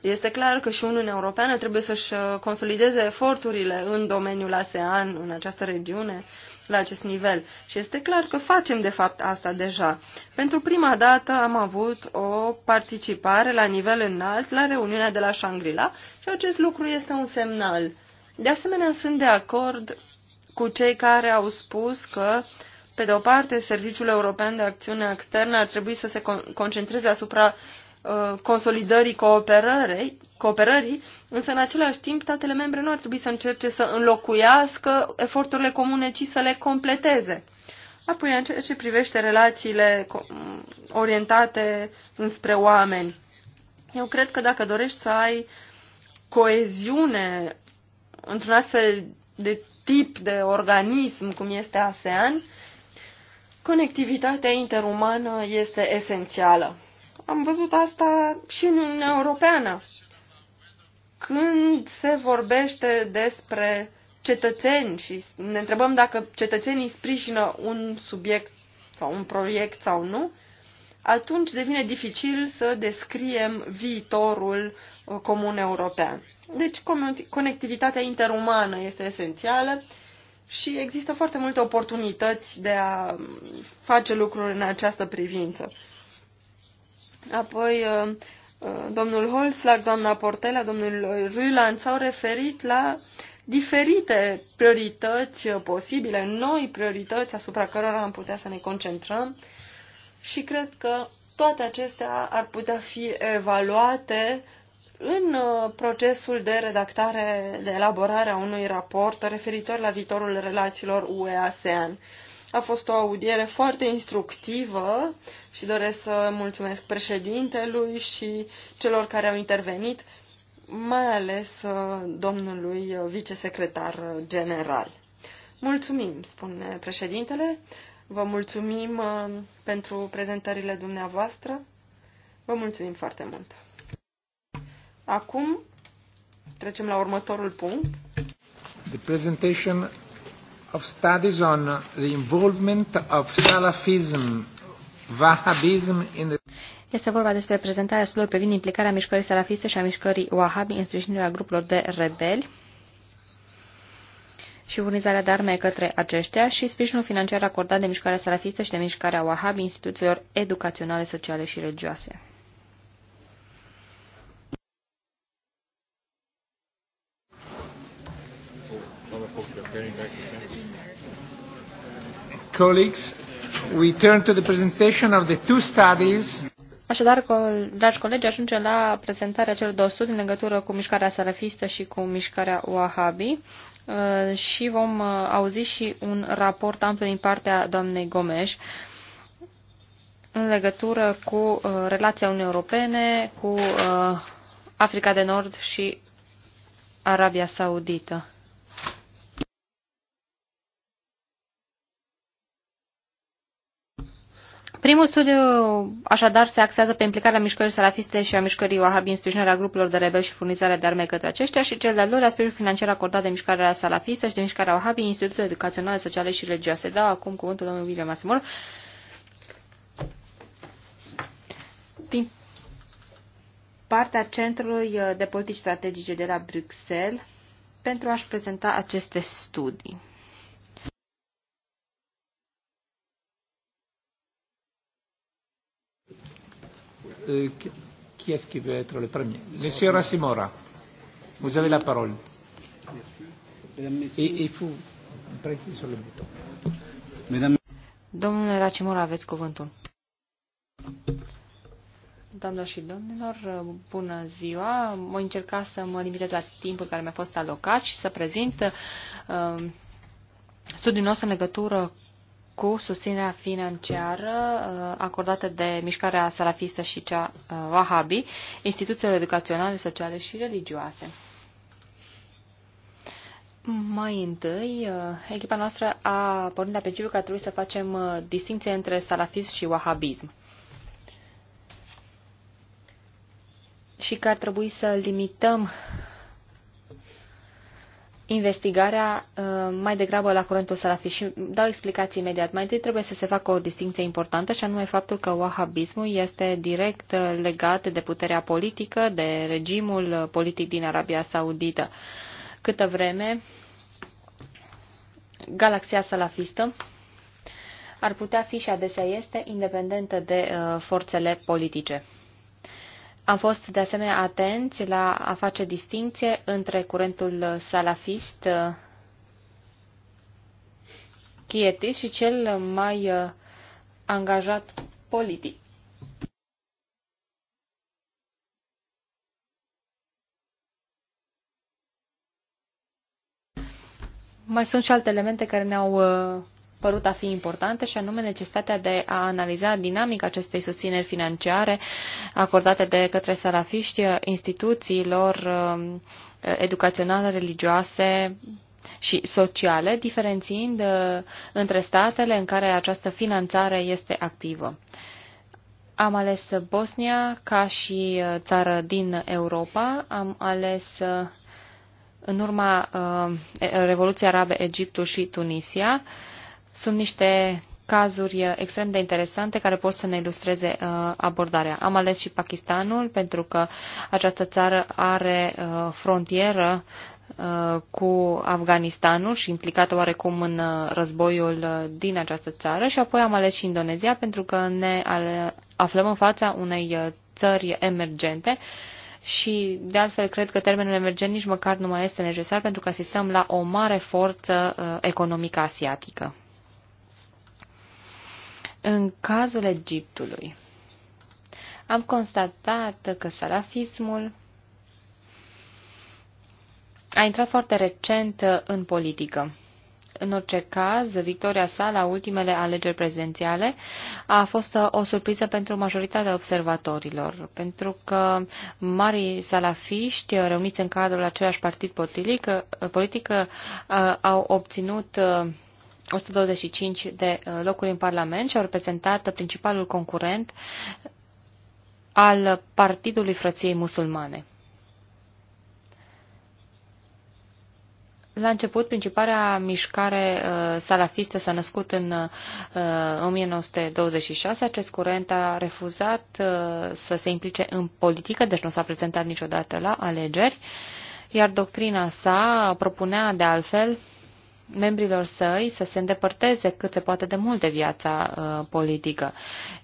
Este clar că și Uniunea Europeană trebuie să-și uh, consolideze eforturile în domeniul ASEAN, în această regiune, la acest nivel. Și este clar că facem, de fapt, asta deja. Pentru prima dată am avut o participare la nivel înalt la reuniunea de la Shangri-La și acest lucru este un semnal. De asemenea, sunt de acord cu cei care au spus că pe de o parte, Serviciul European de Acțiune Externă ar trebui să se concentreze asupra uh, consolidării cooperării, cooperării, însă în același timp statele membre nu ar trebui să încerce să înlocuiască eforturile comune, ci să le completeze. Apoi, în ceea ce privește relațiile orientate înspre oameni, eu cred că dacă dorești să ai coeziune într-un astfel de tip de organism cum este ASEAN, Conectivitatea interumană este esențială. Am văzut asta și în Uniunea Europeană. Când se vorbește despre cetățeni și ne întrebăm dacă cetățenii sprijină un subiect sau un proiect sau nu, atunci devine dificil să descriem viitorul uh, comun european. Deci conectivitatea interumană este esențială și există foarte multe oportunități de a face lucruri în această privință. Apoi, uh, uh, domnul Holslag, doamna Portela, domnul Ruland s-au referit la diferite priorități uh, posibile, noi priorități asupra cărora am putea să ne concentrăm și cred că toate acestea ar putea fi evaluate uh, în uh, procesul de redactare, de elaborare a unui raport referitor la viitorul relațiilor UE-ASEAN, a fost o audiere foarte instructivă și doresc să mulțumesc președintelui și celor care au intervenit, mai ales uh, domnului vicesecretar general. Mulțumim, spune președintele. Vă mulțumim uh, pentru prezentările dumneavoastră. Vă mulțumim foarte mult. Acum trecem la următorul punct. The presentation of studies on the involvement of Salafism, Wahhabism in the este vorba despre prezentarea studiilor privind implicarea mișcării salafiste și a mișcării Wahhabi în sprijinirea grupurilor de rebeli și furnizarea de arme către aceștia și sprijinul financiar acordat de mișcarea salafistă și de mișcarea Wahhabi instituțiilor educaționale, sociale și religioase. Colleagues, we turn to the presentation of the two studies. Așadar, dragi colegi, ajungem la prezentarea celor două studii în legătură cu mișcarea salafistă și cu mișcarea Wahhabi uh, și vom uh, auzi și un raport amplu din partea doamnei Gomes în legătură cu uh, relația Uniunii Europene cu Africa de Nord și Arabia Saudită. Primul studiu așadar se axează pe implicarea mișcării salafiste și a mișcării Wahhabi în sprijinarea grupurilor de rebeli și furnizarea de arme către aceștia și cel de-al doilea sprijinul financiar acordat de mișcarea salafistă și de mișcarea Wahhabi în instituțiile educaționale, sociale și religioase. Dau acum cuvântul domnului William Asimor. Din partea Centrului eh, de Politici Strategice de la Bruxelles pentru a-și prezenta aceste studii. qui ă, est-ce qui veut être le premier Monsieur Rassimora, vous avez la parole. Et il faut sur le bouton. Domnule Racimora, aveți cuvântul. Doamnelor și domnilor, bună ziua! Voi încerca să mă limitez la timpul care mi-a fost alocat și să prezint uh, studiul nostru în legătură cu susținerea financiară uh, acordată de mișcarea salafistă și cea uh, wahabi, instituțiilor educaționale, sociale și religioase. Mai întâi, uh, echipa noastră a pornit la principiu că trebuie să facem distinție între salafism și wahabism. Și că ar trebui să limităm investigarea uh, mai degrabă la curentul salafi și dau explicații imediat. Mai întâi trebuie să se facă o distinție importantă și anume faptul că wahabismul este direct uh, legat de puterea politică, de regimul uh, politic din Arabia Saudită. Câtă vreme galaxia salafistă ar putea fi și adesea este independentă de forțele politice. Am fost de asemenea atenți la a face distinție între curentul salafist chietist și cel mai uh, angajat politic. Mai sunt și alte elemente care ne-au uh, părut a fi importante și anume necesitatea de a analiza dinamica acestei susțineri financiare acordate de către salafiști instituțiilor um, educaționale, religioase, și sociale, diferențiind uh, între statele în care această finanțare este activă. Am ales Bosnia ca și uh, țară din Europa, am ales uh, în urma Revoluției Arabe Egiptul și Tunisia, sunt niște cazuri uh, extrem de interesante care pot să ne ilustreze uh, abordarea. Am ales și Pakistanul pentru că această țară are uh, frontieră uh, cu Afganistanul și implicată oarecum în uh, războiul uh, din această țară și apoi am ales și Indonezia pentru că ne aflăm în fața unei țări emergente și de altfel cred că termenul emergent nici măcar nu mai este necesar pentru că asistăm la o mare forță economică asiatică. În cazul Egiptului, am constatat că salafismul a intrat foarte recent în politică. În orice caz, victoria sa la ultimele alegeri prezidențiale a fost o surpriză pentru majoritatea observatorilor, pentru că marii salafiști reuniți în cadrul același partid politic, politic uh, au obținut uh, 125 de uh, locuri în Parlament și au reprezentat principalul concurent al Partidului Frăției Musulmane. La început, principarea mișcare uh, salafistă s-a născut în uh, 1926. Acest curent a refuzat uh, să se implice în politică, deci nu s-a prezentat niciodată la alegeri, iar doctrina sa propunea, de altfel, uh, membrilor săi să se îndepărteze cât se poate de mult de viața uh, politică.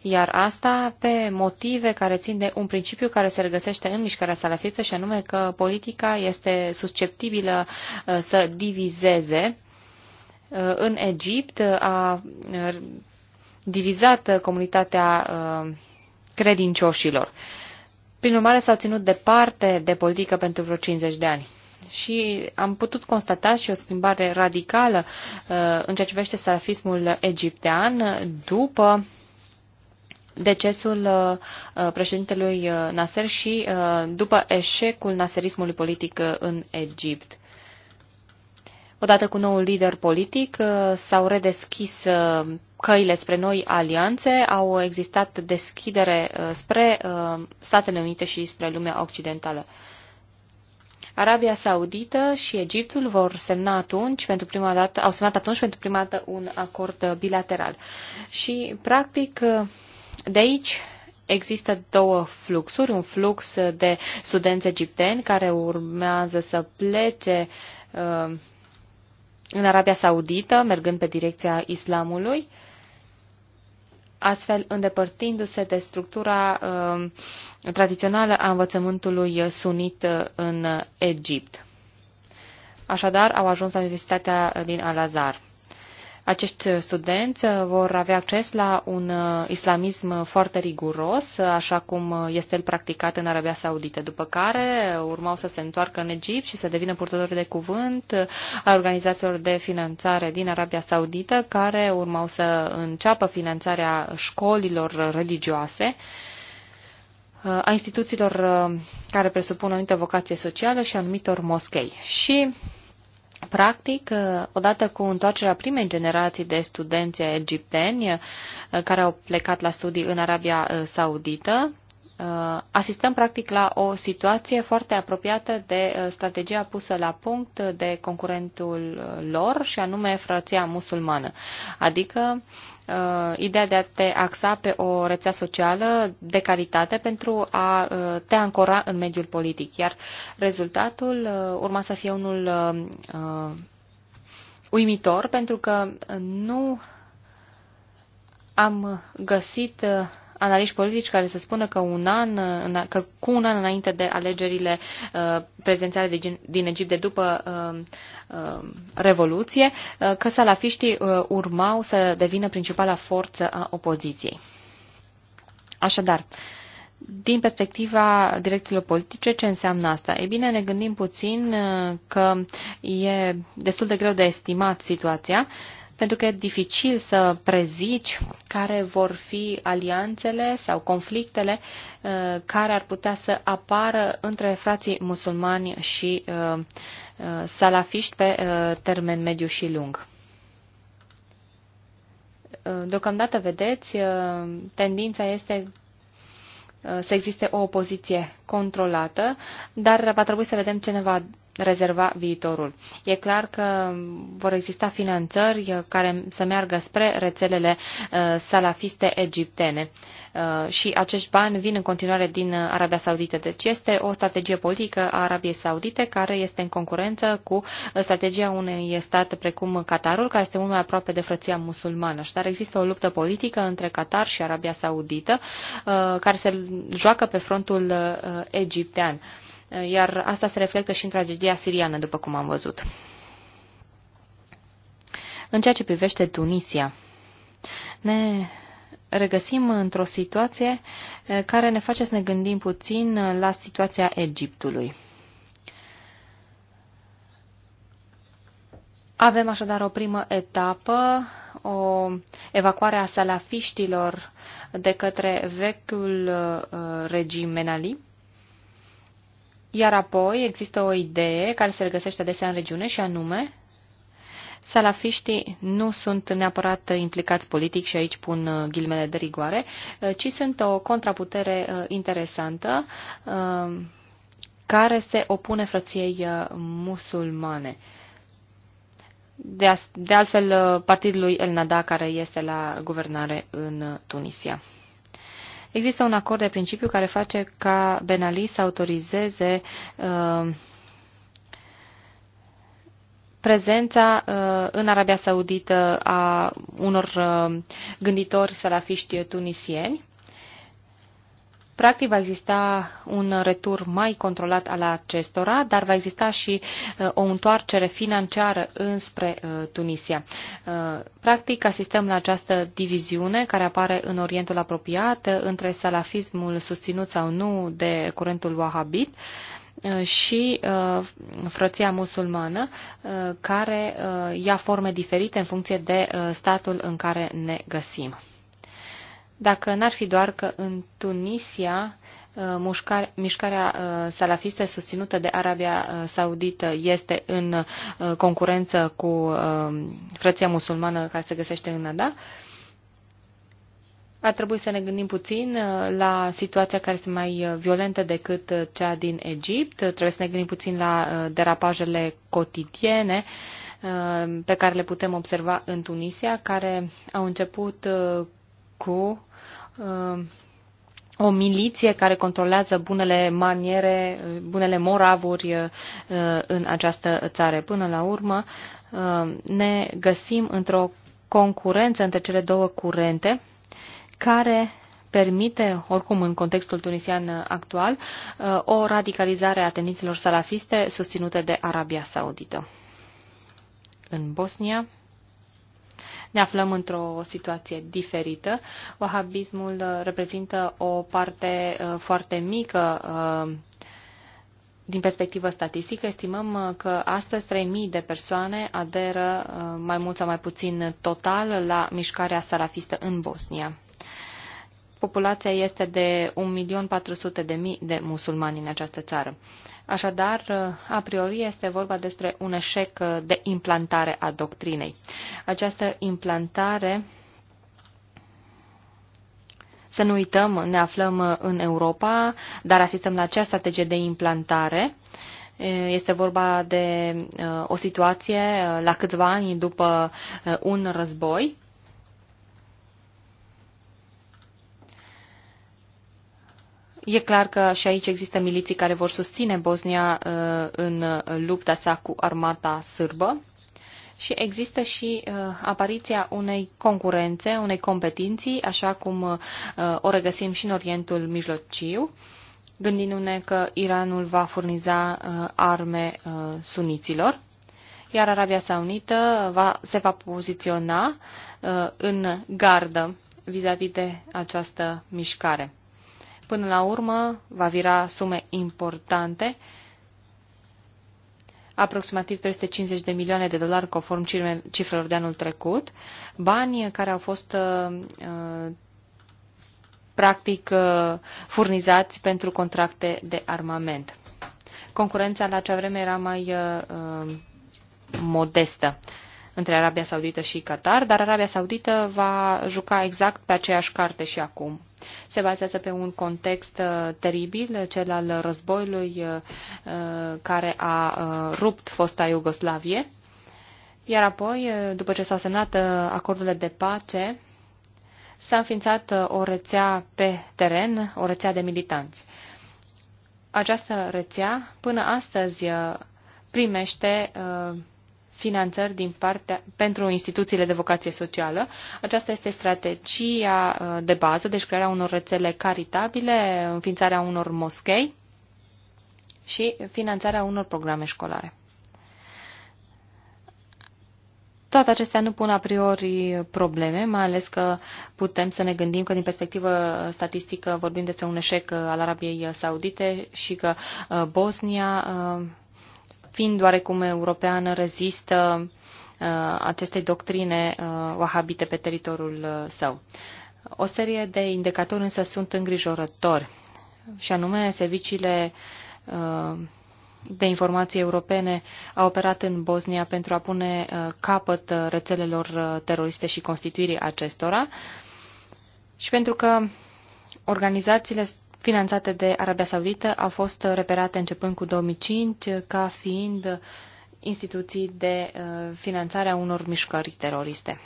Iar asta pe motive care țin de un principiu care se regăsește în mișcarea salafistă și anume că politica este susceptibilă uh, să divizeze. Uh, în Egipt a uh, divizat comunitatea uh, credincioșilor. Prin urmare s-au ținut departe de politică pentru vreo 50 de ani și am putut constata și o schimbare radicală uh, în ceea ce privește salafismul egiptean după decesul uh, uh, președintelui Nasser și după eșecul naserismului politic în Egipt. Odată cu noul lider politic s-au redeschis căile spre noi alianțe, au existat deschidere spre Statele Unite și spre lumea occidentală. Arabia Saudită și Egiptul vor semna atunci, pentru prima dată, au semnat atunci pentru prima dată un acord uh, bilateral. Și, practic, uh, de aici există două fluxuri. Un flux uh, de studenți egipteni care urmează să plece în Arabia Saudită, mergând pe direcția islamului, astfel îndepărtindu-se de structura uh, tradițională a învățământului sunit uh, în Egipt. Așadar, au ajuns la Universitatea uh, din Al-Azhar. Acești studenți uh, vor avea acces la un uh, islamism uh, foarte riguros, așa cum este el practicat în Arabia Saudită, după care urmau să se întoarcă în Egipt și să devină purtători de cuvânt a organizațiilor de finanțare din Arabia Saudită, care urmau să înceapă finanțarea școlilor religioase, a instituțiilor care presupun o anumită vocație socială și anumitor moschei. Și Practic, uh, odată cu întoarcerea primei generații de studenți egipteni uh, care au plecat la studii în Arabia uh, Saudită, asistăm practic la o situație foarte apropiată de strategia pusă la punct de concurentul lor și anume frăția musulmană, adică uh, ideea de a te axa pe o rețea socială de calitate pentru a uh, te ancora în mediul politic. Iar rezultatul uh, urma să fie unul uh, uimitor pentru că nu am găsit uh, analiști politici care să spună că, un an, că cu un an înainte de alegerile uh, prezidențiale din Egipt de după uh, uh, Revoluție, că salafiștii urmau să devină principala forță a opoziției. Așadar, din perspectiva direcțiilor politice, ce înseamnă asta? E bine, ne gândim puțin că e destul de greu de estimat situația, pentru că e dificil să prezici care vor fi alianțele sau conflictele uh, care ar putea să apară între frații musulmani și uh, uh, salafiști pe termen mediu și lung. Deocamdată, vedeți, tendința este să existe o opoziție controlată, dar va trebui să vedem ce ne va rezerva viitorul. E clar că vor exista finanțări care să meargă spre rețelele uh, salafiste egiptene uh, și acești bani vin în continuare din Arabia Saudită. Deci este o strategie politică a Arabiei Saudite care este în concurență cu strategia unui stat precum Qatarul, care este mult mai aproape de frăția musulmană. Dar există o luptă politică între Qatar și Arabia Saudită uh, care se joacă pe frontul egiptean iar asta se reflectă și în tragedia siriană, după cum am văzut. În ceea ce privește Tunisia, ne regăsim într-o situație care ne face să ne gândim puțin la situația Egiptului. Avem așadar o primă etapă, o evacuare a salafiștilor de către vechiul uh, regim Menali, iar apoi există o idee care se regăsește adesea în regiune și anume salafiștii nu sunt neapărat implicați politic și aici pun uh, ghilmele de rigoare, uh, ci sunt o contraputere uh, interesantă care se opune frăției musulmane. De, de altfel, partidului El Nada, care este la guvernare în Tunisia. Există un acord de principiu care face ca Ben Ali să autorizeze uh, prezența uh, în Arabia Saudită a unor uh, gânditori salafiști tunisieni Practic va exista un retur mai controlat al acestora, dar va exista și uh, o întoarcere financiară înspre uh, Tunisia. Uh, practic asistăm la această diviziune care apare în Orientul apropiat între salafismul susținut sau nu de curentul wahabit, și uh, frăția musulmană, uh, care uh, ia forme diferite în funcție de statul în care ne găsim dacă n-ar fi doar că în Tunisia uh, mișcarea uh, salafistă susținută de Arabia uh, Saudită este în concurență cu frăția musulmană care se găsește în Nada, ar trebui să ne gândim puțin la situația care este mai violentă decât cea din Egipt. Trebuie să ne gândim puțin la derapajele cotidiene pe care le putem observa în Tunisia, care au început cu Uh, o miliție care controlează bunele maniere, uh, bunele moravuri uh, în această țară. Până la urmă ne găsim într-o concurență între cele două curente care permite, oricum în contextul tunisian actual, o radicalizare a tendințelor salafiste susținute de Arabia Saudită. În Bosnia, ne aflăm într-o situație diferită. Wahabismul uh, reprezintă o parte uh, foarte mică uh, din perspectivă statistică, estimăm că astăzi 3.000 de persoane aderă mai mult sau mai puțin total la mișcarea salafistă în Bosnia. Populația este de 1.400.000 de musulmani în această țară. Așadar, a priori este vorba despre un eșec de implantare a doctrinei. Această implantare să nu uităm, ne aflăm în Europa, dar asistăm la această strategie de implantare. Este vorba de uh, o situație uh, la câțiva ani după uh, un război E clar că și aici există miliții care vor susține Bosnia uh, în lupta sa cu armata sârbă și există și uh, apariția unei concurențe, unei competiții, așa cum uh, o regăsim și în Orientul Mijlociu, gândindu-ne că Iranul va furniza arme suniților, iar Arabia Saunită va, se va poziționa în gardă vis-a-vis -vis de această mișcare până la urmă va vira sume importante, aproximativ 350 de milioane de dolari conform cifrelor de anul trecut, bani care au fost uh, uh, practic uh, furnizați pentru contracte de armament. Concurența la acea vreme era mai uh, modestă între Arabia Saudită și Qatar, dar Arabia Saudită va juca exact pe aceeași carte și acum se bazează pe un context uh, teribil, cel al războiului uh, uh, care a rupt fosta Iugoslavie. Iar apoi, după ce s-au semnat acordurile de pace, s-a înființat o rețea pe teren, o rețea de militanți. Această rețea, până astăzi, primește finanțări din partea, pentru instituțiile de vocație socială. Aceasta este strategia uh, de bază, deci crearea unor rețele caritabile, înființarea unor moschei și finanțarea unor programe școlare. Toate acestea nu pun a priori probleme, mai ales că putem să ne gândim că din perspectivă statistică vorbim despre un eșec al Arabiei Saudite și că uh, Bosnia uh, fiind oarecum europeană, rezistă uh, acestei doctrine wahabite uh, pe teritoriul uh, său. O serie de indicatori însă sunt îngrijorători, și anume serviciile de informații europene a operat în Bosnia pentru a pune capăt rețelelor teroriste și constituirii acestora și pentru că organizațiile finanțate de Arabia Saudită au fost reperate începând cu 2005 ca fiind instituții de uh, finanțare a unor mișcări teroriste.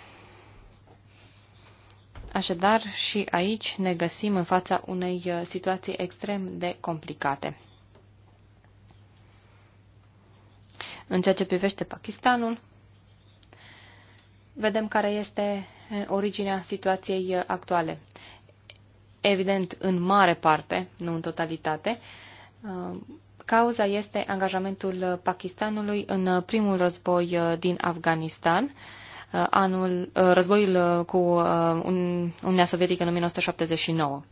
Așadar, și aici ne găsim în fața unei uh, situații extrem de complicate. În ceea ce privește Pakistanul, vedem care este uh, originea situației actuale evident în mare parte, nu în totalitate. Uh, cauza este angajamentul Pakistanului în primul război uh, din Afganistan, uh, anul, războiul cu Uniunea Sovietică în 1979.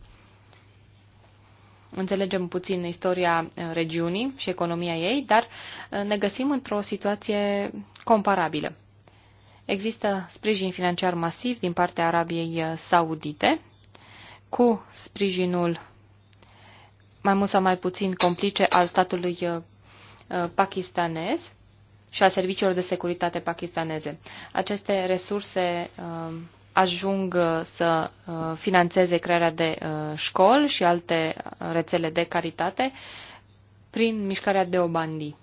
Înțelegem puțin istoria regiunii și economia ei, dar ne găsim într-o situație comparabilă. Există sprijin financiar masiv din partea Arabiei Saudite, cu sprijinul mai mult sau mai puțin complice al statului uh, uh, pakistanez și a serviciilor de securitate pakistaneze. Aceste resurse uh, ajung să financeze crearea de școli și alte rețele de caritate prin mișcarea de obandi.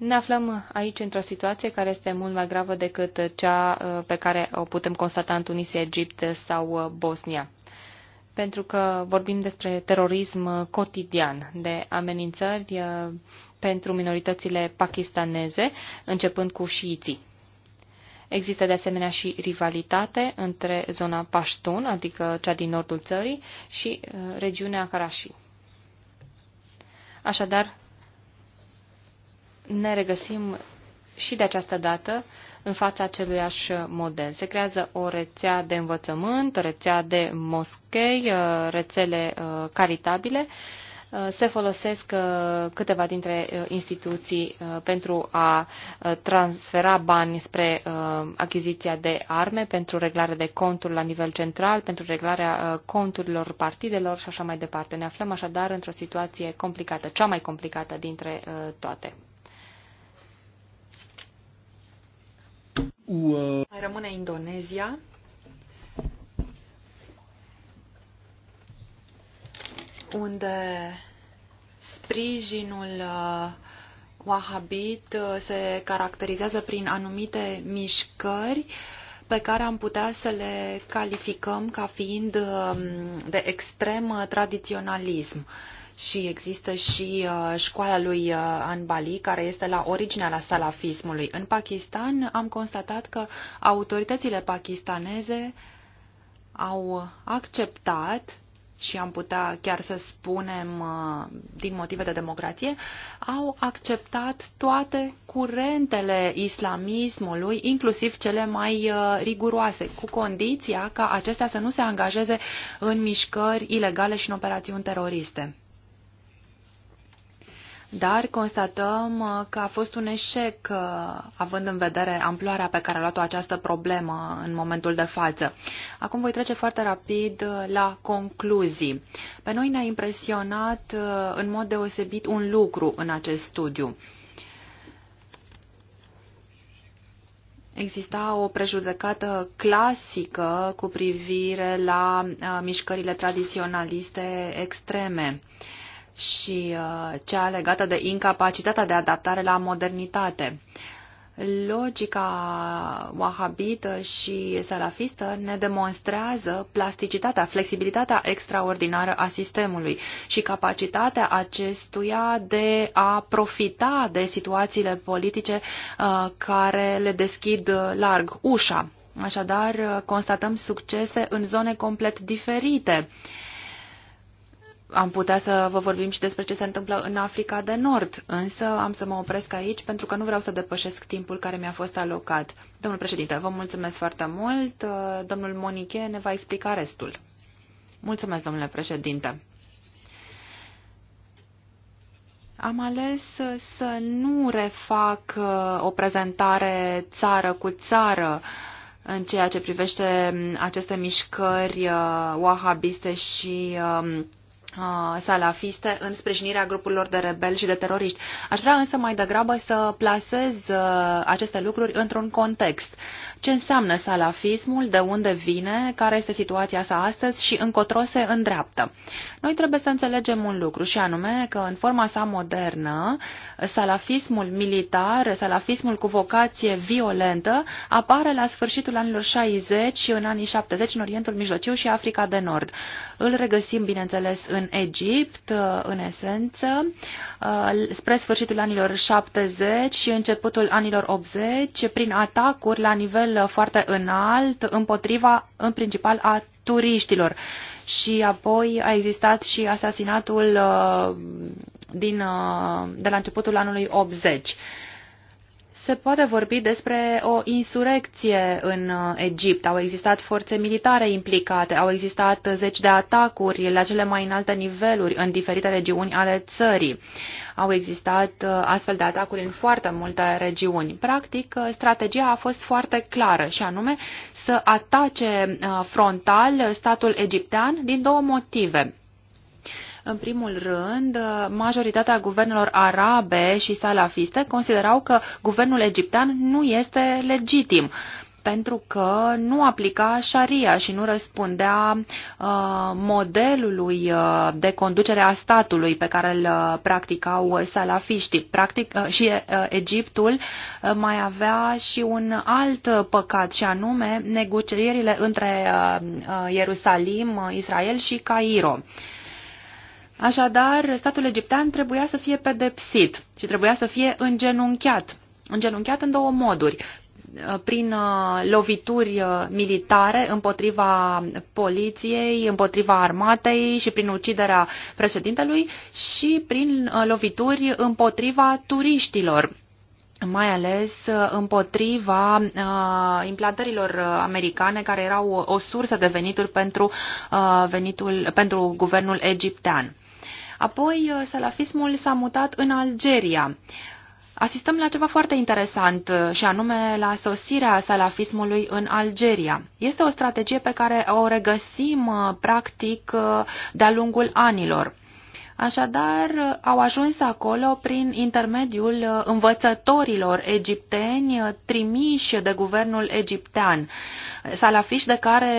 Ne aflăm aici într-o situație care este mult mai gravă decât cea uh, pe care o putem constata în Tunisia, Egipt sau uh, Bosnia. Pentru că vorbim despre terorism uh, cotidian, de amenințări pentru minoritățile pakistaneze, începând cu șiiții. Există de asemenea și rivalitate între zona Paștun, adică cea din nordul țării, și regiunea Karashi. Așadar, ne regăsim și de această dată în fața aceluiași model. Se creează o rețea de învățământ, rețea de moschei, uh, rețele uh, caritabile. Uh, se folosesc câteva dintre instituții pentru a transfera bani spre achiziția de arme, pentru reglarea de conturi la nivel central, pentru reglarea conturilor partidelor și așa mai departe. Ne aflăm așadar într-o situație complicată, cea mai complicată dintre toate. Ou, uh... Mai rămâne Indonezia. unde sprijinul uh, wahabit uh, se caracterizează prin anumite mișcări pe care am putea să le calificăm ca fiind uh, de extrem uh, tradiționalism. Uh, și există și uh, școala lui uh, Anbali, care este la originea la salafismului. În Pakistan am constatat că autoritățile pakistaneze au acceptat și am putea chiar să spunem uh, din motive de democrație, au acceptat toate curentele islamismului, inclusiv cele mai riguroase, cu condiția ca acestea să nu se angajeze în mișcări ilegale și în operațiuni teroriste dar constatăm uh, că a fost un eșec, uh, având în vedere amploarea pe care a luat-o această problemă în momentul de față. Acum voi trece foarte rapid uh, la concluzii. Pe noi ne-a impresionat în mod deosebit un lucru în acest studiu. Exista o prejudecată clasică cu privire la mișcările tradiționaliste extreme. Uh, și uh, cea legată de incapacitatea de adaptare la modernitate. Logica wahabită și salafistă ne demonstrează plasticitatea, flexibilitatea extraordinară a sistemului și capacitatea acestuia de a profita de situațiile politice uh, care le deschid larg ușa. Așadar, constatăm succese în zone complet diferite. Uh, am putea să vă vorbim și despre ce se întâmplă în Africa de Nord, însă am să mă opresc aici pentru că nu vreau să depășesc timpul care mi-a fost alocat. Domnul președinte, vă mulțumesc foarte mult. Domnul Moniche ne va explica restul. Mulțumesc, domnule președinte. Am ales să nu refac uh, o prezentare țară cu țară în ceea ce privește um, aceste mișcări uh, wahabiste și um, salafiste în sprijinirea grupurilor de rebeli și de teroriști. Aș vrea însă mai degrabă să plasez aceste lucruri într-un context. Ce înseamnă salafismul, de unde vine, care este situația sa astăzi și încotro se îndreaptă. Noi trebuie să înțelegem un lucru și anume că în forma sa modernă, salafismul militar, salafismul cu vocație violentă, apare la sfârșitul anilor 60 și în anii 70 în Orientul Mijlociu și Africa de Nord. Îl regăsim, bineînțeles, în în Egipt, în esență, uh, spre sfârșitul anilor 70 și începutul anilor 80, prin atacuri la nivel foarte înalt, împotriva, în principal, a turiștilor. Și apoi a existat și asasinatul uh, din, uh, de la începutul anului 80 se poate vorbi despre o insurecție în uh, Egipt. Au existat forțe militare implicate, au existat zeci de atacuri la cele mai înalte niveluri în diferite regiuni ale țării. Au existat uh, astfel de atacuri în foarte multe regiuni. Practic, uh, strategia a fost foarte clară și anume să atace frontal statul egiptean din două motive. În primul rând, majoritatea guvernelor arabe și salafiste considerau că guvernul egiptean nu este legitim pentru că nu aplica șaria și nu răspundea uh, modelului uh, de conducere a statului pe care îl uh, practicau salafiștii. Practic, uh, și uh, Egiptul uh, mai avea și un alt păcat și anume negocierile între uh, uh, Ierusalim, uh, Israel și Cairo. Uh, Așadar, statul egiptean trebuia să fie pedepsit și trebuia să fie îngenunchiat. Îngenunchiat în două moduri uh, prin uh, lovituri uh, militare împotriva poliției, împotriva armatei și prin uciderea președintelui și prin lovituri împotriva turiștilor mai ales împotriva uh, implantărilor americane care erau o sursă de venituri pentru, uh, venitul, pentru guvernul egiptean. Apoi, uh, salafismul s-a mutat în Algeria. Asistăm la ceva foarte interesant uh, și anume la sosirea salafismului în Algeria. Este o strategie pe care o regăsim uh, practic de-a lungul anilor. Așadar, au ajuns acolo prin intermediul uh, învățătorilor egipteni uh, trimiși de guvernul egiptean, salafiști de care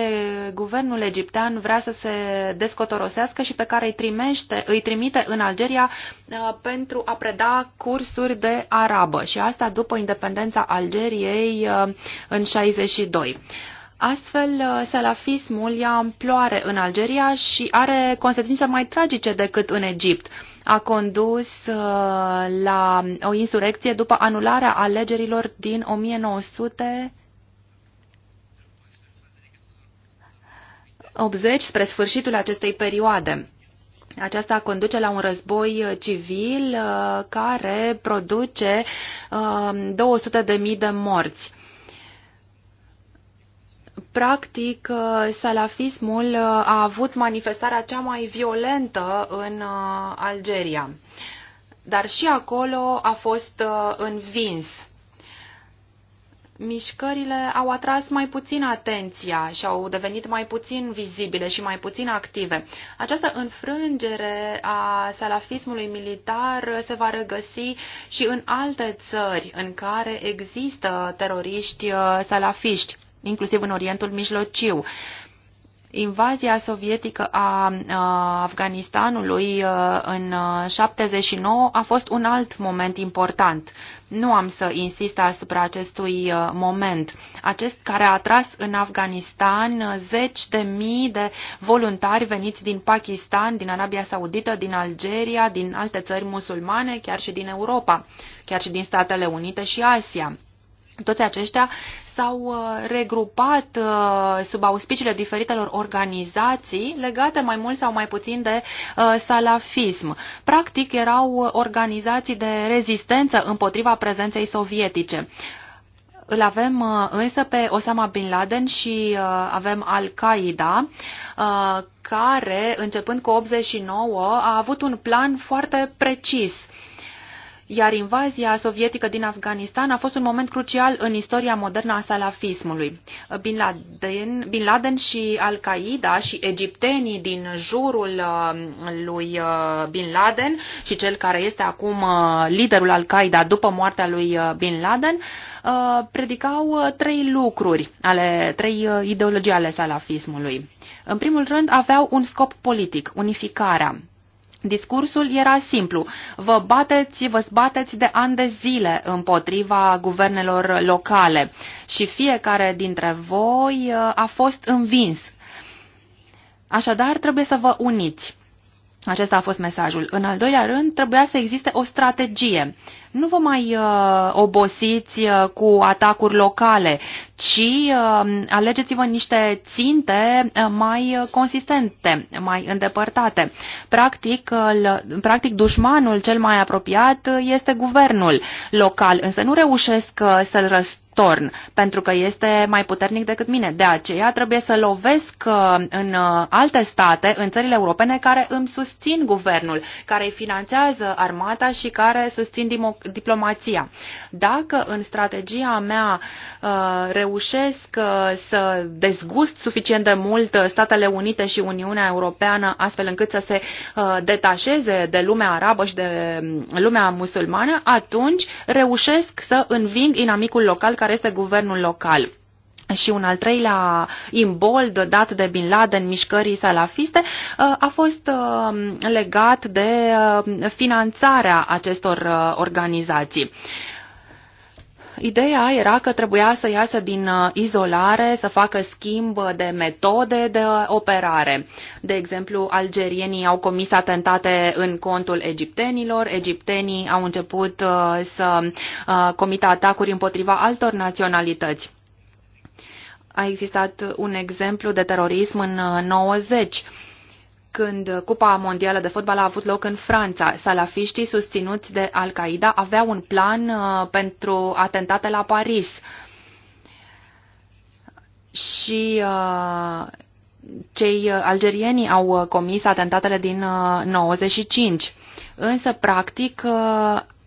guvernul egiptean vrea să se descotorosească și pe care îi, trimește, îi trimite în Algeria uh, pentru a preda cursuri de arabă și asta după independența Algeriei în 62. Astfel, uh, salafismul ia amploare în Algeria și are consecințe mai tragice decât în Egipt. A condus uh, la o insurecție după anularea alegerilor din 1900. 80 spre sfârșitul acestei perioade. Aceasta conduce la un război uh, civil care produce 200.000 de morți. Practic, uh, salafismul uh, a avut manifestarea cea mai violentă în uh, Algeria, dar și acolo a fost învins mișcările au atras mai puțin atenția și au devenit mai puțin vizibile și mai puțin active. Această înfrângere a salafismului militar se va regăsi și în alte țări în care există teroriști salafiști inclusiv în Orientul Mijlociu. Invazia sovietică a Afganistanului în 79 a fost un alt moment important. Nu am să insist asupra acestui moment. Acest care a atras în Afganistan zeci de mii de voluntari veniți din Pakistan, din Arabia Saudită, din Algeria, din alte țări musulmane, chiar și din Europa, chiar și din Statele Unite și Asia. Toți aceștia s-au uh, regrupat uh, sub auspiciile diferitelor organizații legate mai mult sau mai puțin de uh, salafism. Practic erau organizații de rezistență împotriva prezenței sovietice. Îl avem însă pe Osama Bin Laden și avem Al-Qaeda, care, începând cu 89, a avut un plan foarte precis – iar invazia sovietică din Afganistan a fost un moment crucial în istoria modernă a salafismului. Bin Laden, Bin Laden și Al-Qaeda și egiptenii din jurul uh, lui uh, Bin Laden și cel care este acum uh, liderul Al-Qaeda după moartea lui Bin Laden, predicau trei lucruri, ale trei ideologii ale salafismului. În primul rând, aveau un scop politic, unificarea. Discursul era simplu. Vă bateți, vă zbateți de ani de zile împotriva guvernelor locale și fiecare dintre voi uh, a fost învins. Așadar, trebuie să vă uniți. Acesta a fost mesajul. În al doilea rând, trebuia să existe o strategie. Nu vă mai uh, obosiți uh, cu atacuri locale ci uh, alegeți-vă niște ținte uh, mai consistente, mai îndepărtate. Practic, practic, dușmanul cel mai apropiat este guvernul local, însă nu reușesc uh, să-l răsturne torn, pentru că este mai puternic decât mine. De aceea trebuie să lovesc uh, în uh, alte state, în țările europene, care îmi susțin guvernul, care îi finanțează armata și care susțin diplomația. Dacă în strategia mea uh, reușesc să dezgust suficient de mult Statele Unite și Uniunea Europeană, astfel încât să se detașeze de lumea arabă și de um, lumea musulmană, atunci reușesc să înving inamicul local care este guvernul local. Și un al treilea imbold dat de Bin Laden mișcării salafiste uh, a fost uh, legat de uh, finanțarea acestor organizații. Ideea era că trebuia să iasă din uh, izolare, să facă schimb de metode de operare. De exemplu, algerienii au comis atentate în contul egiptenilor, egiptenii au început uh, să uh, comită atacuri împotriva altor naționalități. A existat un exemplu de terorism în 90 când Cupa Mondială de Fotbal a avut loc în Franța. Salafiștii susținuți de Al-Qaeda aveau un plan uh, pentru atentate la Paris. Și uh, cei uh, algerieni au comis atentatele din 95. Însă, practic,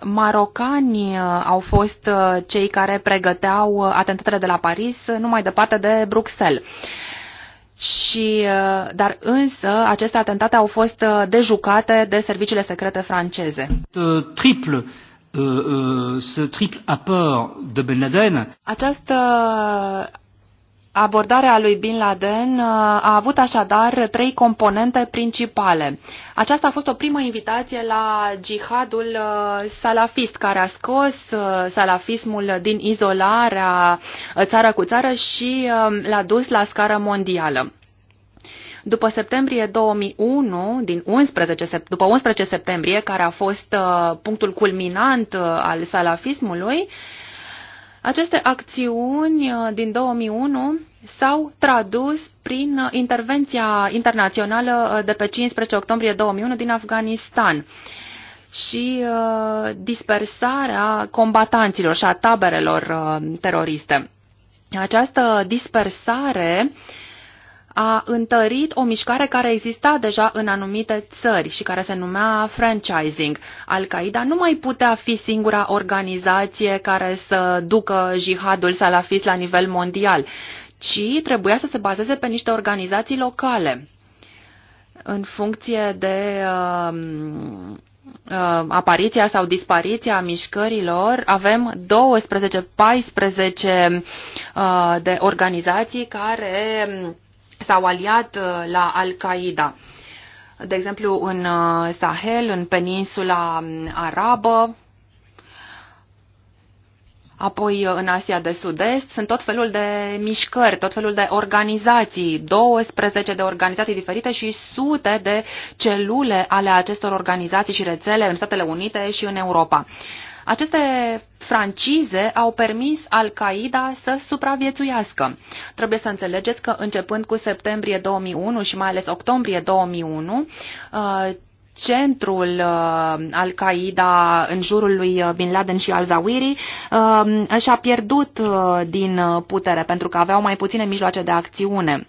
marocani au fost cei care pregăteau atentatele de la Paris, numai departe de Bruxelles și, uh, dar însă aceste atentate au fost uh, dejucate de serviciile secrete franceze. Triple. Uh, uh, ce triple apport de Ben Laden. Această Abordarea lui Bin Laden uh, a avut așadar trei componente principale. Aceasta a fost o primă invitație la jihadul uh, salafist, care a scos uh, salafismul din izolarea țară cu țară și um, l-a dus la scară mondială. După septembrie 2001, din 11, după 11 septembrie, care a fost punctul culminant al salafismului, aceste acțiuni uh, din 2001 s-au tradus prin uh, intervenția internațională uh, de pe 15 octombrie 2001 din Afganistan și dispersarea combatanților și a taberelor teroriste. Această dispersare uh, a întărit o mișcare care exista deja în anumite țări și care se numea franchising. Al-Qaeda nu mai putea fi singura organizație care să ducă jihadul salafist la nivel mondial, ci trebuia să se bazeze pe niște organizații locale în funcție de uh, uh, apariția sau dispariția mișcărilor, avem 12-14 uh, de organizații care um, s-au aliat uh, la Al-Qaeda. De exemplu, în uh, Sahel, în peninsula um, arabă, apoi uh, în Asia de Sud-Est, sunt tot felul de mișcări, tot felul de organizații, 12 de organizații diferite și sute de celule ale acestor organizații și rețele în Statele Unite și în Europa. Aceste francize au permis Al-Qaeda să supraviețuiască. Trebuie să înțelegeți că începând cu septembrie 2001 și mai ales octombrie 2001, uh, centrul uh, Al-Qaeda în jurul lui uh, Bin Laden și Al-Zawiri și-a pierdut din putere pentru că aveau mai puține mijloace de acțiune.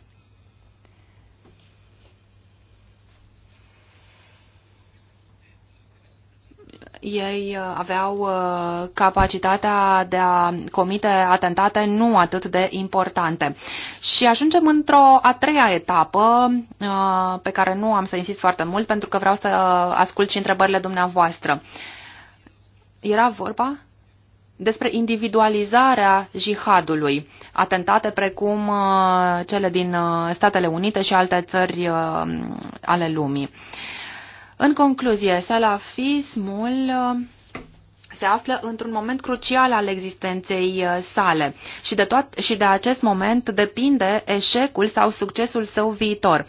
ei uh, aveau uh, capacitatea de a comite atentate nu atât de importante. Și ajungem într-o a treia etapă uh, pe care nu am să insist foarte mult pentru că vreau să ascult și întrebările dumneavoastră. Era vorba despre individualizarea jihadului, atentate precum cele din Statele Unite și alte țări ale lumii. În concluzie, salafismul uh, se află într-un moment crucial al existenței uh, sale și de, toat, și de acest moment depinde eșecul sau succesul său viitor.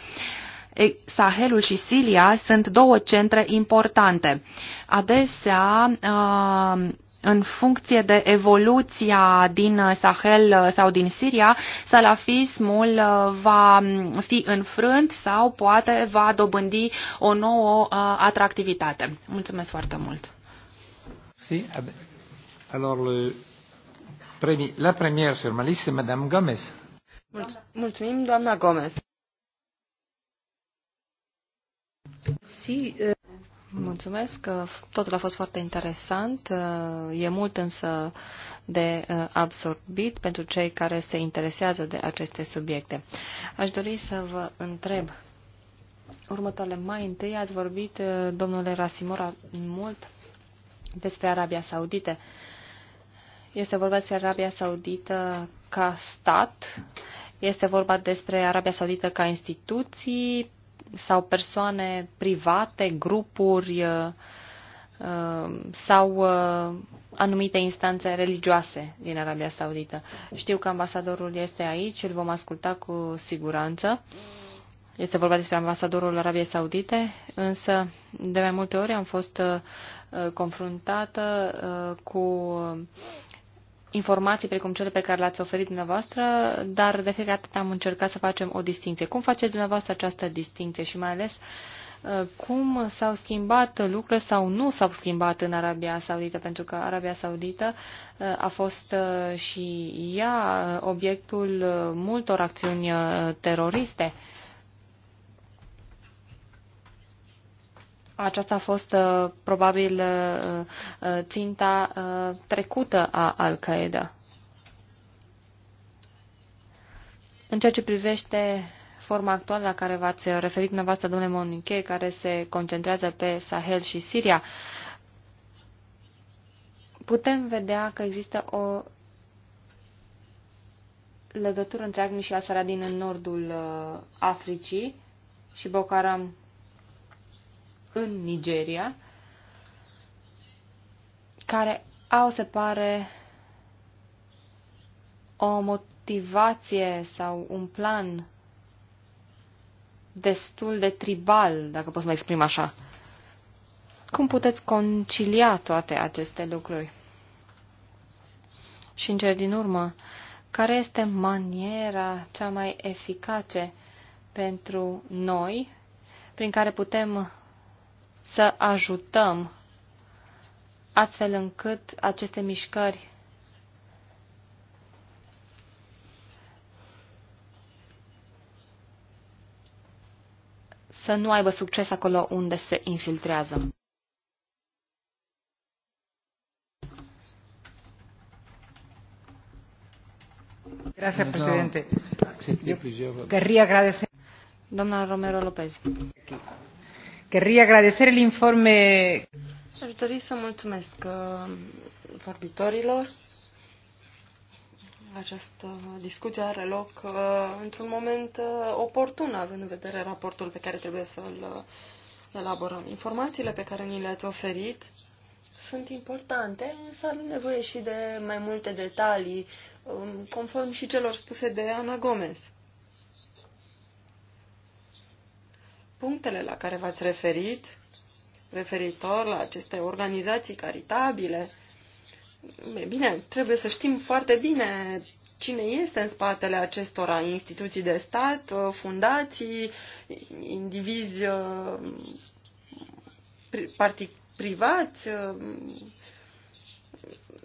Sahelul și Silia sunt două centre importante. Adesea, uh, în funcție de evoluția din Sahel sau din Siria, salafismul uh, va fi înfrânt sau poate va dobândi o nouă uh, atractivitate. Mulțumesc foarte mult! Si, alors le premi, la première sur ma liste, Madame Gomez. Mulțumim, doamna Gomez. Si, uh... Mulțumesc. Uh, totul a fost foarte interesant. Uh, e mult însă de uh, absorbit pentru cei care se interesează de aceste subiecte. Aș dori să vă întreb următoarele. Mai întâi ați vorbit, domnule Rasimora, mult despre Arabia Saudită. Este vorba despre Arabia Saudită ca stat, este vorba despre Arabia Saudită ca instituții sau persoane private, grupuri uh, uh, sau uh, anumite instanțe religioase din Arabia Saudită. Știu că ambasadorul este aici, îl vom asculta cu siguranță. Este vorba despre ambasadorul Arabiei Saudite, însă de mai multe ori am fost confruntată cu informații precum cele pe care le-ați oferit dumneavoastră, dar de fiecare dată am încercat să facem o distinție. Cum faceți dumneavoastră această distinție și mai ales uh, cum s-au schimbat lucrurile sau nu s-au schimbat în Arabia Saudită, pentru că Arabia Saudită uh, a fost uh, și ea obiectul multor acțiuni teroriste. Aceasta a fost uh, probabil uh, uh, ținta trecută a Al-Qaeda. În ceea ce privește forma actuală la care v-ați referit dumneavoastră, domnule Monique, care se concentrează pe Sahel și Siria, putem vedea că există o legătură între Agni și Asaradin în nordul Africii și Bocaram în Nigeria, care au, se pare, o motivație sau un plan destul de tribal, dacă pot să mă exprim așa. Cum puteți concilia toate aceste lucruri? Și în cele din urmă, care este maniera cea mai eficace pentru noi prin care putem să ajutăm astfel încât aceste mișcări să nu aibă succes acolo unde se infiltrează. Gracias, presidente. Doamna Romero Lopez. Querría agradecer el informe. Aș dori să mulțumesc uh, vorbitorilor. Această discuție are loc uh, într-un moment uh, oportun, având în vedere raportul pe care trebuie să-l elaborăm. Informațiile pe care ni le-ați oferit sunt importante, însă avem nevoie și de mai multe detalii, um, conform și celor spuse de Ana Gomez. Punctele la care v-ați referit, referitor la aceste organizații caritabile, e bine, trebuie să știm foarte bine cine este în spatele acestora instituții de stat, uh, fundații, indivizi uh, parti privați uh,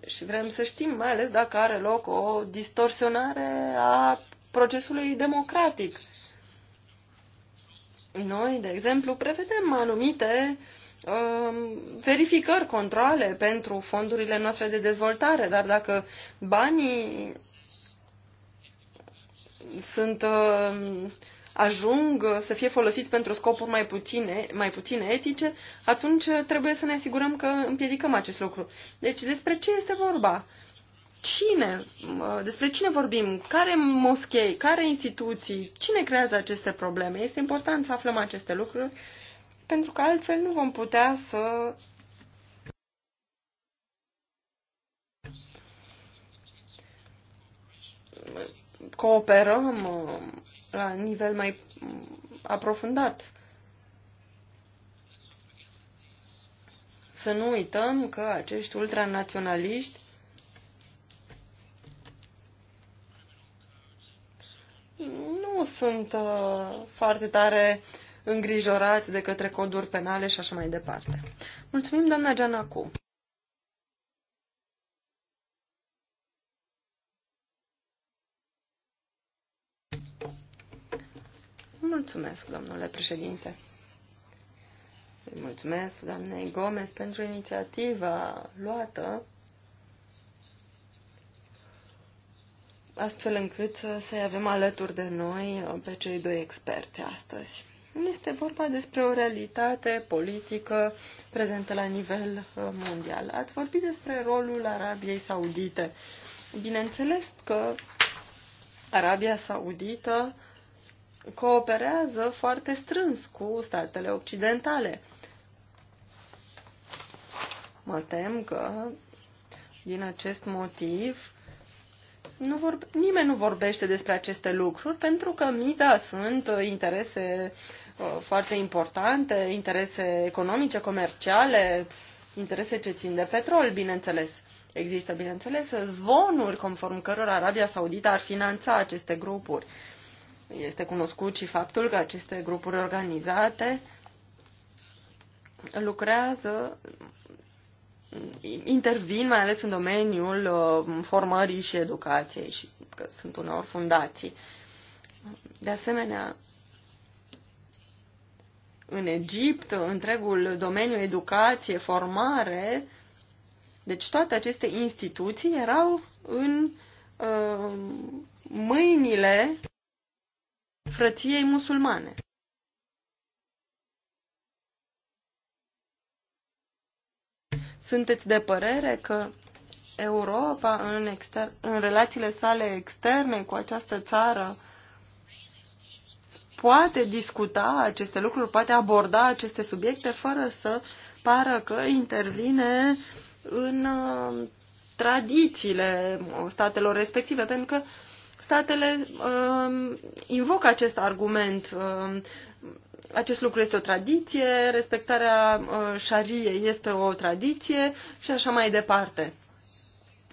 și vrem să știm mai ales dacă are loc o distorsionare a procesului democratic. Noi, de exemplu, prevedem anumite uh, verificări, controle pentru fondurile noastre de dezvoltare, dar dacă banii sunt uh, ajung să fie folosiți pentru scopuri mai puține, mai puține etice, atunci trebuie să ne asigurăm că împiedicăm acest lucru. Deci despre ce este vorba? cine, despre cine vorbim, care moschei, care instituții, cine creează aceste probleme. Este important să aflăm aceste lucruri, pentru că altfel nu vom putea să cooperăm la nivel mai aprofundat. Să nu uităm că acești ultranaționaliști nu sunt uh, foarte tare îngrijorați de către coduri penale și așa mai departe. Mulțumim, doamna Gianacu. Mulțumesc, domnule președinte. Îi mulțumesc doamnei Gomez pentru inițiativa luată astfel încât uh, să-i avem alături de noi uh, pe cei doi experți astăzi. Este vorba despre o realitate politică prezentă la nivel uh, mondial. Ați vorbit despre rolul Arabiei Saudite. Bineînțeles că Arabia Saudită cooperează foarte strâns cu statele occidentale. Mă tem că din acest motiv nu vorbe, nimeni nu vorbește despre aceste lucruri pentru că miza da, sunt uh, interese uh, foarte importante, interese economice, comerciale, interese ce țin de petrol, bineînțeles. Există, bineînțeles, zvonuri conform cărora Arabia Saudită ar finanța aceste grupuri. Este cunoscut și faptul că aceste grupuri organizate lucrează intervin mai ales în domeniul uh, formării și educației și că sunt uneori fundații. De asemenea, în Egipt, întregul domeniu educație, formare, deci toate aceste instituții erau în uh, mâinile frăției musulmane. Sunteți de părere că Europa, în, exter- în relațiile sale externe cu această țară, poate discuta aceste lucruri, poate aborda aceste subiecte fără să pară că intervine în uh, tradițiile statelor respective, pentru că statele uh, invocă acest argument. Uh, acest lucru este o tradiție, respectarea uh, șariei este o tradiție și așa mai departe.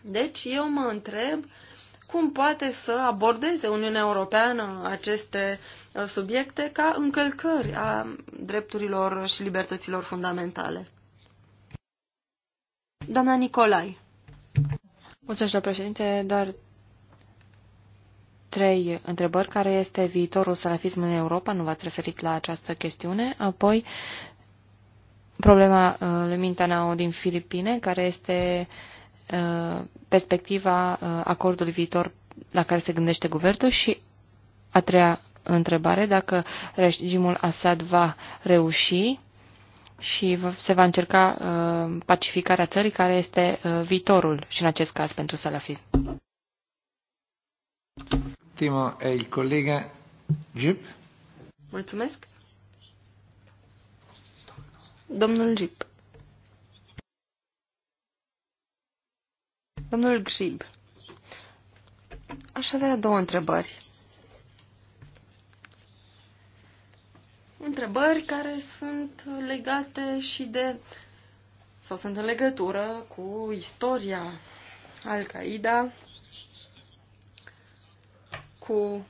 Deci eu mă întreb cum poate să abordeze Uniunea Europeană aceste uh, subiecte ca încălcări a drepturilor și libertăților fundamentale. Doamna Nicolai. Mulțumesc, doamna președinte, doar trei întrebări. Care este viitorul salafismului în Europa? Nu v-ați referit la această chestiune. Apoi, problema uh, lui Mintanao din Filipine, care este uh, perspectiva uh, acordului viitor la care se gândește guvernul și a treia întrebare, dacă regimul Assad va reuși și se va încerca pacificarea țării, care este viitorul și în acest caz pentru salafism. Ultimul e il colega Gip. Mulțumesc. Domnul Gip. Domnul Grib. Aș avea două întrebări. Întrebări care sunt legate și de sau sunt în legătură cu istoria Al-Qaeda cu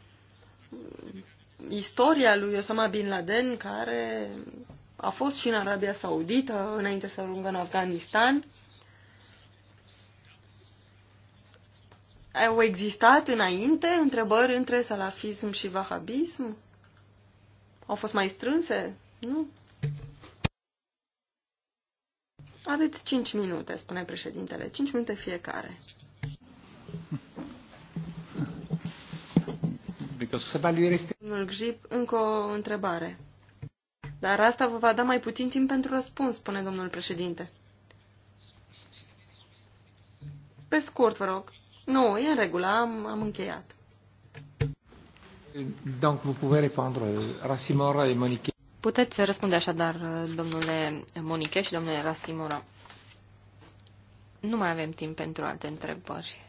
istoria lui Osama Bin Laden, care a fost și în Arabia Saudită înainte să ajungă în Afganistan. Au existat înainte întrebări între salafism și vahabism? Au fost mai strânse? Nu? Aveți 5 minute, spune președintele. 5 minute fiecare. Domnul Grip, încă o întrebare. Dar asta vă va da mai puțin timp pentru răspuns, spune domnul președinte. Pe scurt, vă rog. Nu, e în regulă, am, am încheiat. Donc, vous pouvez répondre, euh, Rassimora et Monique. Puteți răspunde așadar, uh, domnule Monique și domnule Rassimora. Nu mai avem timp pentru alte întrebări.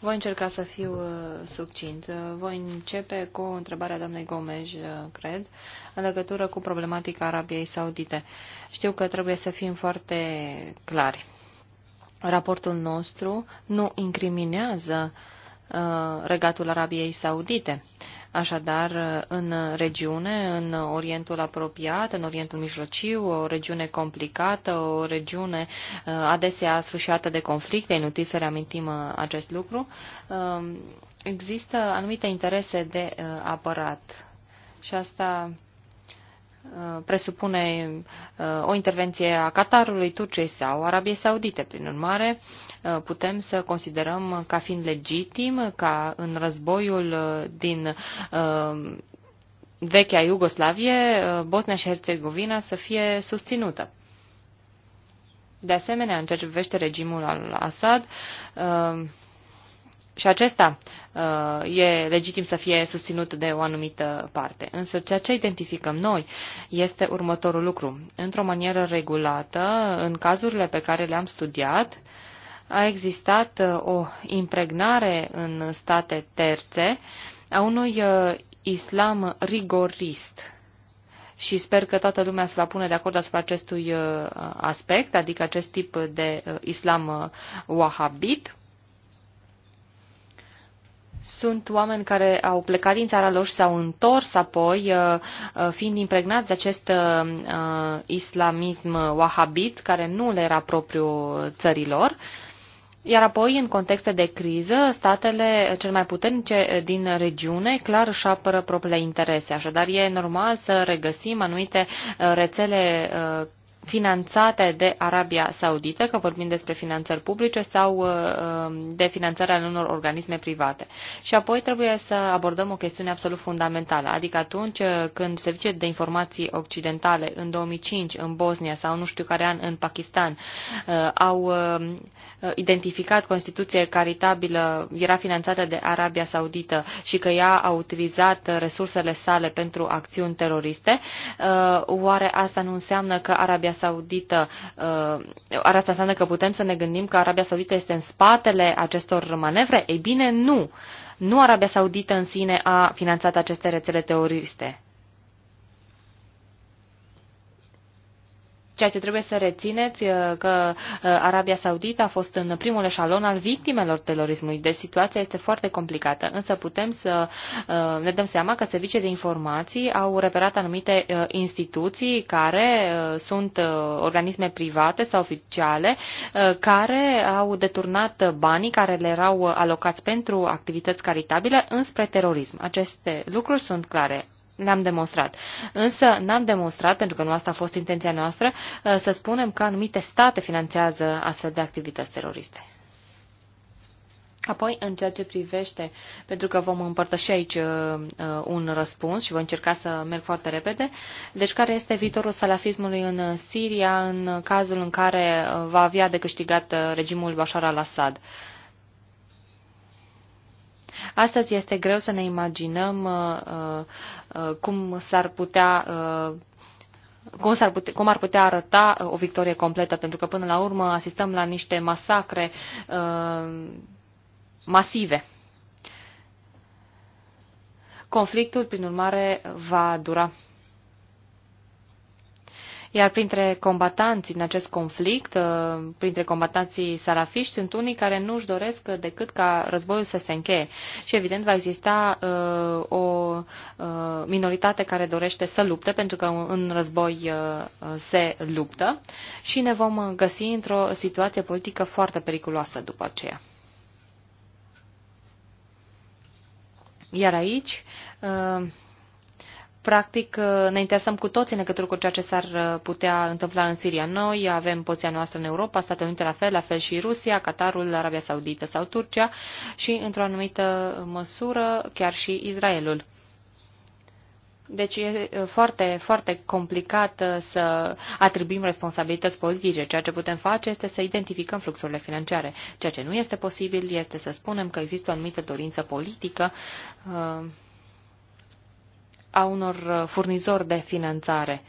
Voi încerca să fiu uh, succint. Uh, voi începe cu întrebarea doamnei Gomej, uh, cred, în legătură cu problematica Arabiei Saudite. Știu că trebuie să fim foarte clari. Raportul nostru nu incriminează uh, regatul Arabiei Saudite. Uh, Așadar, în regiune, în Orientul apropiat, în Orientul mijlociu, o regiune complicată, o regiune uh, adesea sfârșiată de conflicte, inutil să reamintim uh, acest lucru, um, există anumite interese de uh, apărat. Și asta Uh, presupune uh, o intervenție a Qatarului, Turciei sau Arabiei Saudite. Prin urmare, uh, putem să considerăm ca fiind legitim ca în războiul din vechea Iugoslavie, Bosnia și Herțegovina să fie susținută. De asemenea, în ceea ce privește regimul al Assad, și acesta uh, e legitim să fie susținut de o anumită parte. Însă ceea ce identificăm noi este următorul lucru. Într-o manieră regulată, în cazurile pe care le-am studiat, a existat uh, o impregnare în state terțe a unui uh, islam rigorist. Și sper că toată lumea se va pune de acord asupra acestui aspect, adică acest tip de islam wahabit, sunt oameni care au plecat din țara lor și s-au întors apoi, uh, uh, fiind impregnați de acest uh, islamism wahabit, care nu le era propriu țărilor. Iar apoi, în contexte de criză, statele cel mai puternice din regiune clar își apără propriile interese. Așadar, e normal să regăsim anumite rețele finanțate de Arabia Saudită, că vorbim despre finanțări publice sau uh, um, de finanțarea al unor organisme private. Și apoi trebuie să abordăm o chestiune absolut fundamentală, adică atunci uh, când serviciile de informații occidentale în 2005 în Bosnia sau nu știu care an în Pakistan uh, au identificat Constituția caritabilă era finanțată de Arabia Saudită și că ea a utilizat resursele sale pentru acțiuni teroriste, oare asta nu înseamnă că Arabia Arabia Saudită, uh, ar asta înseamnă că putem să ne gândim că Arabia Saudită este în spatele acestor manevre? Ei bine, nu. Nu Arabia Saudită în sine a finanțat aceste rețele teroriste. Ceea ce trebuie să rețineți uh, că uh, Arabia Saudită a fost în primul eșalon al victimelor terorismului, deci situația este foarte complicată, însă putem să uh, ne dăm seama că servicii de informații au reperat anumite instituții care sunt organisme private sau oficiale care au deturnat banii care le erau alocați pentru activități caritabile înspre terorism. Aceste lucruri sunt clare ne am demonstrat. Însă n-am demonstrat, pentru că nu asta a fost intenția noastră, uh, să spunem că anumite state finanțează astfel de activități teroriste. Apoi, în ceea ce privește, pentru că vom împărtăși aici uh, uh un răspuns și voi încerca să merg foarte repede, deci care este viitorul salafismului în Siria în cazul în care uh, va avea de câștigat regimul Bashar al-Assad? Uh, Astăzi este greu să ne imaginăm uh, uh, uh, cum s-ar putea cum, s-ar pute, cum ar putea arăta o victorie completă, pentru că până la urmă asistăm la niște masacre uh, masive. Conflictul, prin urmare, va dura iar printre combatanții în acest conflict, uh, printre combatanții salafiști, sunt unii care nu își doresc decât ca războiul să se încheie. Și evident va exista uh, o uh, minoritate care dorește să lupte, pentru că în război uh, se luptă și ne vom uh, găsi într-o situație politică foarte periculoasă după aceea. Iar aici, uh, practic uh, ne interesăm cu toții în legătură cu ceea ce s-ar uh, putea întâmpla în Siria. Noi avem poziția noastră în Europa, Statele Unite la fel, la fel și Rusia, Qatarul, Arabia Saudită sau Turcia și, într-o anumită măsură, chiar și Israelul. Deci e foarte, foarte complicat uh, să atribuim responsabilități politice. Ceea ce putem face este să identificăm fluxurile financiare. Ceea ce nu este posibil este să spunem că există o anumită dorință politică a unor uh, furnizori de finanțare.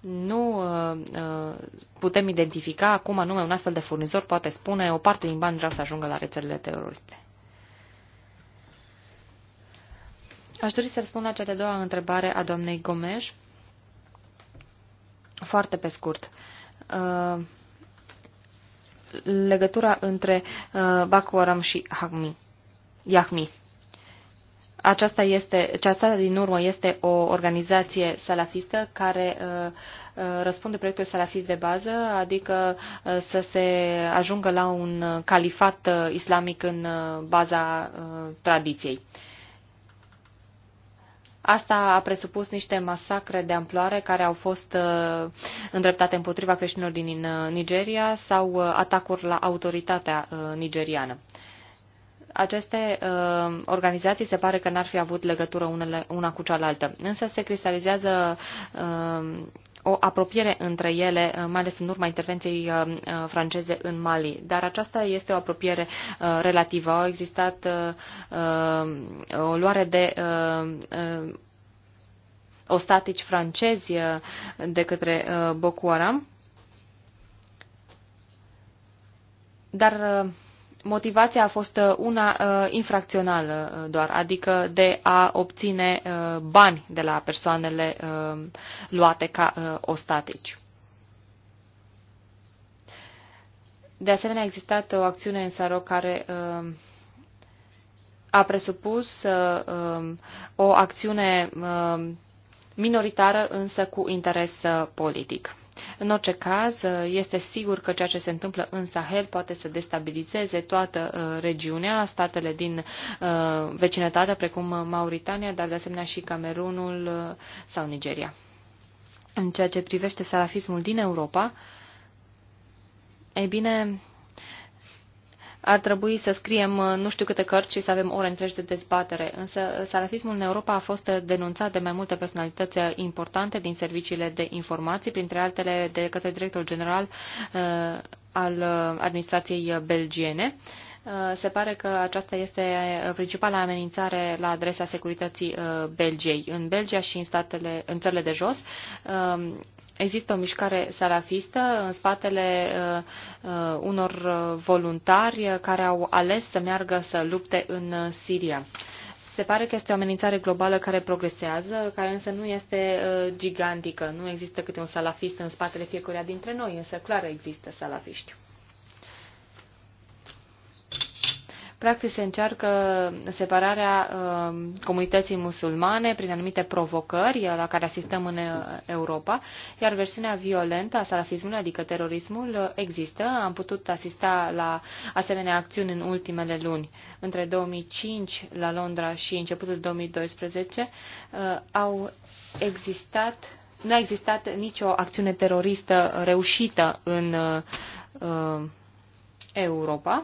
Nu uh, uh, putem identifica cum anume un astfel de furnizor poate spune o parte din bani vreau să ajungă la rețelele teroriste. Aș dori să răspund la cea de doua întrebare a doamnei Gomes. Foarte pe scurt. Legătura între Bakuaram și Hagmi. Aceasta este, aceasta din urmă este o organizație salafistă care uh, uh, răspunde proiectului salafist de bază, adică uh, să se ajungă la un califat islamic în baza tradiției. Asta a presupus niște masacre de amploare care au fost îndreptate împotriva creștinilor din Nigeria sau atacuri la autoritatea nigeriană aceste uh, organizații se pare că n-ar fi avut legătură unele, una cu cealaltă. Însă se cristalizează uh, o apropiere între ele, uh, mai ales în urma intervenției uh, uh, franceze în Mali. Dar aceasta este o apropiere relativă. Au existat o luare de ostatici francezi de către Boko Haram. Dar motivația a fost uh, una uh, infracțională uh, doar, adică de a obține bani de la persoanele luate ca ostatici. De asemenea, a existat o acțiune în Saro care a presupus um, o acțiune minoritară, însă cu interes politic. În orice caz, uh, este sigur că ceea ce se întâmplă în Sahel poate să destabilizeze toată uh, regiunea, statele din uh, vecinătate, precum Mauritania, dar de asemenea și Camerunul sau Nigeria. În ceea ce privește salafismul din Europa, ei bine, ar trebui să scriem uh, nu știu câte cărți și să avem ore întregi de dezbatere, însă salafismul în Europa a fost uh, denunțat de mai multe personalități uh, importante din serviciile de informații, printre altele de către directorul general al administrației belgiene. Se pare că aceasta este principala amenințare la adresa securității Belgiei. În Belgia și în, statele, în țările de jos, Există o mișcare salafistă în spatele uh, uh, unor voluntari care au ales să meargă să lupte în Siria. Se pare că este o amenințare globală care progresează, care însă nu este uh, gigantică. Nu există câte un salafist în spatele fiecăruia dintre noi, însă clar există salafiști. Practic se încearcă separarea um, comunității musulmane prin anumite provocări uh, la care asistăm în uh, Europa, iar versiunea violentă a salafismului, adică terorismul, uh, există. Am putut asista la asemenea acțiuni în ultimele luni. Între 2005 la Londra și începutul 2012 au existat nu a existat nicio acțiune teroristă reușită în uh, Europa.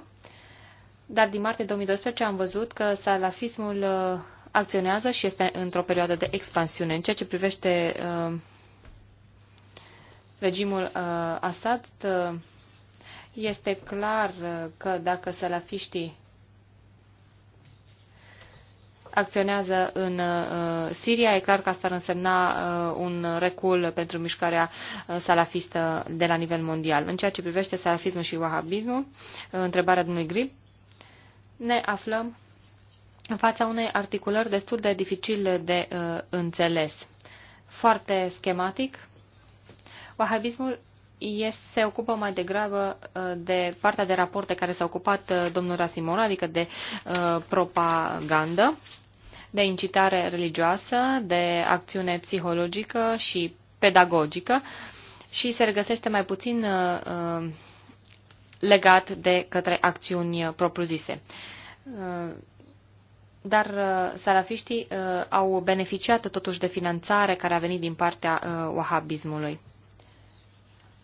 Dar din martie 2012 am văzut că salafismul uh, acționează și este într-o perioadă de expansiune. În ceea ce privește uh, regimul uh, Assad, este clar că dacă salafiștii acționează în uh, Siria, e clar că asta ar însemna uh, un recul pentru mișcarea uh, salafistă de la nivel mondial. În ceea ce privește salafismul și wahabismul, uh, întrebarea domnului Grip, ne aflăm în fața unei articulări destul de dificil de uh, înțeles. Foarte schematic, wahabismul este, se ocupă mai degrabă uh, de partea de raporte care s-a ocupat uh, domnul Rasimor, adică de uh, propagandă, de incitare religioasă, de acțiune psihologică și pedagogică și se regăsește mai puțin uh, uh legat de către acțiuni uh, propriu-zise. Uh, dar uh, salafiștii au beneficiat totuși de finanțare care a venit din partea wahabismului.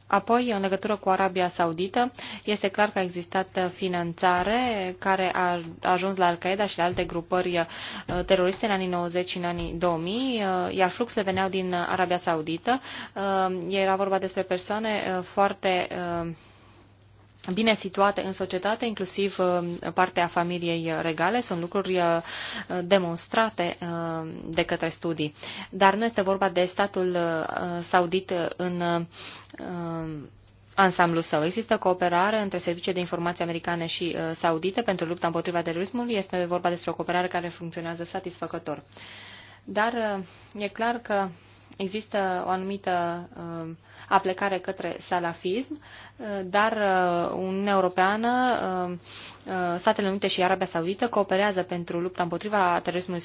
Apoi, în legătură cu Arabia Saudită, este clar că a existat finanțare care a ajuns la Al-Qaeda și la alte grupări teroriste în anii 90 și în anii 2000, iar fluxele veneau din Arabia Saudită. Era vorba despre persoane foarte bine situate în societate, inclusiv uh, partea familiei uh, regale, sunt lucruri uh, demonstrate de către studii. Dar nu este vorba de statul saudit în ansamblu său. Există cooperare între serviciile de informații americane și saudite pentru lupta împotriva terorismului. Este vorba despre o cooperare care funcționează satisfăcător. Dar e clar că există o anumită uh, aplecare către salafism, uh, dar uh, Uniunea Europeană, Statele Unite și Arabia Saudită cooperează pentru lupta împotriva terorismului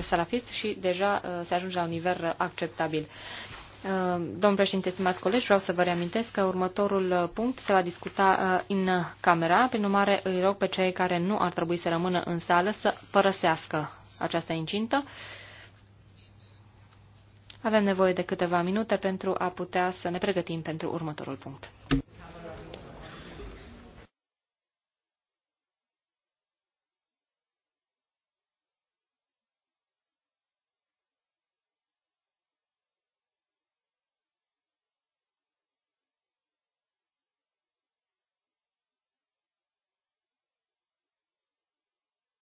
salafist și deja se ajunge la un nivel acceptabil. Domnul președinte, stimați colegi, vreau să vă reamintesc că următorul punct se va discuta în camera. Prin urmare, îi rog pe cei care nu ar trebui să rămână în sală să părăsească această incintă. Avem nevoie de câteva minute pentru a putea să ne pregătim pentru următorul punct.